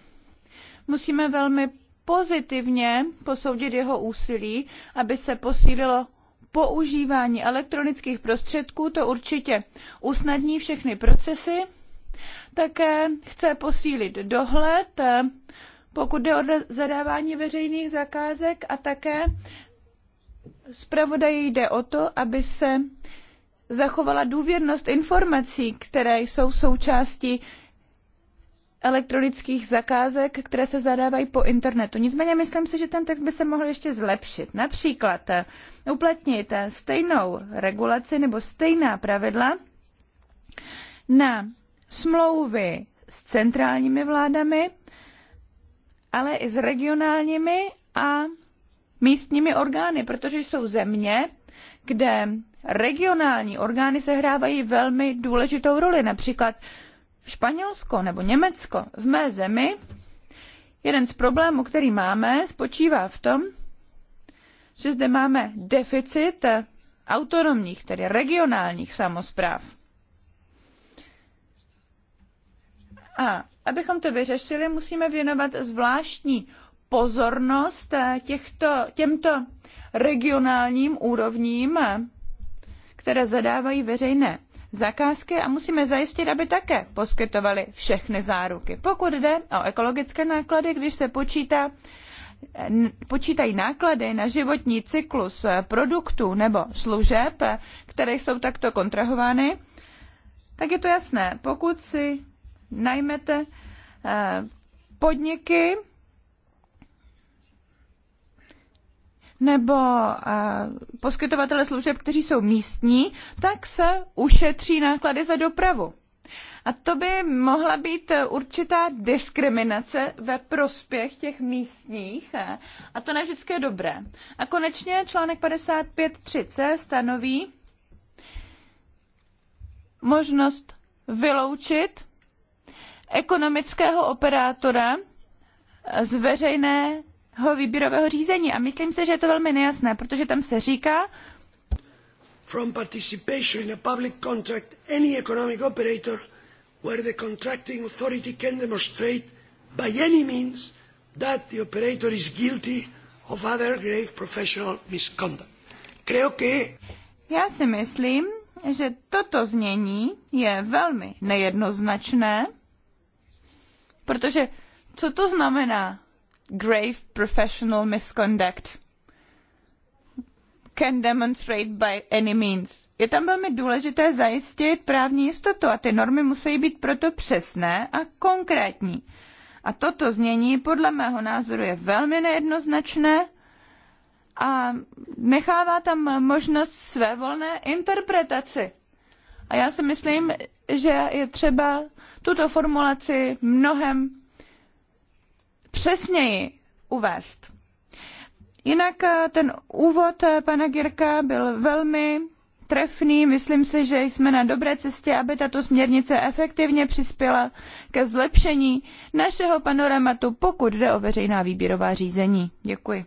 Musíme velmi pozitivně posoudit jeho úsilí, aby se posílilo používání elektronických prostředků, to určitě usnadní všechny procesy. Také chce posílit dohled, pokud jde o zadávání veřejných zakázek a také zpravodaji jde o to, aby se zachovala důvěrnost informací, které jsou součástí elektronických zakázek, které se zadávají po internetu. Nicméně myslím si, že ten text by se mohl ještě zlepšit. Například eh, uplatnit eh, stejnou regulaci nebo stejná pravidla na smlouvy s centrálními vládami, ale i s regionálními a místními orgány, protože jsou země, kde regionální orgány sehrávají velmi důležitou roli. Například Španělsko nebo Německo. V mé zemi jeden z problémů, který máme, spočívá v tom, že zde máme deficit autonomních, tedy regionálních samozpráv. A abychom to vyřešili, musíme věnovat zvláštní pozornost těchto, těmto regionálním úrovním, které zadávají veřejné zakázky a musíme zajistit, aby také poskytovali všechny záruky. Pokud jde o ekologické náklady, když se počítá počítají náklady na životní cyklus produktů nebo služeb, které jsou takto kontrahovány, tak je to jasné. Pokud si najmete eh, podniky, nebo eh, poskytovatele služeb, kteří jsou místní, tak se ušetří náklady za dopravu. A to by mohla být eh, určitá diskriminace ve prospěch těch místních eh, a to ne vždycky je dobré. A konečně článek 55.3c stanoví možnost vyloučit ekonomického operátora z veřejné výběrového řízení. A myslím si, že je to velmi nejasné, protože tam se říká, From participation in a public contract, any economic operator where the contracting authority can demonstrate by any means that the operator is guilty of other grave professional misconduct. Creo que... Já si myslím, že toto znění je velmi nejednoznačné, protože co to znamená? grave professional misconduct can demonstrate by any means. Je tam velmi důležité zajistit právní jistotu a ty normy musí být proto přesné a konkrétní. A toto znění podle mého názoru je velmi nejednoznačné a nechává tam možnost své volné interpretaci. A já si myslím, že je třeba tuto formulaci mnohem přesněji uvést. Jinak eh, ten úvod eh, pana Girka byl velmi trefný. Myslím si, že jsme na dobré cestě, aby tato směrnice efektivně přispěla ke zlepšení našeho panoramatu, pokud jde o veřejná výběrová řízení. Děkuji.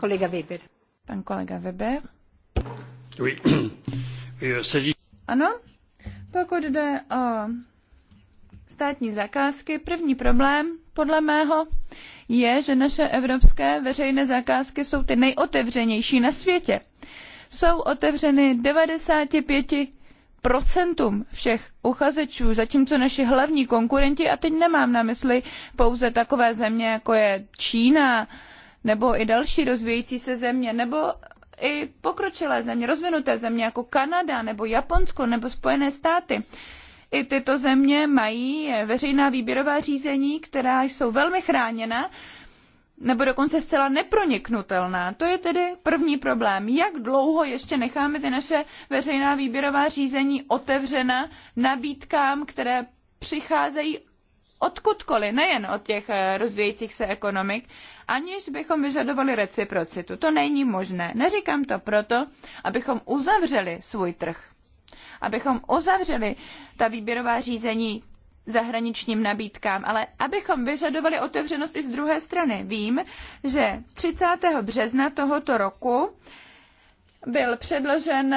Kolega Weber. Pan kolega Weber. Euh, ano, pokud jde o státní zakázky. První problém, podle mého, je, že naše evropské veřejné zakázky jsou ty nejotevřenější na světě. Jsou otevřeny 95% všech uchazečů, zatímco naši hlavní konkurenti, a teď nemám na mysli pouze takové země, jako je Čína, nebo i další rozvíjející se země, nebo i pokročilé země, rozvinuté země jako Kanada, nebo Japonsko, nebo Spojené státy. I tyto země mají veřejná výběrová řízení, která jsou velmi chráněna nebo dokonce zcela neproniknutelná. To je tedy první problém. Jak dlouho ještě necháme ty naše veřejná výběrová řízení otevřena nabídkám, které přicházejí odkudkoliv, nejen od těch eh, rozvíjejících se ekonomik, aniž bychom vyžadovali reciprocitu. To není možné. Neříkám to proto, abychom uzavřeli svůj trh abychom uzavřeli ta výběrová řízení zahraničním nabídkám, ale abychom vyžadovali otevřenost i z druhé strany. Vím, že 30. března tohoto roku byl předložen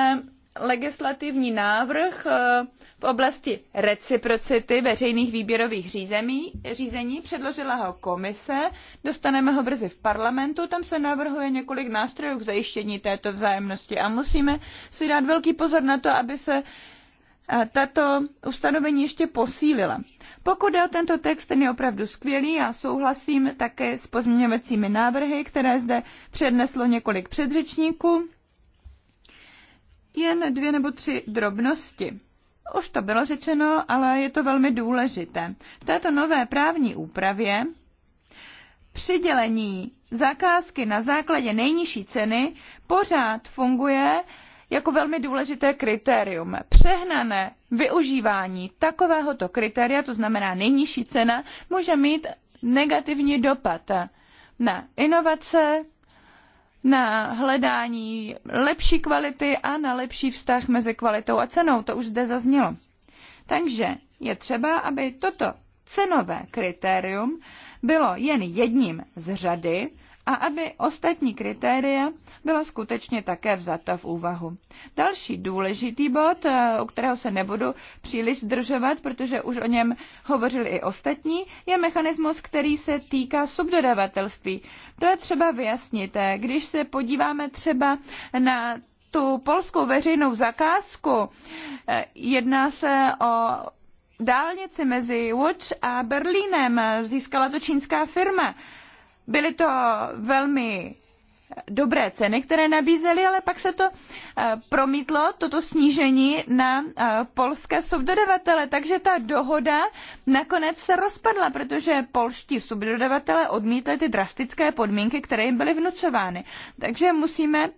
legislativní návrh eh, v oblasti reciprocity veřejných výběrových řízení, řízení. Předložila ho komise, dostaneme ho brzy v parlamentu, tam se navrhuje několik nástrojů k zajištění této vzájemnosti a musíme si dát velký pozor na to, aby se eh, tato ustanovení ještě posílila. Pokud je o tento text, ten je opravdu skvělý a souhlasím také s pozměňovacími návrhy, které zde předneslo několik předřečníků. Jen dvě nebo tři drobnosti. Už to bylo řečeno, ale je to velmi důležité. V této nové právní úpravě přidělení zakázky na základě nejnižší ceny pořád funguje jako velmi důležité kritérium. Přehnané využívání takovéhoto kritéria, to znamená nejnižší cena, může mít negativní dopad na inovace, na hledání lepší kvality a na lepší vztah mezi kvalitou a cenou. To už zde zaznělo. Takže je třeba, aby toto cenové kritérium bylo jen jedním z řady, a aby ostatní kritéria bylo skutečně také vzata v úvahu. Další důležitý bod, eh, u kterého se nebudu příliš zdržovat, protože už o něm hovořili i ostatní, je mechanismus, který se týká subdodavatelství. To je třeba vyjasnit. Eh, když se podíváme třeba na tu polskou veřejnou zakázku, eh, jedná se o dálnici mezi Łódź a Berlínem. Získala to čínská firma. Byly to velmi dobré ceny, které nabízely, ale pak se to eh, promítlo, toto snížení na eh, polské subdodavatele. Takže ta dohoda nakonec se rozpadla, protože polští subdodavatele odmítli ty drastické podmínky, které jim byly vnucovány. Takže musíme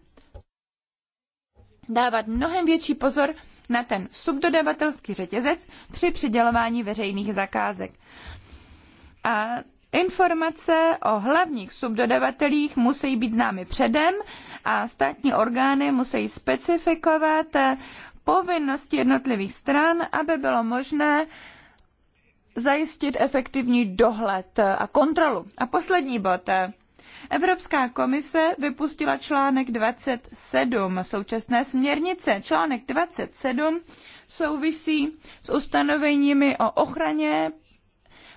dávat mnohem větší pozor na ten subdodavatelský řetězec při přidělování veřejných zakázek. A Informace o hlavních subdodavatelích musí být známy předem a státní orgány musí specifikovat povinnosti jednotlivých stran, aby bylo možné zajistit efektivní dohled a kontrolu. A poslední bod. Evropská komise vypustila článek 27 současné směrnice. Článek 27 souvisí s ustanoveními o ochraně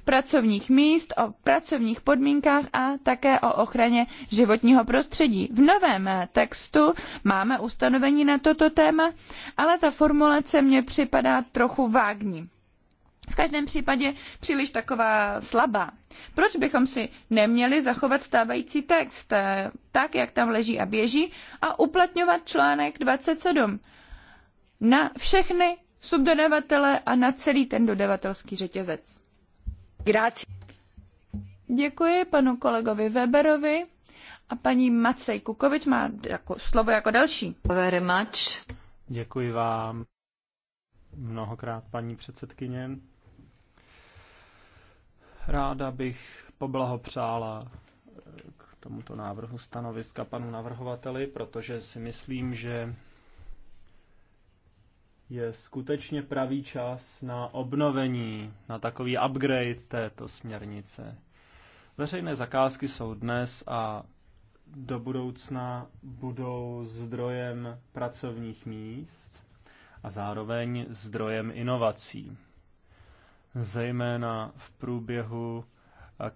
pracovních míst, o pracovních podmínkách a také o ochraně životního prostředí. V novém textu máme ustanovení na toto téma, ale ta formulace mně připadá trochu vágní. V každém případě příliš taková slabá. Proč bychom si neměli zachovat stávající text eh, tak, jak tam leží a běží, a uplatňovat článek 27 na všechny subdodavatele a na celý ten dodavatelský řetězec? Děkuji panu kolegovi Weberovi a paní Macej Kukovič má jako, slovo jako další. Very much. Děkuji vám mnohokrát, paní předsedkyně. Ráda bych poblahopřála eh, k tomuto návrhu stanoviska panu navrhovateli, protože si myslím, že je skutečně pravý čas na obnovení, na takový upgrade této směrnice. Veřejné zakázky jsou dnes a do budoucna budou zdrojem pracovních míst a zároveň zdrojem inovací. Zejména v průběhu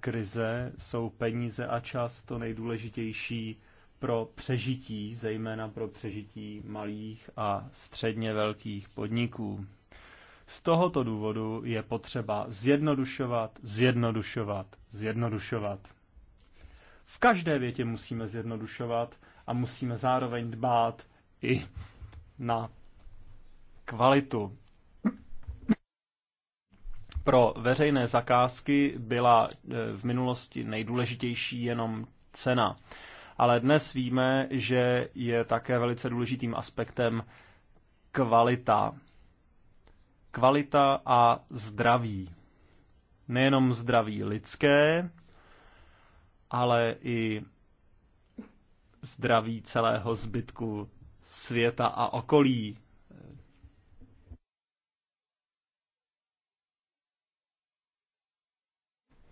krize jsou peníze a čas to nejdůležitější pro přežití, zejména pro přežití malých a středně velkých podniků. Z tohoto důvodu je potřeba zjednodušovat, zjednodušovat, zjednodušovat. V každé větě musíme zjednodušovat a musíme zároveň dbát i na kvalitu. Pro veřejné zakázky byla e, v minulosti nejdůležitější jenom cena ale dnes víme, že je také velice důležitým aspektem kvalita. Kvalita a zdraví. Nejenom zdraví lidské, ale i zdraví celého zbytku světa a okolí.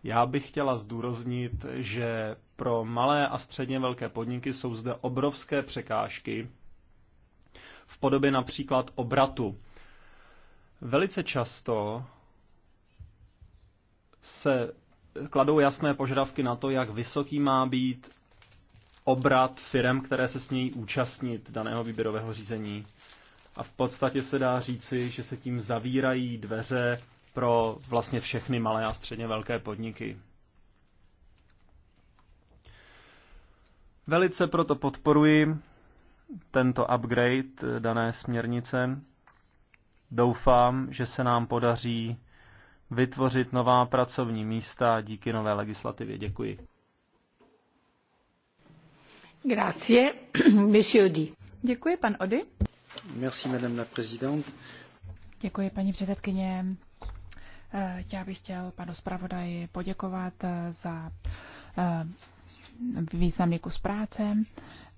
Já bych chtěla zdůraznit, že pro malé a středně velké podniky jsou zde obrovské překážky v podobě například obratu. Velice často se kladou jasné požadavky na to, jak vysoký má být obrat firm, které se smějí účastnit daného výběrového řízení. A v podstatě se dá říci, že se tím zavírají dveře pro vlastně všechny malé a středně velké podniky. Velice proto podporuji tento upgrade dané směrnice. Doufám, že se nám podaří vytvořit nová pracovní místa díky nové legislativě. Děkuji. Grazie, monsieur Odi. Děkuji, pan Ody. Merci, madame la présidente. Děkuji, paní předsedkyně. Eh, já bych chtěl panu zpravodaji poděkovat eh, za eh, významný kus práce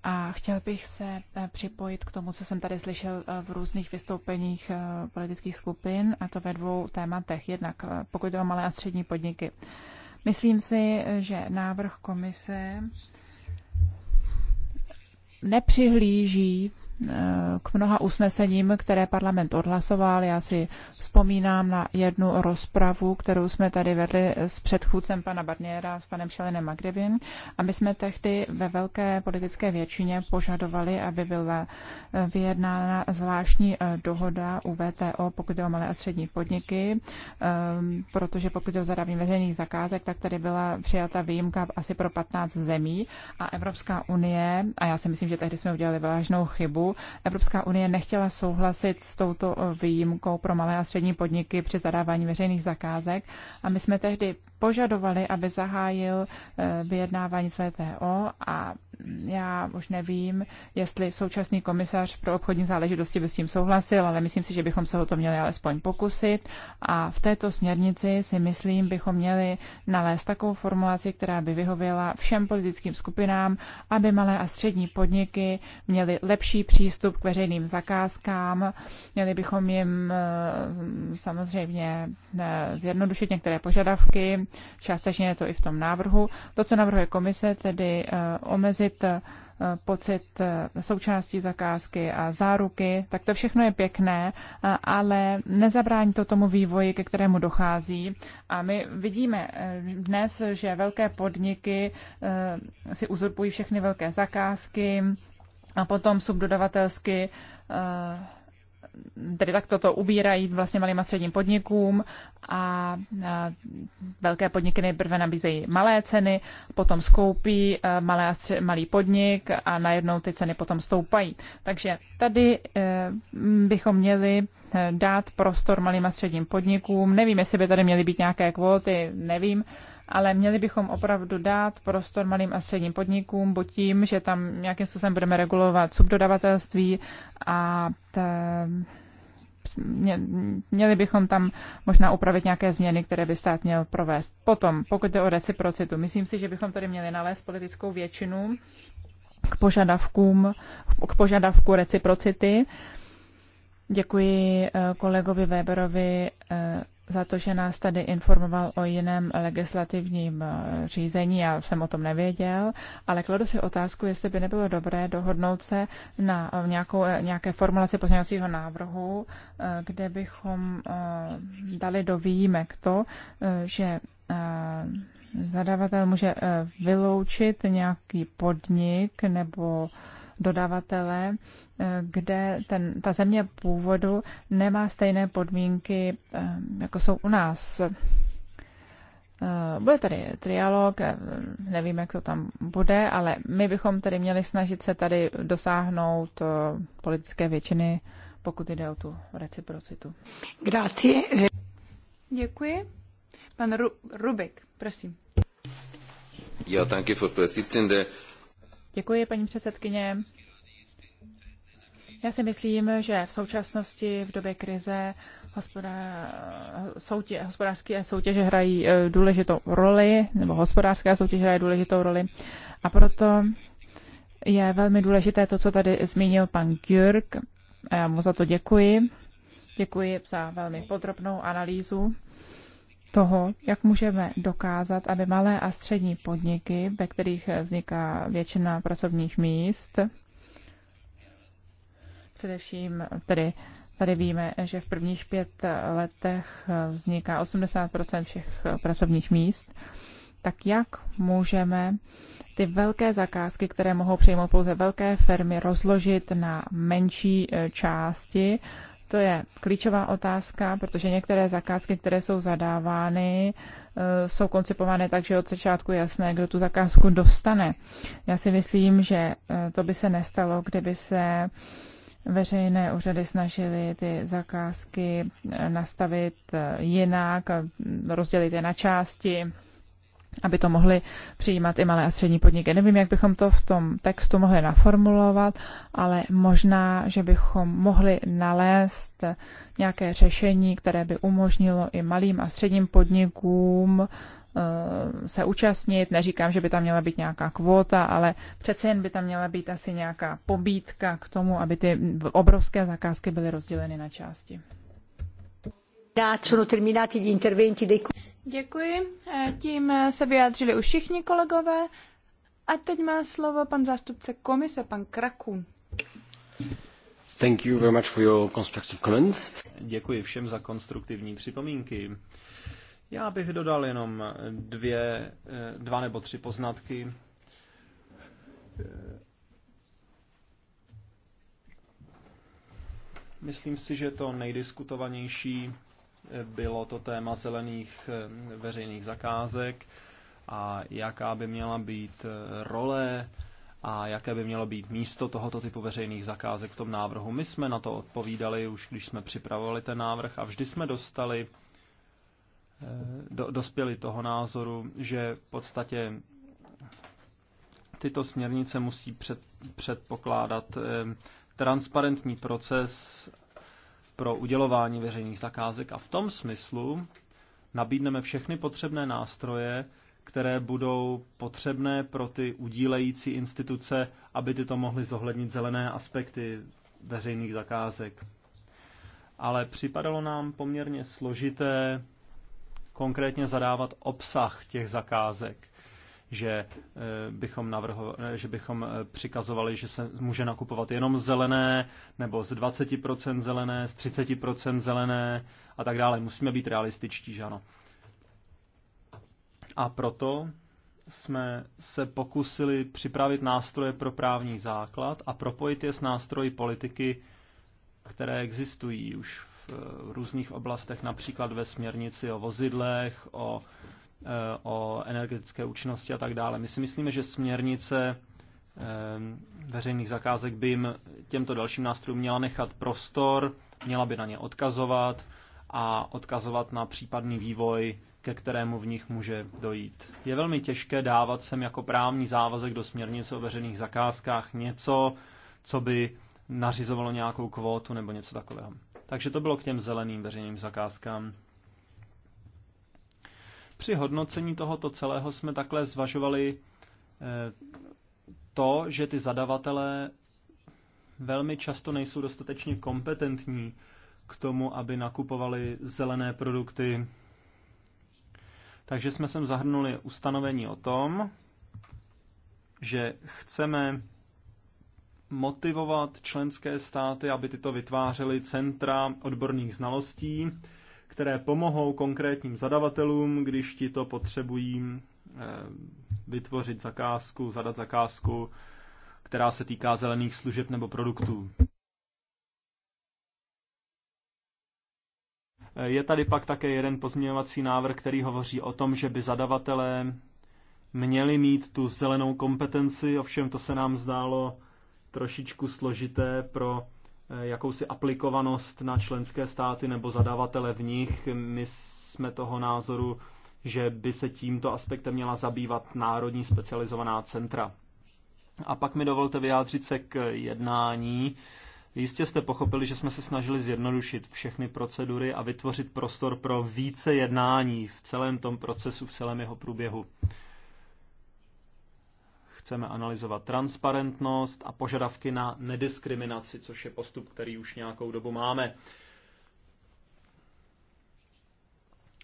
a chtěl bych se eh, připojit k tomu, co jsem tady slyšel eh, v různých vystoupeních eh, politických skupin, a to ve dvou tématech. Jednak pokud jde o malé a střední podniky. Myslím si, že návrh komise nepřihlíží k mnoha usnesením, které parlament odhlasoval. Já si vzpomínám na jednu rozpravu, kterou jsme tady vedli s předchůdcem pana Barniera, s panem Šelenem Magrevin. A my jsme tehdy ve velké politické většině požadovali, aby byla vyjednána zvláštní eh, dohoda u VTO, pokud jde o malé a střední podniky, ehm, protože pokud jde o zadávání veřejných zakázek, tak tady byla přijata výjimka asi pro 15 zemí a Evropská unie, a já si myslím, že tehdy jsme udělali vážnou chybu, Evropská unie nechtěla souhlasit s touto eh, výjimkou pro malé a střední podniky při zadávání veřejných zakázek a my jsme tehdy požadovali, aby zahájil eh, vyjednávání s VTO a já už nevím, jestli současný komisař pro obchodní záležitosti by s tím souhlasil, ale myslím si, že bychom se o to měli alespoň pokusit a v této směrnici si myslím, bychom měli nalézt takovou formulaci, která by vyhověla všem politickým skupinám, aby malé a střední podniky měly lepší přístup k veřejným zakázkám, měli bychom jim eh, samozřejmě eh, zjednodušit některé požadavky, Částečně je to i v tom návrhu. To, co navrhuje komise, tedy eh, omezit eh, pocit eh, součástí zakázky a záruky, tak to všechno je pěkné, ale nezabrání to tomu vývoji, ke kterému dochází. A my vidíme dnes, že velké podniky si uzurpují všechny velké zakázky a potom subdodavatelsky tedy takto to ubírají vlastně malým a středním podnikům a velké podniky nejprve nabízejí malé ceny, potom skoupí e, malé a střed, malý podnik a najednou ty ceny potom stoupají. Takže tady e, bychom měli e, dát prostor malým a středním podnikům. Nevím, jestli by tady měly být nějaké kvóty, nevím, ale měli bychom opravdu dát prostor malým a středním podnikům, bo tím, že tam nějakým způsobem budeme regulovat subdodavatelství a měli bychom tam možná upravit nějaké změny, které by stát měl provést. Potom, pokud jde o reciprocitu, myslím si, že bychom tady měli nalézt politickou většinu k požadavkům, k požadavku reciprocity. Děkuji eh, kolegovi Weberovi eh, za to, že nás tady informoval o jiném legislativním eh, řízení. Já jsem o tom nevěděl, ale kladu si otázku, jestli by nebylo dobré dohodnout se na eh, nějakou, eh, nějaké formulaci pozměňovacího návrhu, kde bychom dali do výjimek to, že zadavatel může vyloučit nějaký podnik nebo dodavatele kde ten, ta země původu nemá stejné podmínky, jako jsou u nás. E, bude tady trialog, e, nevím, jak to tam bude, ale my bychom tedy měli snažit se tady dosáhnout e, politické většiny, pokud jde o tu reciprocitu. Grazie. Děkuji. Pan Ru- Rubik, prosím. Já taky, Děkuji, paní předsedkyně. Já si myslím, že v současnosti, v době krize, hospodářské soutěže hrají eh, důležitou roli, nebo hospodářská soutěž hraje důležitou roli. A proto je velmi důležité to, co tady zmínil pan Gjörg. A já mu za to děkuji. Děkuji za velmi podrobnou analýzu toho, jak můžeme dokázat, aby malé a střední podniky, ve kterých vzniká většina pracovních míst, Především tedy tady víme, že v prvních pět letech vzniká 80 všech pracovních míst. Tak jak můžeme ty velké zakázky, které mohou přijmout pouze velké firmy, rozložit na menší e, části? To je klíčová otázka, protože některé zakázky, které jsou zadávány, e, jsou koncipované tak, že od začátku jasné, kdo tu zakázku dostane. Já si myslím, že e, to by se nestalo, kdyby se veřejné úřady snažily ty zakázky eh, nastavit eh, jinak, eh, rozdělit je na části, aby to mohly přijímat i malé a střední podniky. Nevím, jak bychom to v tom textu mohli naformulovat, ale možná, že bychom mohli nalézt nějaké řešení, které by umožnilo i malým a středním podnikům Eh, se účastnit. Neříkám, že by tam měla být nějaká kvóta, ale přece jen by tam měla být asi nějaká pobídka k tomu, aby ty obrovské zakázky byly rozděleny na části. Děkuji. Eh, tím eh, se vyjádřili už všichni kolegové. A teď má slovo pan zástupce komise, pan Kraku. Thank you very much for your constructive comments. Děkuji všem za konstruktivní připomínky. Já bych dodal jenom dvě, eh, dva nebo tři poznatky. Eh, myslím si, že to nejdiskutovanější eh, bylo to téma zelených veřejných zakázek a jaká by měla být role a jaké by mělo být místo tohoto typu veřejných zakázek v tom návrhu. My jsme na to odpovídali už, když jsme připravovali ten návrh a vždy jsme dostali Eh, do, dospěli toho názoru, že v podstatě tyto směrnice musí před, předpokládat eh, transparentní proces pro udělování veřejných zakázek a v tom smyslu nabídneme všechny potřebné nástroje, které budou potřebné pro ty udílející instituce, aby tyto mohly zohlednit zelené aspekty veřejných zakázek. Ale připadalo nám poměrně složité konkrétně zadávat obsah těch zakázek, že eh, bychom, navrho, že bychom eh, přikazovali, že se může nakupovat jenom zelené, nebo z 20% zelené, z 30% zelené a tak dále. Musíme být realističtí, že ano. A proto jsme se pokusili připravit nástroje pro právní základ a propojit je s nástroji politiky, které existují už různých oblastech, například ve směrnici o vozidlech, o, eh, o energetické účinnosti a tak dále. My si myslíme, že směrnice eh, veřejných zakázek by jim těmto dalším nástrojům měla nechat prostor, měla by na ně odkazovat a odkazovat na případný vývoj, ke kterému v nich může dojít. Je velmi těžké dávat sem jako právní závazek do směrnice o veřejných zakázkách něco, co by nařizovalo nějakou kvótu nebo něco takového. Takže to bylo k těm zeleným veřejným zakázkám. Při hodnocení tohoto celého jsme takhle zvažovali eh, to, že ty zadavatelé velmi často nejsou dostatečně kompetentní k tomu, aby nakupovali zelené produkty. Takže jsme sem zahrnuli ustanovení o tom, že chceme motivovat členské státy, aby tyto vytvářely centra odborných znalostí, které pomohou konkrétním zadavatelům, když ti to potřebují eh, vytvořit zakázku, zadat zakázku, která se týká zelených služeb nebo produktů. Eh, je tady pak také jeden pozměňovací návrh, který hovoří o tom, že by zadavatelé měli mít tu zelenou kompetenci, ovšem to se nám zdálo trošičku složité pro eh, jakousi aplikovanost na členské státy nebo zadavatele v nich. My jsme toho názoru, že by se tímto aspektem měla zabývat národní specializovaná centra. A pak mi dovolte vyjádřit se k jednání. Jistě jste pochopili, že jsme se snažili zjednodušit všechny procedury a vytvořit prostor pro více jednání v celém tom procesu, v celém jeho průběhu. Chceme analyzovat transparentnost a požadavky na nediskriminaci, což je postup, který už nějakou dobu máme.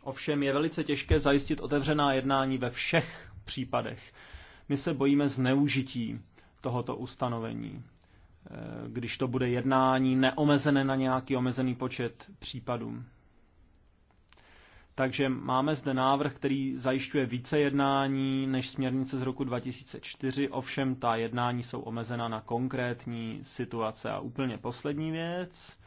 Ovšem je velice těžké zajistit otevřená jednání ve všech případech. My se bojíme zneužití tohoto ustanovení, e, když to bude jednání neomezené na nějaký omezený počet případů. Takže máme zde návrh, který zajišťuje více jednání než směrnice z roku 2004, ovšem ta jednání jsou omezena na konkrétní situace. A úplně poslední věc,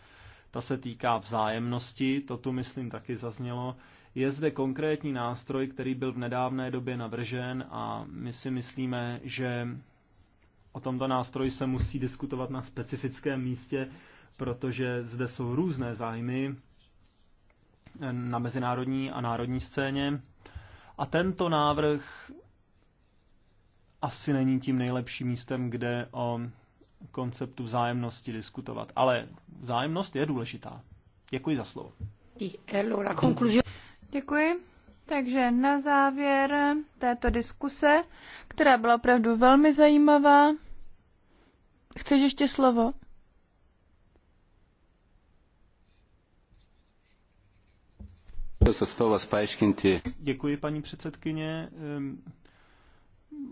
ta se týká vzájemnosti, to tu myslím taky zaznělo. Je zde konkrétní nástroj, který byl v nedávné době navržen a my si myslíme, že o tomto nástroji se musí diskutovat na specifickém místě, protože zde jsou různé zájmy, na mezinárodní a národní scéně. A tento návrh asi není tím nejlepším místem, kde o konceptu vzájemnosti diskutovat. Ale vzájemnost je důležitá. Děkuji za slovo. Děkuji. Takže na závěr této diskuse, která byla opravdu velmi zajímavá, chceš ještě slovo? Děkuji, paní předsedkyně. Ehm,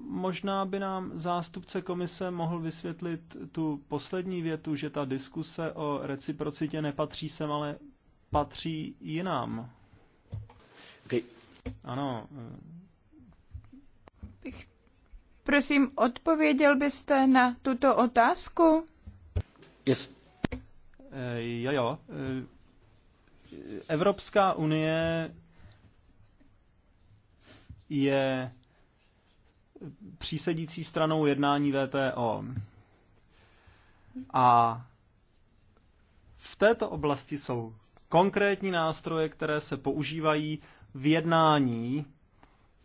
možná by nám zástupce komise mohl vysvětlit tu poslední větu, že ta diskuse o reciprocitě nepatří sem, ale patří jinám. Okay. Ano. Ehm. Bych, prosím, odpověděl byste na tuto otázku? Yes. E, jo, jo. E, Evropská unie je přísedící stranou jednání VTO. A v této oblasti jsou konkrétní nástroje, které se používají v jednání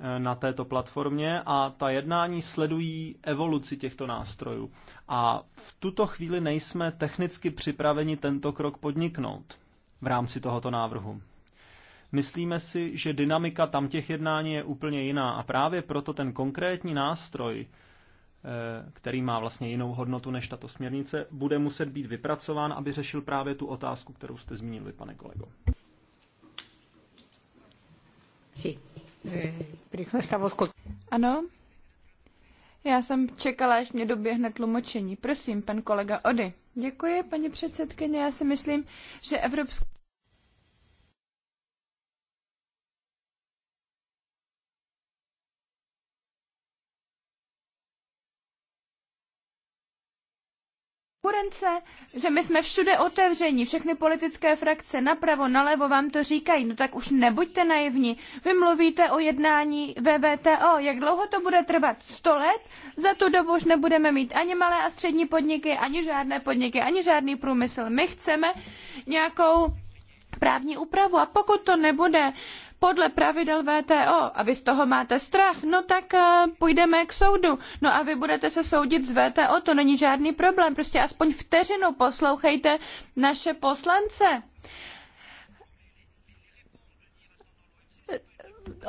eh, na této platformě a ta jednání sledují evoluci těchto nástrojů. A v tuto chvíli nejsme technicky připraveni tento krok podniknout v rámci tohoto návrhu. Myslíme si, že dynamika tam těch jednání je úplně jiná a právě proto ten konkrétní nástroj, eh, který má vlastně jinou hodnotu než tato směrnice, bude muset být vypracován, aby řešil právě tu otázku, kterou jste zmínili, pane kolego. Eh, ano, já jsem čekala, až mě doběhne tlumočení. Prosím, pan kolega Ody. Děkuji, paní předsedkyně. Já si myslím, že Evropský konkurence, že my jsme všude otevření, všechny politické frakce napravo, nalevo vám to říkají, no tak už nebuďte naivní. Vy mluvíte o jednání VVTO, jak dlouho to bude trvat? 100 let? Za tu dobu už nebudeme mít ani malé a střední podniky, ani žádné podniky, ani žádný průmysl. My chceme nějakou právní úpravu a pokud to nebude podle pravidel VTO a vy z toho máte strach, no tak eh, půjdeme k soudu. No a vy budete se soudit z VTO, to není žádný problém, prostě aspoň vteřinu poslouchejte naše poslance.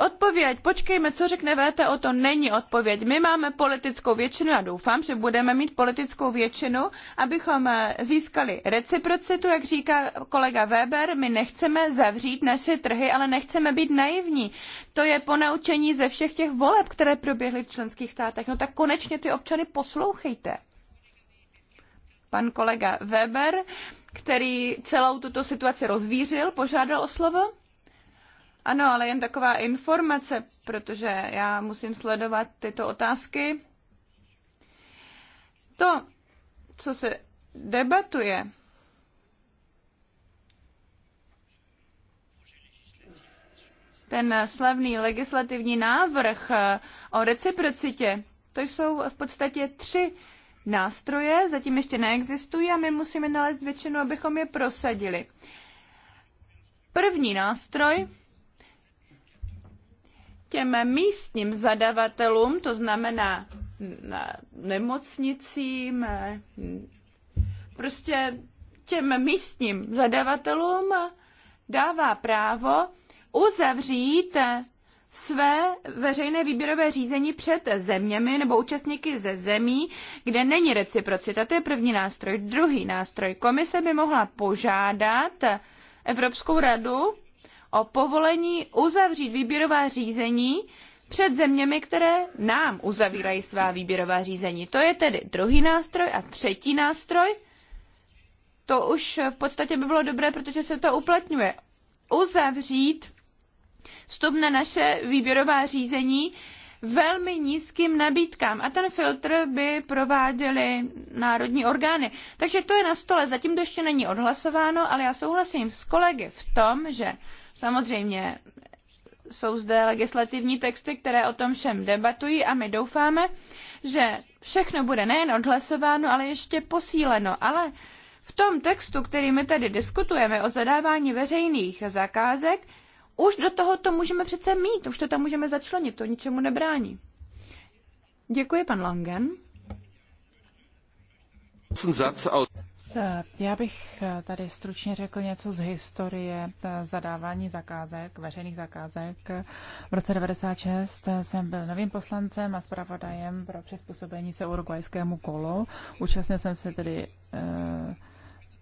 odpověď, počkejme, co řekne VTO, to není odpověď. My máme politickou většinu a doufám, že budeme mít politickou většinu, abychom eh, získali reciprocitu, jak říká kolega Weber, my nechceme zavřít naše trhy, ale nechceme být naivní. To je ponaučení ze všech těch voleb, které proběhly v členských státech. No tak konečně ty občany poslouchejte. Pan kolega Weber, který celou tuto situaci rozvířil, požádal o slovo. Ano, ale jen taková informace, protože já musím sledovat tyto otázky. To, co se debatuje, ten slavný legislativní návrh o reciprocitě, to jsou v podstatě tři nástroje, zatím ještě neexistují a my musíme nalézt většinu, abychom je prosadili. První nástroj těm místním zadavatelům, to znamená nemocnicím, prostě těm místním zadavatelům dává právo uzavřít své veřejné výběrové řízení před zeměmi nebo účastníky ze zemí, kde není reciprocita. To je první nástroj. Druhý nástroj. Komise by mohla požádat Evropskou radu o povolení uzavřít výběrová řízení před zeměmi, které nám uzavírají svá výběrová řízení. To je tedy druhý nástroj a třetí nástroj. To už v podstatě by bylo dobré, protože se to uplatňuje. Uzavřít vstup na naše výběrová řízení velmi nízkým nabídkám a ten filtr by prováděly národní orgány. Takže to je na stole, zatím to ještě není odhlasováno, ale já souhlasím s kolegy v tom, že Samozřejmě jsou zde legislativní texty, které o tom všem debatují a my doufáme, že všechno bude nejen odhlasováno, ale ještě posíleno. Ale v tom textu, který my tady diskutujeme o zadávání veřejných zakázek, už do toho to můžeme přece mít, už to tam můžeme začlenit, to ničemu nebrání. Děkuji, pan Langen. Já bych eh, tady stručně řekl něco z historie eh, zadávání zakázek, veřejných zakázek. V roce 96 eh, jsem byl novým poslancem a zpravodajem pro přizpůsobení se urugvajskému kolu. Účastnil jsem se tedy e,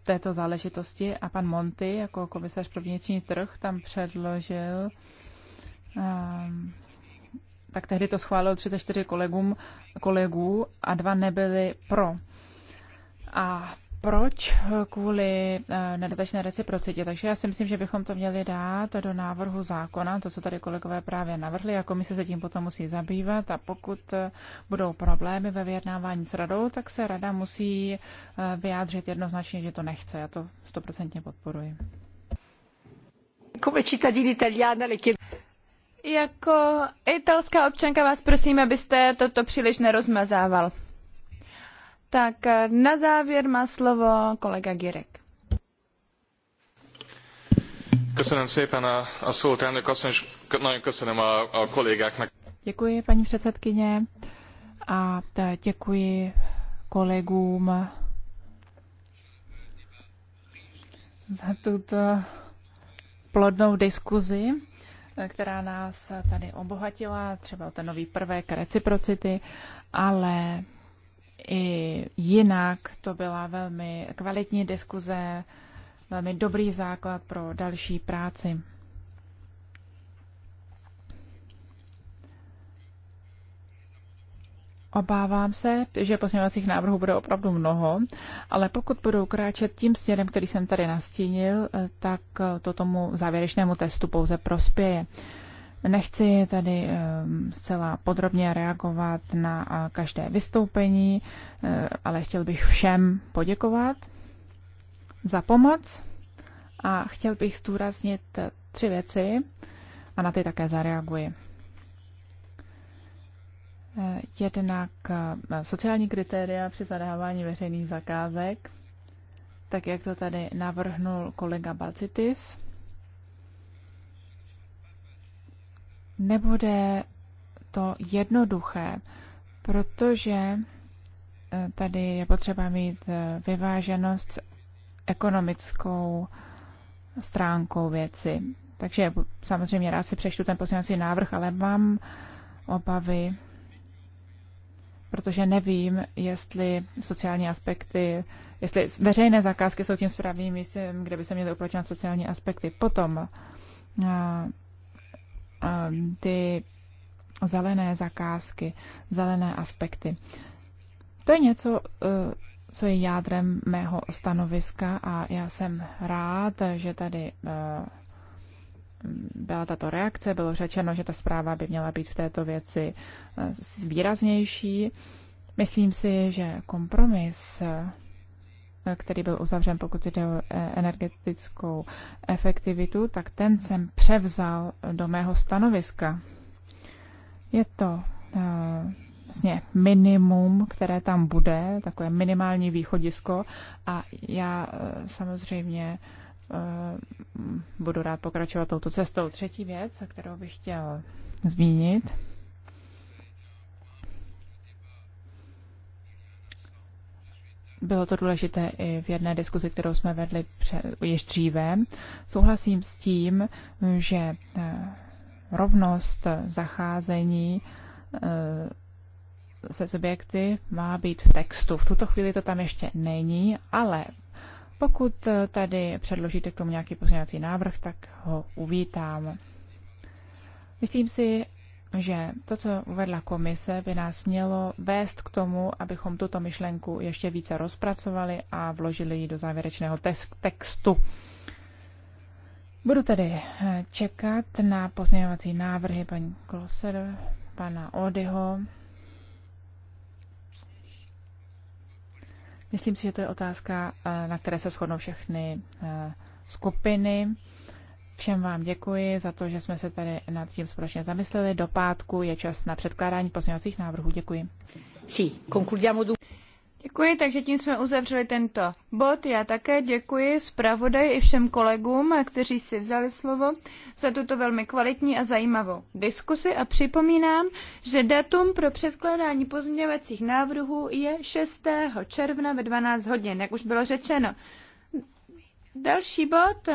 této záležitosti a pan Monty jako komisař pro vnitřní trh tam předložil e, tak tehdy to schválil 34 kolegům, kolegů a dva nebyli pro. A proč eh, kvůli eh, nedotečné reciprocitě. Takže já si myslím, že bychom to měli dát do návrhu zákona, to, co tady kolegové právě navrhli, a komise se tím potom musí zabývat a pokud eh, budou problémy ve vyjednávání s radou, tak se rada musí vyjádřit jednoznačně, že to nechce. Já to stoprocentně podporuji. Jako italská občanka vás prosím, abyste toto příliš nerozmazával. Tak na závěr má slovo kolega Girek. Köszönöm szépen a, a szót, elnök asszony, és nagyon köszönöm a, a kollégáknak. Děkuji, paní předsedkyně, a děkuji kolegům za tuto plodnou diskuzi, která nás tady obohatila, třeba o ten nový prvek reciprocity, ale i jinak. To byla velmi kvalitní diskuze, velmi dobrý základ pro další práci. Obávám se, že pozměňovacích návrhů bude opravdu mnoho, ale pokud budou kráčet tím směrem, který jsem tady nastínil, eh, tak eh, to tomu závěrečnému testu pouze prospěje. Nechci tady ehm, zcela podrobně reagovat na každé vystoupení, eh, ale chtěl bych všem poděkovat za pomoc a chtěl bych zdůraznit tři věci a na ty také zareaguji. Eh, jednak eh, sociální kritéria při zadávání veřejných zakázek, tak jak to tady navrhnul kolega Balcitis. Nebude to jednoduché, protože eh, tady je potřeba mít eh, vyváženost s ekonomickou stránkou věci. Takže samozřejmě rád si přečtu ten poslanecký návrh, ale mám obavy, protože nevím, jestli sociální aspekty, jestli veřejné zakázky jsou tím správným místem, kde by se měly uplatňovat sociální aspekty. Potom eh, ty zelené zakázky, zelené aspekty. To je něco, e, co je jádrem mého stanoviska a já jsem rád, že tady e, byla tato reakce, bylo řečeno, že ta zpráva by měla být v této věci e, výraznější. Myslím si, že kompromis který byl uzavřen, pokud jde o e, energetickou efektivitu, tak ten jsem převzal do mého stanoviska. Je to e, vlastně minimum, které tam bude, takové minimální východisko a já e, samozřejmě budu rád pokračovat touto cestou. Třetí věc, kterou bych chtěl zmínit, Bylo to důležité i v jedné diskuzi, kterou jsme vedli již dříve. Souhlasím s tím, že eh, rovnost zacházení eh, se subjekty má být v textu. V tuto chvíli to tam ještě není, ale pokud eh, tady předložíte k tomu nějaký pozměňovací návrh, tak ho uvítám. Myslím si, že to, co uvedla komise, by nás mělo vést k tomu, abychom tuto myšlenku ještě více rozpracovali a vložili ji do závěrečného textu. Budu tedy eh, čekat na pozměňovací návrhy paní Kloser, pana Odyho. Myslím si, že to je otázka, eh, na které se shodnou všechny eh, skupiny. Všem vám děkuji za to, že jsme se tady nad tím společně zamysleli. Do pátku je čas na předkládání pozměňovacích návrhů. Děkuji. Sí, concludiamo du... Děkuji, takže tím jsme uzavřeli tento bod. Já také děkuji zpravodaji i všem kolegům, kteří si vzali slovo za tuto velmi kvalitní a zajímavou diskusi a připomínám, že datum pro předkládání pozměňovacích návrhů je 6. června ve 12 hodin, jak už bylo řečeno. Další bod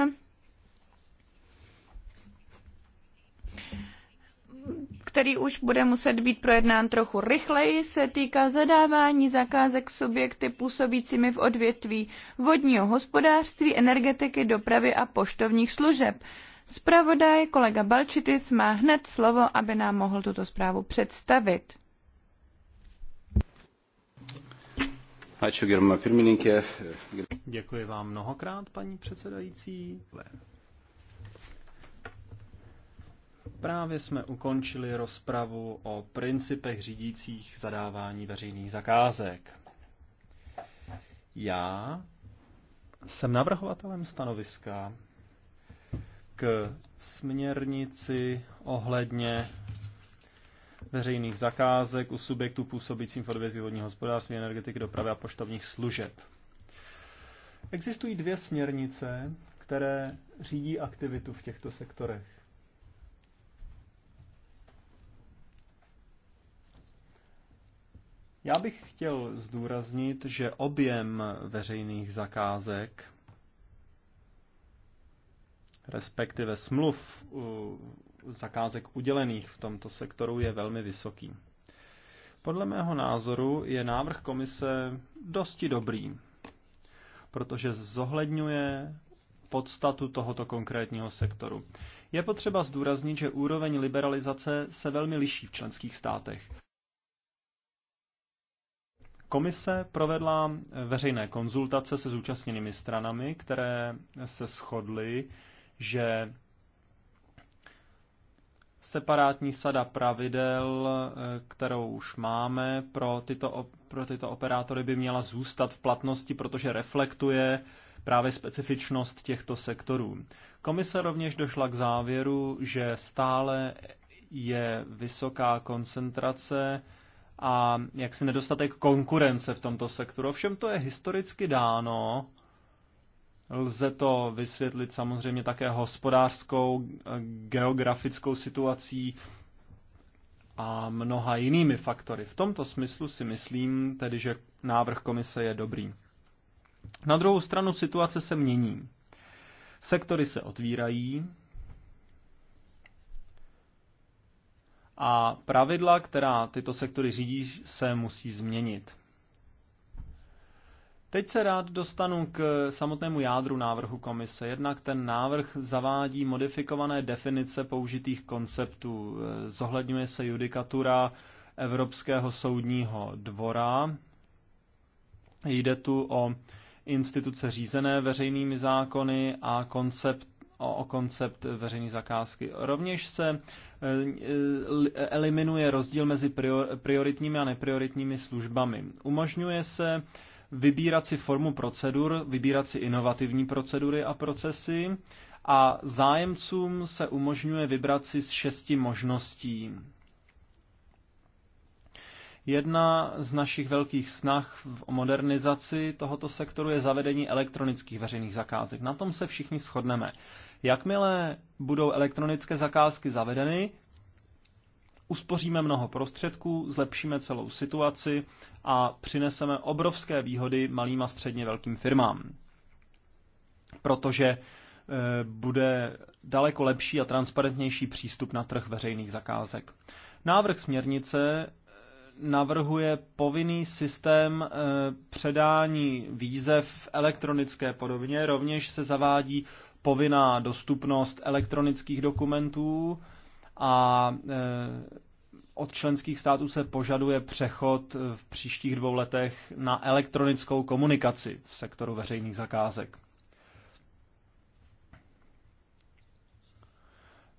který už bude muset být projednán trochu rychleji, se týká zadávání zakázek subjekty působícími v odvětví vodního hospodářství, energetiky, dopravy a poštovních služeb. Spravodaj kolega Balčitis má hned slovo, aby nám mohl tuto zprávu představit. Děkuji vám mnohokrát, paní předsedající. Právě jsme ukončili rozpravu o principech řídících zadávání veřejných zakázek. Já jsem navrhovatelem stanoviska k směrnici ohledně veřejných zakázek u subjektů působícím v odvětví vodního hospodářství, energetiky, dopravy a poštovních služeb. Existují dvě směrnice, které řídí aktivitu v těchto sektorech. Já bych chtěl zdůraznit, že objem veřejných zakázek, respektive smluv zakázek udělených v tomto sektoru je velmi vysoký. Podle mého názoru je návrh komise dosti dobrý, protože zohledňuje podstatu tohoto konkrétního sektoru. Je potřeba zdůraznit, že úroveň liberalizace se velmi liší v členských státech. Komise provedla veřejné konzultace se zúčastněnými stranami, které se shodly, že separátní sada pravidel, kterou už máme pro tyto, pro tyto operátory, by měla zůstat v platnosti, protože reflektuje právě specifičnost těchto sektorů. Komise rovněž došla k závěru, že stále je vysoká koncentrace a jaksi nedostatek konkurence v tomto sektoru. Ovšem to je historicky dáno. Lze to vysvětlit samozřejmě také hospodářskou, geografickou situací a mnoha jinými faktory. V tomto smyslu si myslím tedy, že návrh komise je dobrý. Na druhou stranu situace se mění. Sektory se otvírají, a pravidla, která tyto sektory řídí, se musí změnit. Teď se rád dostanu k samotnému jádru návrhu komise. Jednak ten návrh zavádí modifikované definice použitých konceptů. Zohledňuje se judikatura Evropského soudního dvora. Jde tu o instituce řízené veřejnými zákony a koncept o, o koncept veřejné zakázky. Rovněž se e, e, eliminuje rozdíl mezi prioritními a neprioritními službami. Umožňuje se vybírat si formu procedur, vybírat si inovativní procedury a procesy a zájemcům se umožňuje vybrat si z šesti možností. Jedna z našich velkých snah v modernizaci tohoto sektoru je zavedení elektronických veřejných zakázek. Na tom se všichni shodneme. Jakmile budou elektronické zakázky zavedeny, uspoříme mnoho prostředků, zlepšíme celou situaci a přineseme obrovské výhody malým a středně velkým firmám. Protože eh, bude daleko lepší a transparentnější přístup na trh veřejných zakázek. Návrh směrnice eh, navrhuje povinný systém eh, předání výzev v elektronické podobně, rovněž se zavádí povinná dostupnost elektronických dokumentů a eh, od členských států se požaduje přechod v příštích dvou letech na elektronickou komunikaci v sektoru veřejných zakázek.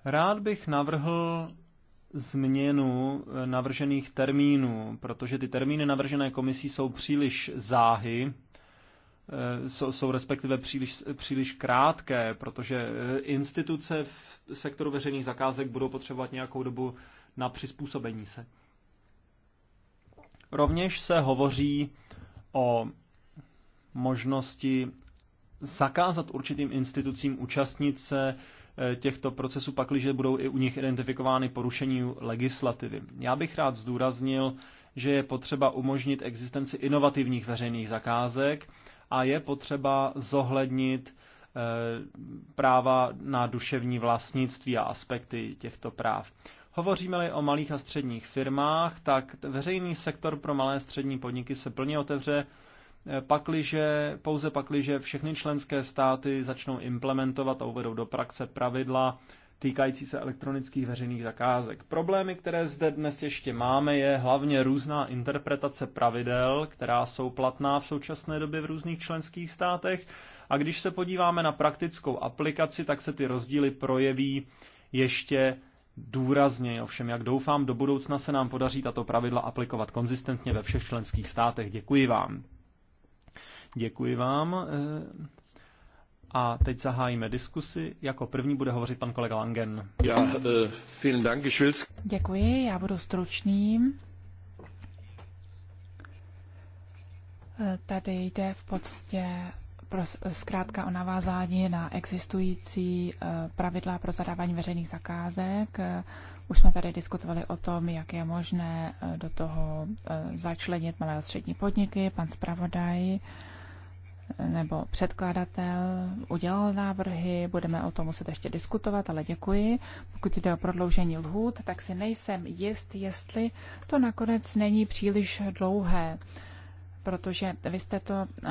Rád bych navrhl změnu eh, navržených termínů, protože ty termíny navržené komisí jsou příliš záhy Eh, jsou, jsou respektive příliš, příliš krátké, protože eh, instituce v sektoru veřejných zakázek budou potřebovat nějakou dobu na přizpůsobení se. Rovněž se hovoří o možnosti zakázat určitým institucím účastnit se eh, těchto procesů, pakliže budou i u nich identifikovány porušení legislativy. Já bych rád zdůraznil, že je potřeba umožnit existenci inovativních veřejných zakázek, a je potřeba zohlednit eh, práva na duševní vlastnictví a aspekty těchto práv. Hovoříme-li o malých a středních firmách, tak veřejný sektor pro malé a střední podniky se plně otevře, eh, pakliže, pouze pakliže všechny členské státy začnou implementovat a uvedou do praxe pravidla týkající se elektronických veřejných zakázek. Problémy, které zde dnes ještě máme, je hlavně různá interpretace pravidel, která jsou platná v současné době v různých členských státech. A když se podíváme na praktickou aplikaci, tak se ty rozdíly projeví ještě důrazně. Ovšem, jak doufám, do budoucna se nám podaří tato pravidla aplikovat konzistentně ve všech členských státech. Děkuji vám. Děkuji vám. Eh, a teď zahájíme diskusi. Jako první bude hovořit pan kolega Langen. Já, uh, vielen Dank, Děkuji, já budu stručný. Eh, tady jde v podstatě zkrátka o navázání na existující eh, pravidla pro zadávání veřejných zakázek. Už jsme tady diskutovali o tom, jak je možné do toho začlenit malé a střední podniky. Pan zpravodaj nebo předkladatel udělal návrhy, budeme o tom muset ještě diskutovat, ale děkuji. Pokud jde o prodloužení lhůt, tak si nejsem jist, jestli to nakonec není příliš dlouhé, protože vy jste to eh,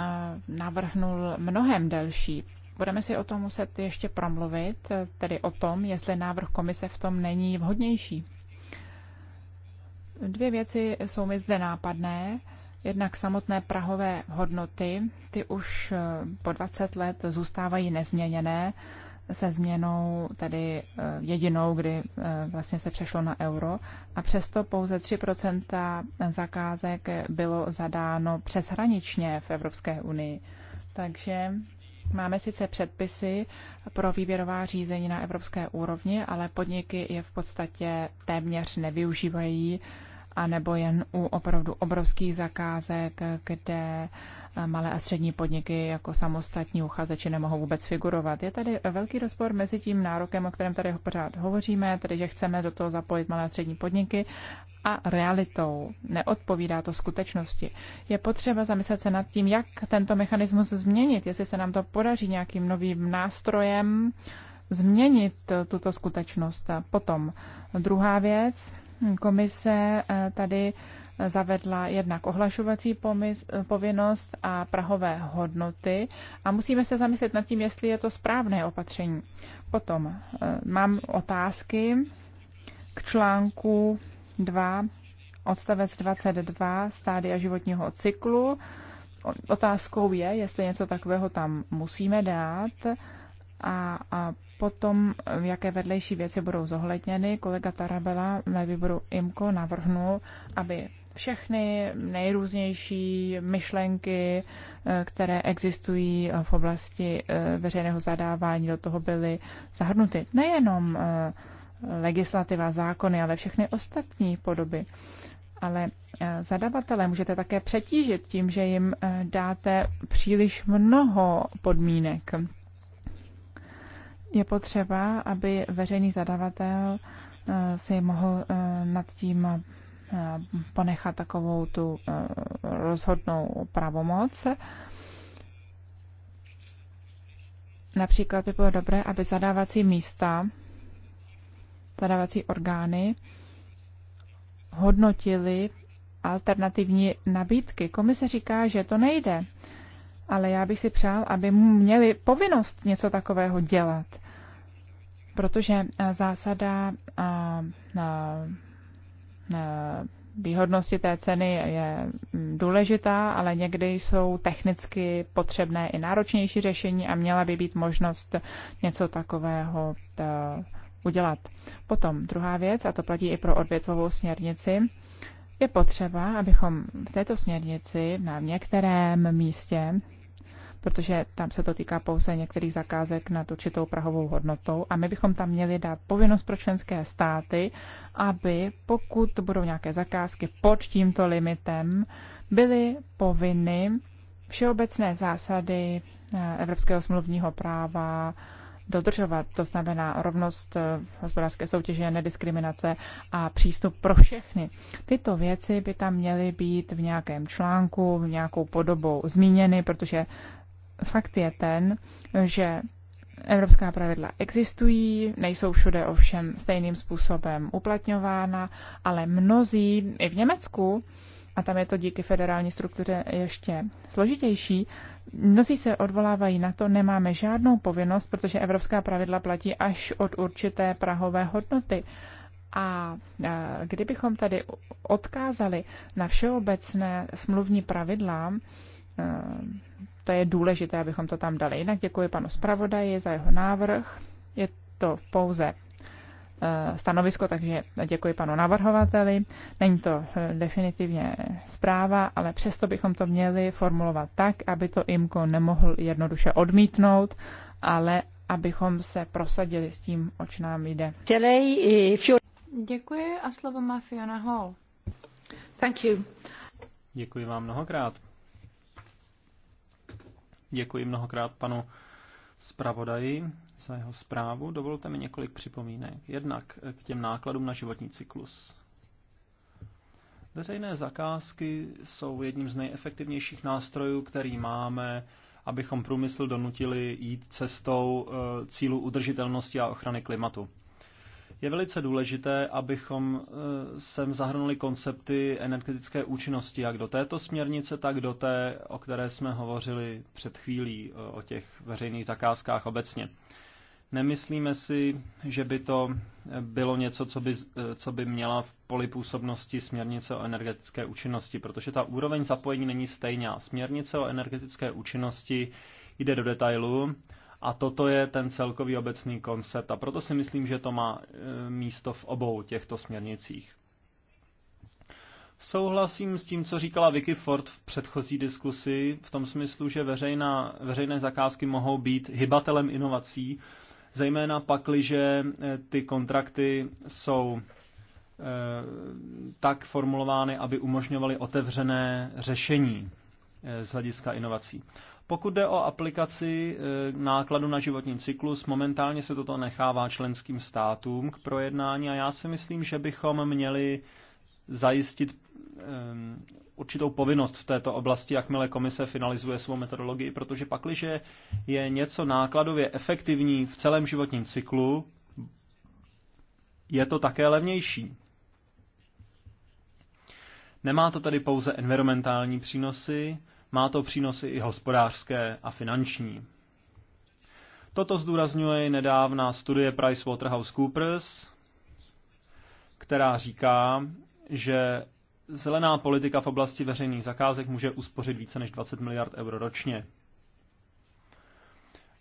navrhnul mnohem delší. Budeme si o tom muset ještě promluvit, tedy o tom, jestli návrh komise v tom není vhodnější. Dvě věci jsou mi zde nápadné. Jednak samotné prahové hodnoty, ty už eh, po 20 let zůstávají nezměněné se změnou tedy eh, jedinou, kdy eh, vlastně se přešlo na euro a přesto pouze 3% zakázek bylo zadáno přeshraničně v Evropské unii. Takže Máme sice předpisy pro výběrová řízení na evropské úrovni, ale podniky je v podstatě téměř nevyužívají anebo jen u opravdu obrovských zakázek, kde eh, malé a střední podniky jako samostatní uchazeči nemohou vůbec figurovat. Je tady velký rozpor mezi tím nárokem, o kterém tady pořád hovoříme, tedy že chceme do toho zapojit malé a střední podniky a realitou. Neodpovídá to skutečnosti. Je potřeba zamyslet se nad tím, jak tento mechanismus změnit, jestli se nám to podaří nějakým novým nástrojem změnit tuto skutečnost. Potom druhá věc, Komise eh, tady eh, zavedla jednak ohlašovací eh, povinnost a prahové hodnoty a musíme se zamyslet nad tím, jestli je to správné opatření. Potom mám otázky k článku 2, odstavec 22, stádia životního cyklu. Otázkou je, jestli něco takového tam musíme dát a, a Potom, jaké vedlejší věci budou zohledněny, kolega Tarabela ve výboru IMCO navrhnul, aby všechny nejrůznější myšlenky, eh, které existují v oblasti eh, veřejného zadávání, do toho byly zahrnuty. Nejenom eh, legislativa, zákony, ale všechny ostatní podoby. Ale zadavatele můžete také přetížit tím, že jim dáte příliš mnoho podmínek. Je potřeba, aby veřejný zadavatel eh, si mohl eh, nad tím eh, ponechat takovou tu rozhodnou pravomoc. Například by bylo dobré, aby zadávací místa, zadávací orgány hodnotili alternativní nabídky. Komise říká, že to nejde, ale já bych si přál, aby měli povinnost něco takového dělat protože eh, zásada eh, eh, výhodnosti té ceny je mm, důležitá, ale někdy jsou technicky potřebné i náročnější řešení a měla by být možnost něco takového udělat. Potom druhá věc, a to platí i pro odvětvovou směrnici, je potřeba, abychom v této směrnici na některém místě protože tam se to týká pouze některých zakázek nad určitou prahovou hodnotou. A my bychom tam měli dát povinnost pro členské státy, aby pokud budou nějaké zakázky pod tímto limitem, byly povinny všeobecné zásady eh, Evropského smluvního práva dodržovat. To znamená rovnost eh, hospodářské soutěže, nediskriminace a přístup pro všechny. Tyto věci by tam měly být v nějakém článku, v nějakou podobou zmíněny, protože fakt je ten, že Evropská pravidla existují, nejsou všude ovšem stejným způsobem uplatňována, ale mnozí i v Německu, a tam je to díky federální struktuře ještě složitější, mnozí se odvolávají na to, nemáme žádnou povinnost, protože evropská pravidla platí až od určité prahové hodnoty. A kdybychom tady odkázali na všeobecné smluvní pravidla, to je důležité, abychom to tam dali. Jinak děkuji panu zpravodaji za jeho návrh. Je to pouze eh, stanovisko, takže děkuji panu navrhovateli. Není to eh, definitivně zpráva, ale přesto bychom to měli formulovat tak, aby to IMKO nemohl jednoduše odmítnout, ale abychom se prosadili s tím, oč nám jde. Eh, děkuji a slovo má Fiona Hall. Thank you. Děkuji vám mnohokrát. Děkuji mnohokrát panu zpravodaji za jeho zprávu. Dovolte mi několik připomínek. Jednak k těm nákladům na životní cyklus. Veřejné zakázky jsou jedním z nejefektivnějších nástrojů, který máme, abychom průmysl donutili jít cestou eh, cílu udržitelnosti a ochrany klimatu. Je velice důležité, abychom eh, sem zahrnuli koncepty energetické účinnosti, jak do této směrnice, tak do té, o které jsme hovořili před chvílí, eh, o těch veřejných zakázkách obecně. Nemyslíme si, že by to eh, bylo něco, co by, co by měla v poli působnosti směrnice o energetické účinnosti, protože ta úroveň zapojení není stejná. Směrnice o energetické účinnosti jde do detailu a toto je ten celkový obecný koncept. A proto si myslím, že to má e, místo v obou těchto směrnicích. Souhlasím s tím, co říkala Vicky Ford v předchozí diskusi, v tom smyslu, že veřejná, veřejné zakázky mohou být hybatelem inovací, zejména pakliže e, ty kontrakty jsou e, tak formulovány, aby umožňovaly otevřené řešení e, z hlediska inovací. Pokud jde o aplikaci eh, nákladu na životní cyklus, momentálně se toto nechává členským státům k projednání a já si myslím, že bychom měli zajistit eh, určitou povinnost v této oblasti, jakmile komise finalizuje svou metodologii, protože pakliže je něco nákladově efektivní v celém životním cyklu, je to také levnější. Nemá to tedy pouze environmentální přínosy, má to přínosy i hospodářské a finanční. Toto zdůrazňuje i nedávná studie PricewaterhouseCoopers, která říká, že zelená politika v oblasti veřejných zakázek může uspořit více než 20 miliard euro ročně.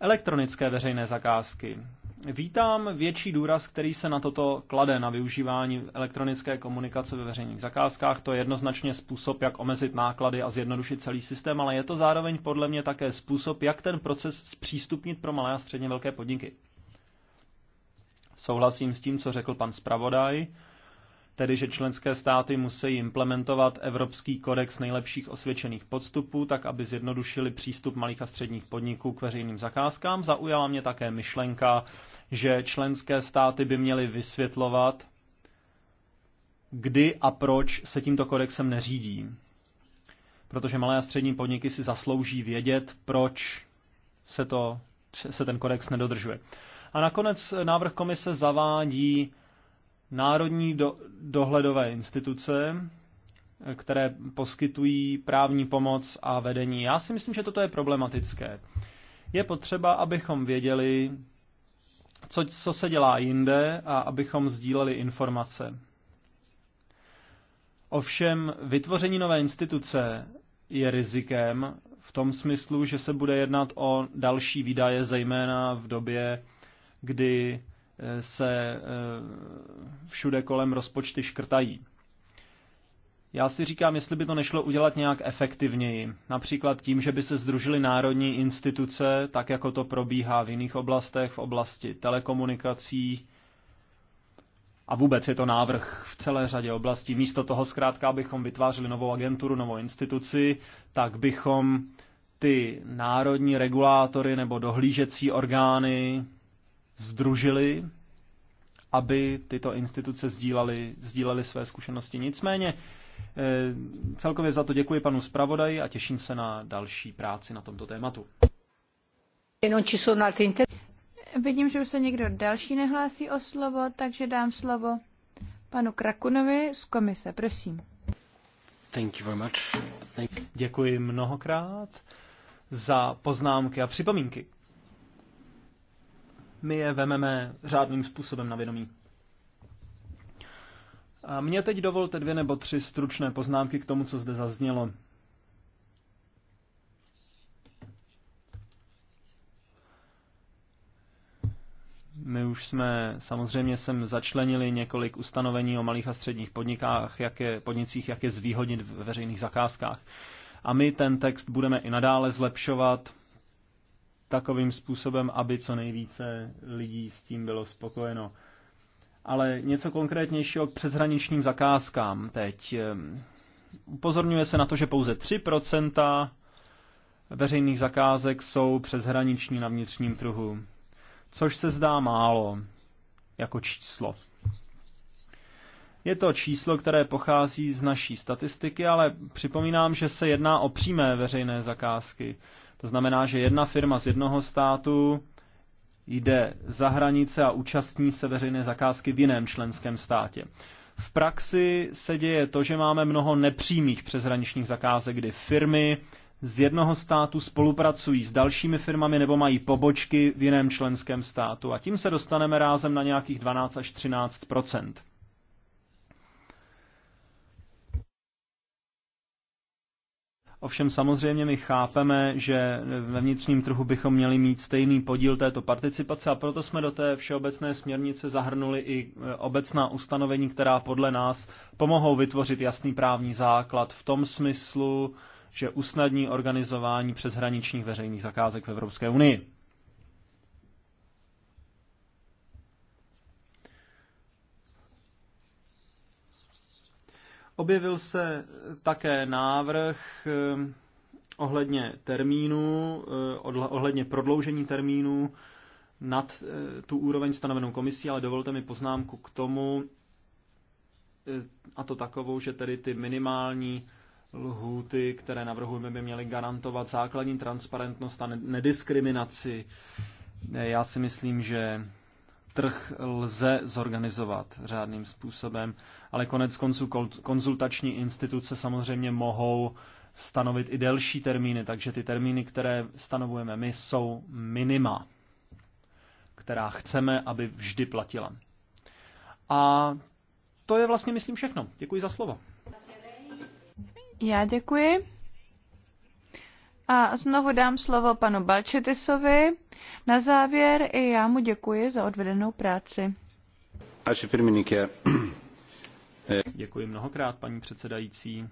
Elektronické veřejné zakázky. Vítám větší důraz, který se na toto klade, na využívání elektronické komunikace ve veřejných zakázkách. To je jednoznačně způsob, jak omezit náklady a zjednodušit celý systém, ale je to zároveň podle mě také způsob, jak ten proces zpřístupnit pro malé a středně velké podniky. Souhlasím s tím, co řekl pan zpravodaj tedy že členské státy musí implementovat Evropský kodex nejlepších osvědčených podstupů, tak aby zjednodušili přístup malých a středních podniků k veřejným zakázkám. Zaujala mě také myšlenka, že členské státy by měly vysvětlovat, kdy a proč se tímto kodexem neřídí. Protože malé a střední podniky si zaslouží vědět, proč se, to, se ten kodex nedodržuje. A nakonec návrh komise zavádí národní do, dohledové instituce, které poskytují právní pomoc a vedení. Já si myslím, že toto je problematické. Je potřeba, abychom věděli, co, co se dělá jinde a abychom sdíleli informace. Ovšem, vytvoření nové instituce je rizikem v tom smyslu, že se bude jednat o další výdaje, zejména v době, kdy se eh, všude kolem rozpočty škrtají. Já si říkám, jestli by to nešlo udělat nějak efektivněji. Například tím, že by se združily národní instituce, tak jako to probíhá v jiných oblastech, v oblasti telekomunikací. A vůbec je to návrh v celé řadě oblastí. Místo toho zkrátka, abychom vytvářeli novou agenturu, novou instituci, tak bychom ty národní regulátory nebo dohlížecí orgány združili, aby tyto instituce sdílali, sdílali své zkušenosti. Nicméně eh, celkově za to děkuji panu zpravodaji a těším se na další práci na tomto tématu. E Vidím, že už se někdo další nehlásí o slovo, takže dám slovo panu Krakunovi z komise. Prosím. Thank you very much. Thank... Děkuji mnohokrát za poznámky a připomínky my je vememe řádným způsobem na vědomí. A mě teď dovolte dvě nebo tři stručné poznámky k tomu, co zde zaznělo. My už jsme samozřejmě sem začlenili několik ustanovení o malých a středních podnikách, jak je, podnicích, jak je zvýhodnit v veřejných zakázkách. A my ten text budeme i nadále zlepšovat, takovým způsobem, aby co nejvíce lidí s tím bylo spokojeno. Ale něco konkrétnějšího k přeshraničním zakázkám teď. Ehm, upozorňuje se na to, že pouze 3% veřejných zakázek jsou přeshraniční na vnitřním trhu, což se zdá málo jako číslo. Je to číslo, které pochází z naší statistiky, ale připomínám, že se jedná o přímé veřejné zakázky. To znamená, že jedna firma z jednoho státu jde za hranice a účastní se veřejné zakázky v jiném členském státě. V praxi se děje to, že máme mnoho nepřímých přeshraničních zakázek, kdy firmy z jednoho státu spolupracují s dalšími firmami nebo mají pobočky v jiném členském státu. A tím se dostaneme rázem na nějakých 12 až 13 Ovšem samozřejmě my chápeme, že ve vnitřním trhu bychom měli mít stejný podíl této participace a proto jsme do té všeobecné směrnice zahrnuli i e, obecná ustanovení, která podle nás pomohou vytvořit jasný právní základ v tom smyslu, že usnadní organizování přeshraničních veřejných zakázek v Evropské unii. Objevil se také návrh ehm, ohledně termínu, eh, ohledně prodloužení termínu nad eh, tu úroveň stanovenou komisí, ale dovolte mi poznámku k tomu, eh, a to takovou, že tedy ty minimální lhůty, které navrhujeme, by měly garantovat základní transparentnost a nediskriminaci. Já si myslím, že trh lze zorganizovat řádným způsobem, ale konec konců konzultační instituce samozřejmě mohou stanovit i delší termíny, takže ty termíny, které stanovujeme my, jsou minima, která chceme, aby vždy platila. A to je vlastně, myslím, všechno. Děkuji za slovo. Já děkuji. A znovu dám slovo panu Balčetisovi, na závěr i já mu děkuji za odvedenou práci. Děkuji mnohokrát, paní předsedající.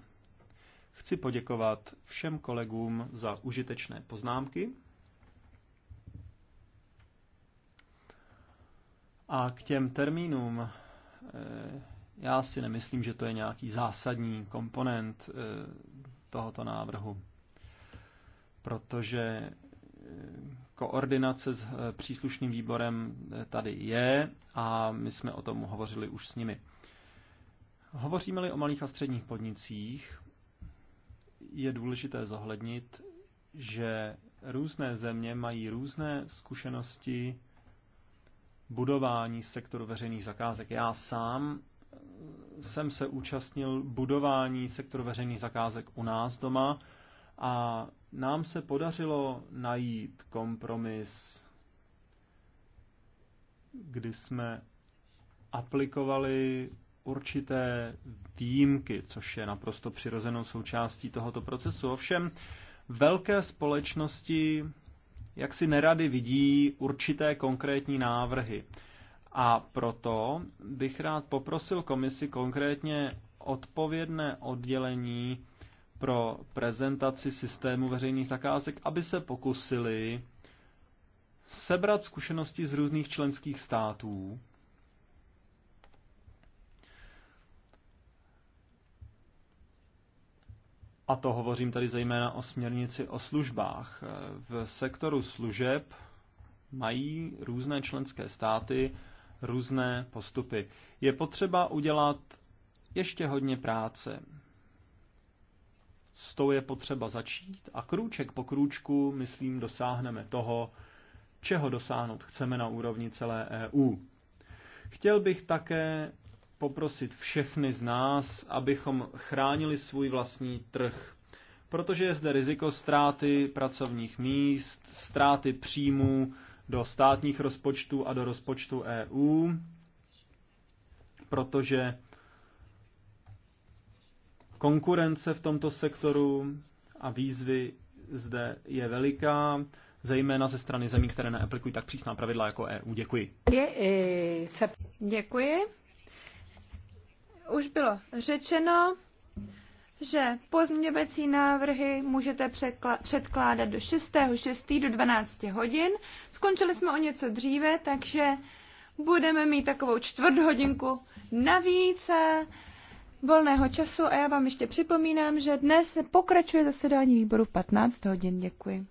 Chci poděkovat všem kolegům za užitečné poznámky. A k těm termínům, eh, já si nemyslím, že to je nějaký zásadní komponent eh, tohoto návrhu, protože eh, koordinace s eh, příslušným výborem eh, tady je a my jsme o tom hovořili už s nimi. Hovoříme-li o malých a středních podnicích, je důležité zohlednit, že různé země mají různé zkušenosti budování sektoru veřejných zakázek. Já sám eh, jsem se účastnil budování sektoru veřejných zakázek u nás doma a nám se podařilo najít kompromis, kdy jsme aplikovali určité výjimky, což je naprosto přirozenou součástí tohoto procesu. Ovšem, velké společnosti jak si nerady vidí určité konkrétní návrhy. A proto bych rád poprosil komisi konkrétně odpovědné oddělení pro prezentaci systému veřejných zakázek, aby se pokusili sebrat zkušenosti z různých členských států, a to hovořím tady zejména o směrnici o službách. V sektoru služeb mají různé členské státy různé postupy. Je potřeba udělat ještě hodně práce. S tou je potřeba začít a krůček po krůčku, myslím, dosáhneme toho, čeho dosáhnout chceme na úrovni celé EU. Chtěl bych také poprosit všechny z nás, abychom chránili svůj vlastní trh, protože je zde riziko ztráty pracovních míst, ztráty příjmů do státních rozpočtů a do rozpočtu EU, protože Konkurence v tomto sektoru a výzvy zde je veliká, zejména ze strany zemí, které neaplikují tak přísná pravidla jako EU. Děkuji. E, Děkuji. Už bylo řečeno, že pozměňovací návrhy můžete předkládat do 6.6. do 12 hodin. Skončili jsme o něco dříve, takže budeme mít takovou čtvrthodinku navíc volného času a já vám ještě připomínám, že dnes pokračuje zasedání výboru v 15 hodin. Děkuji.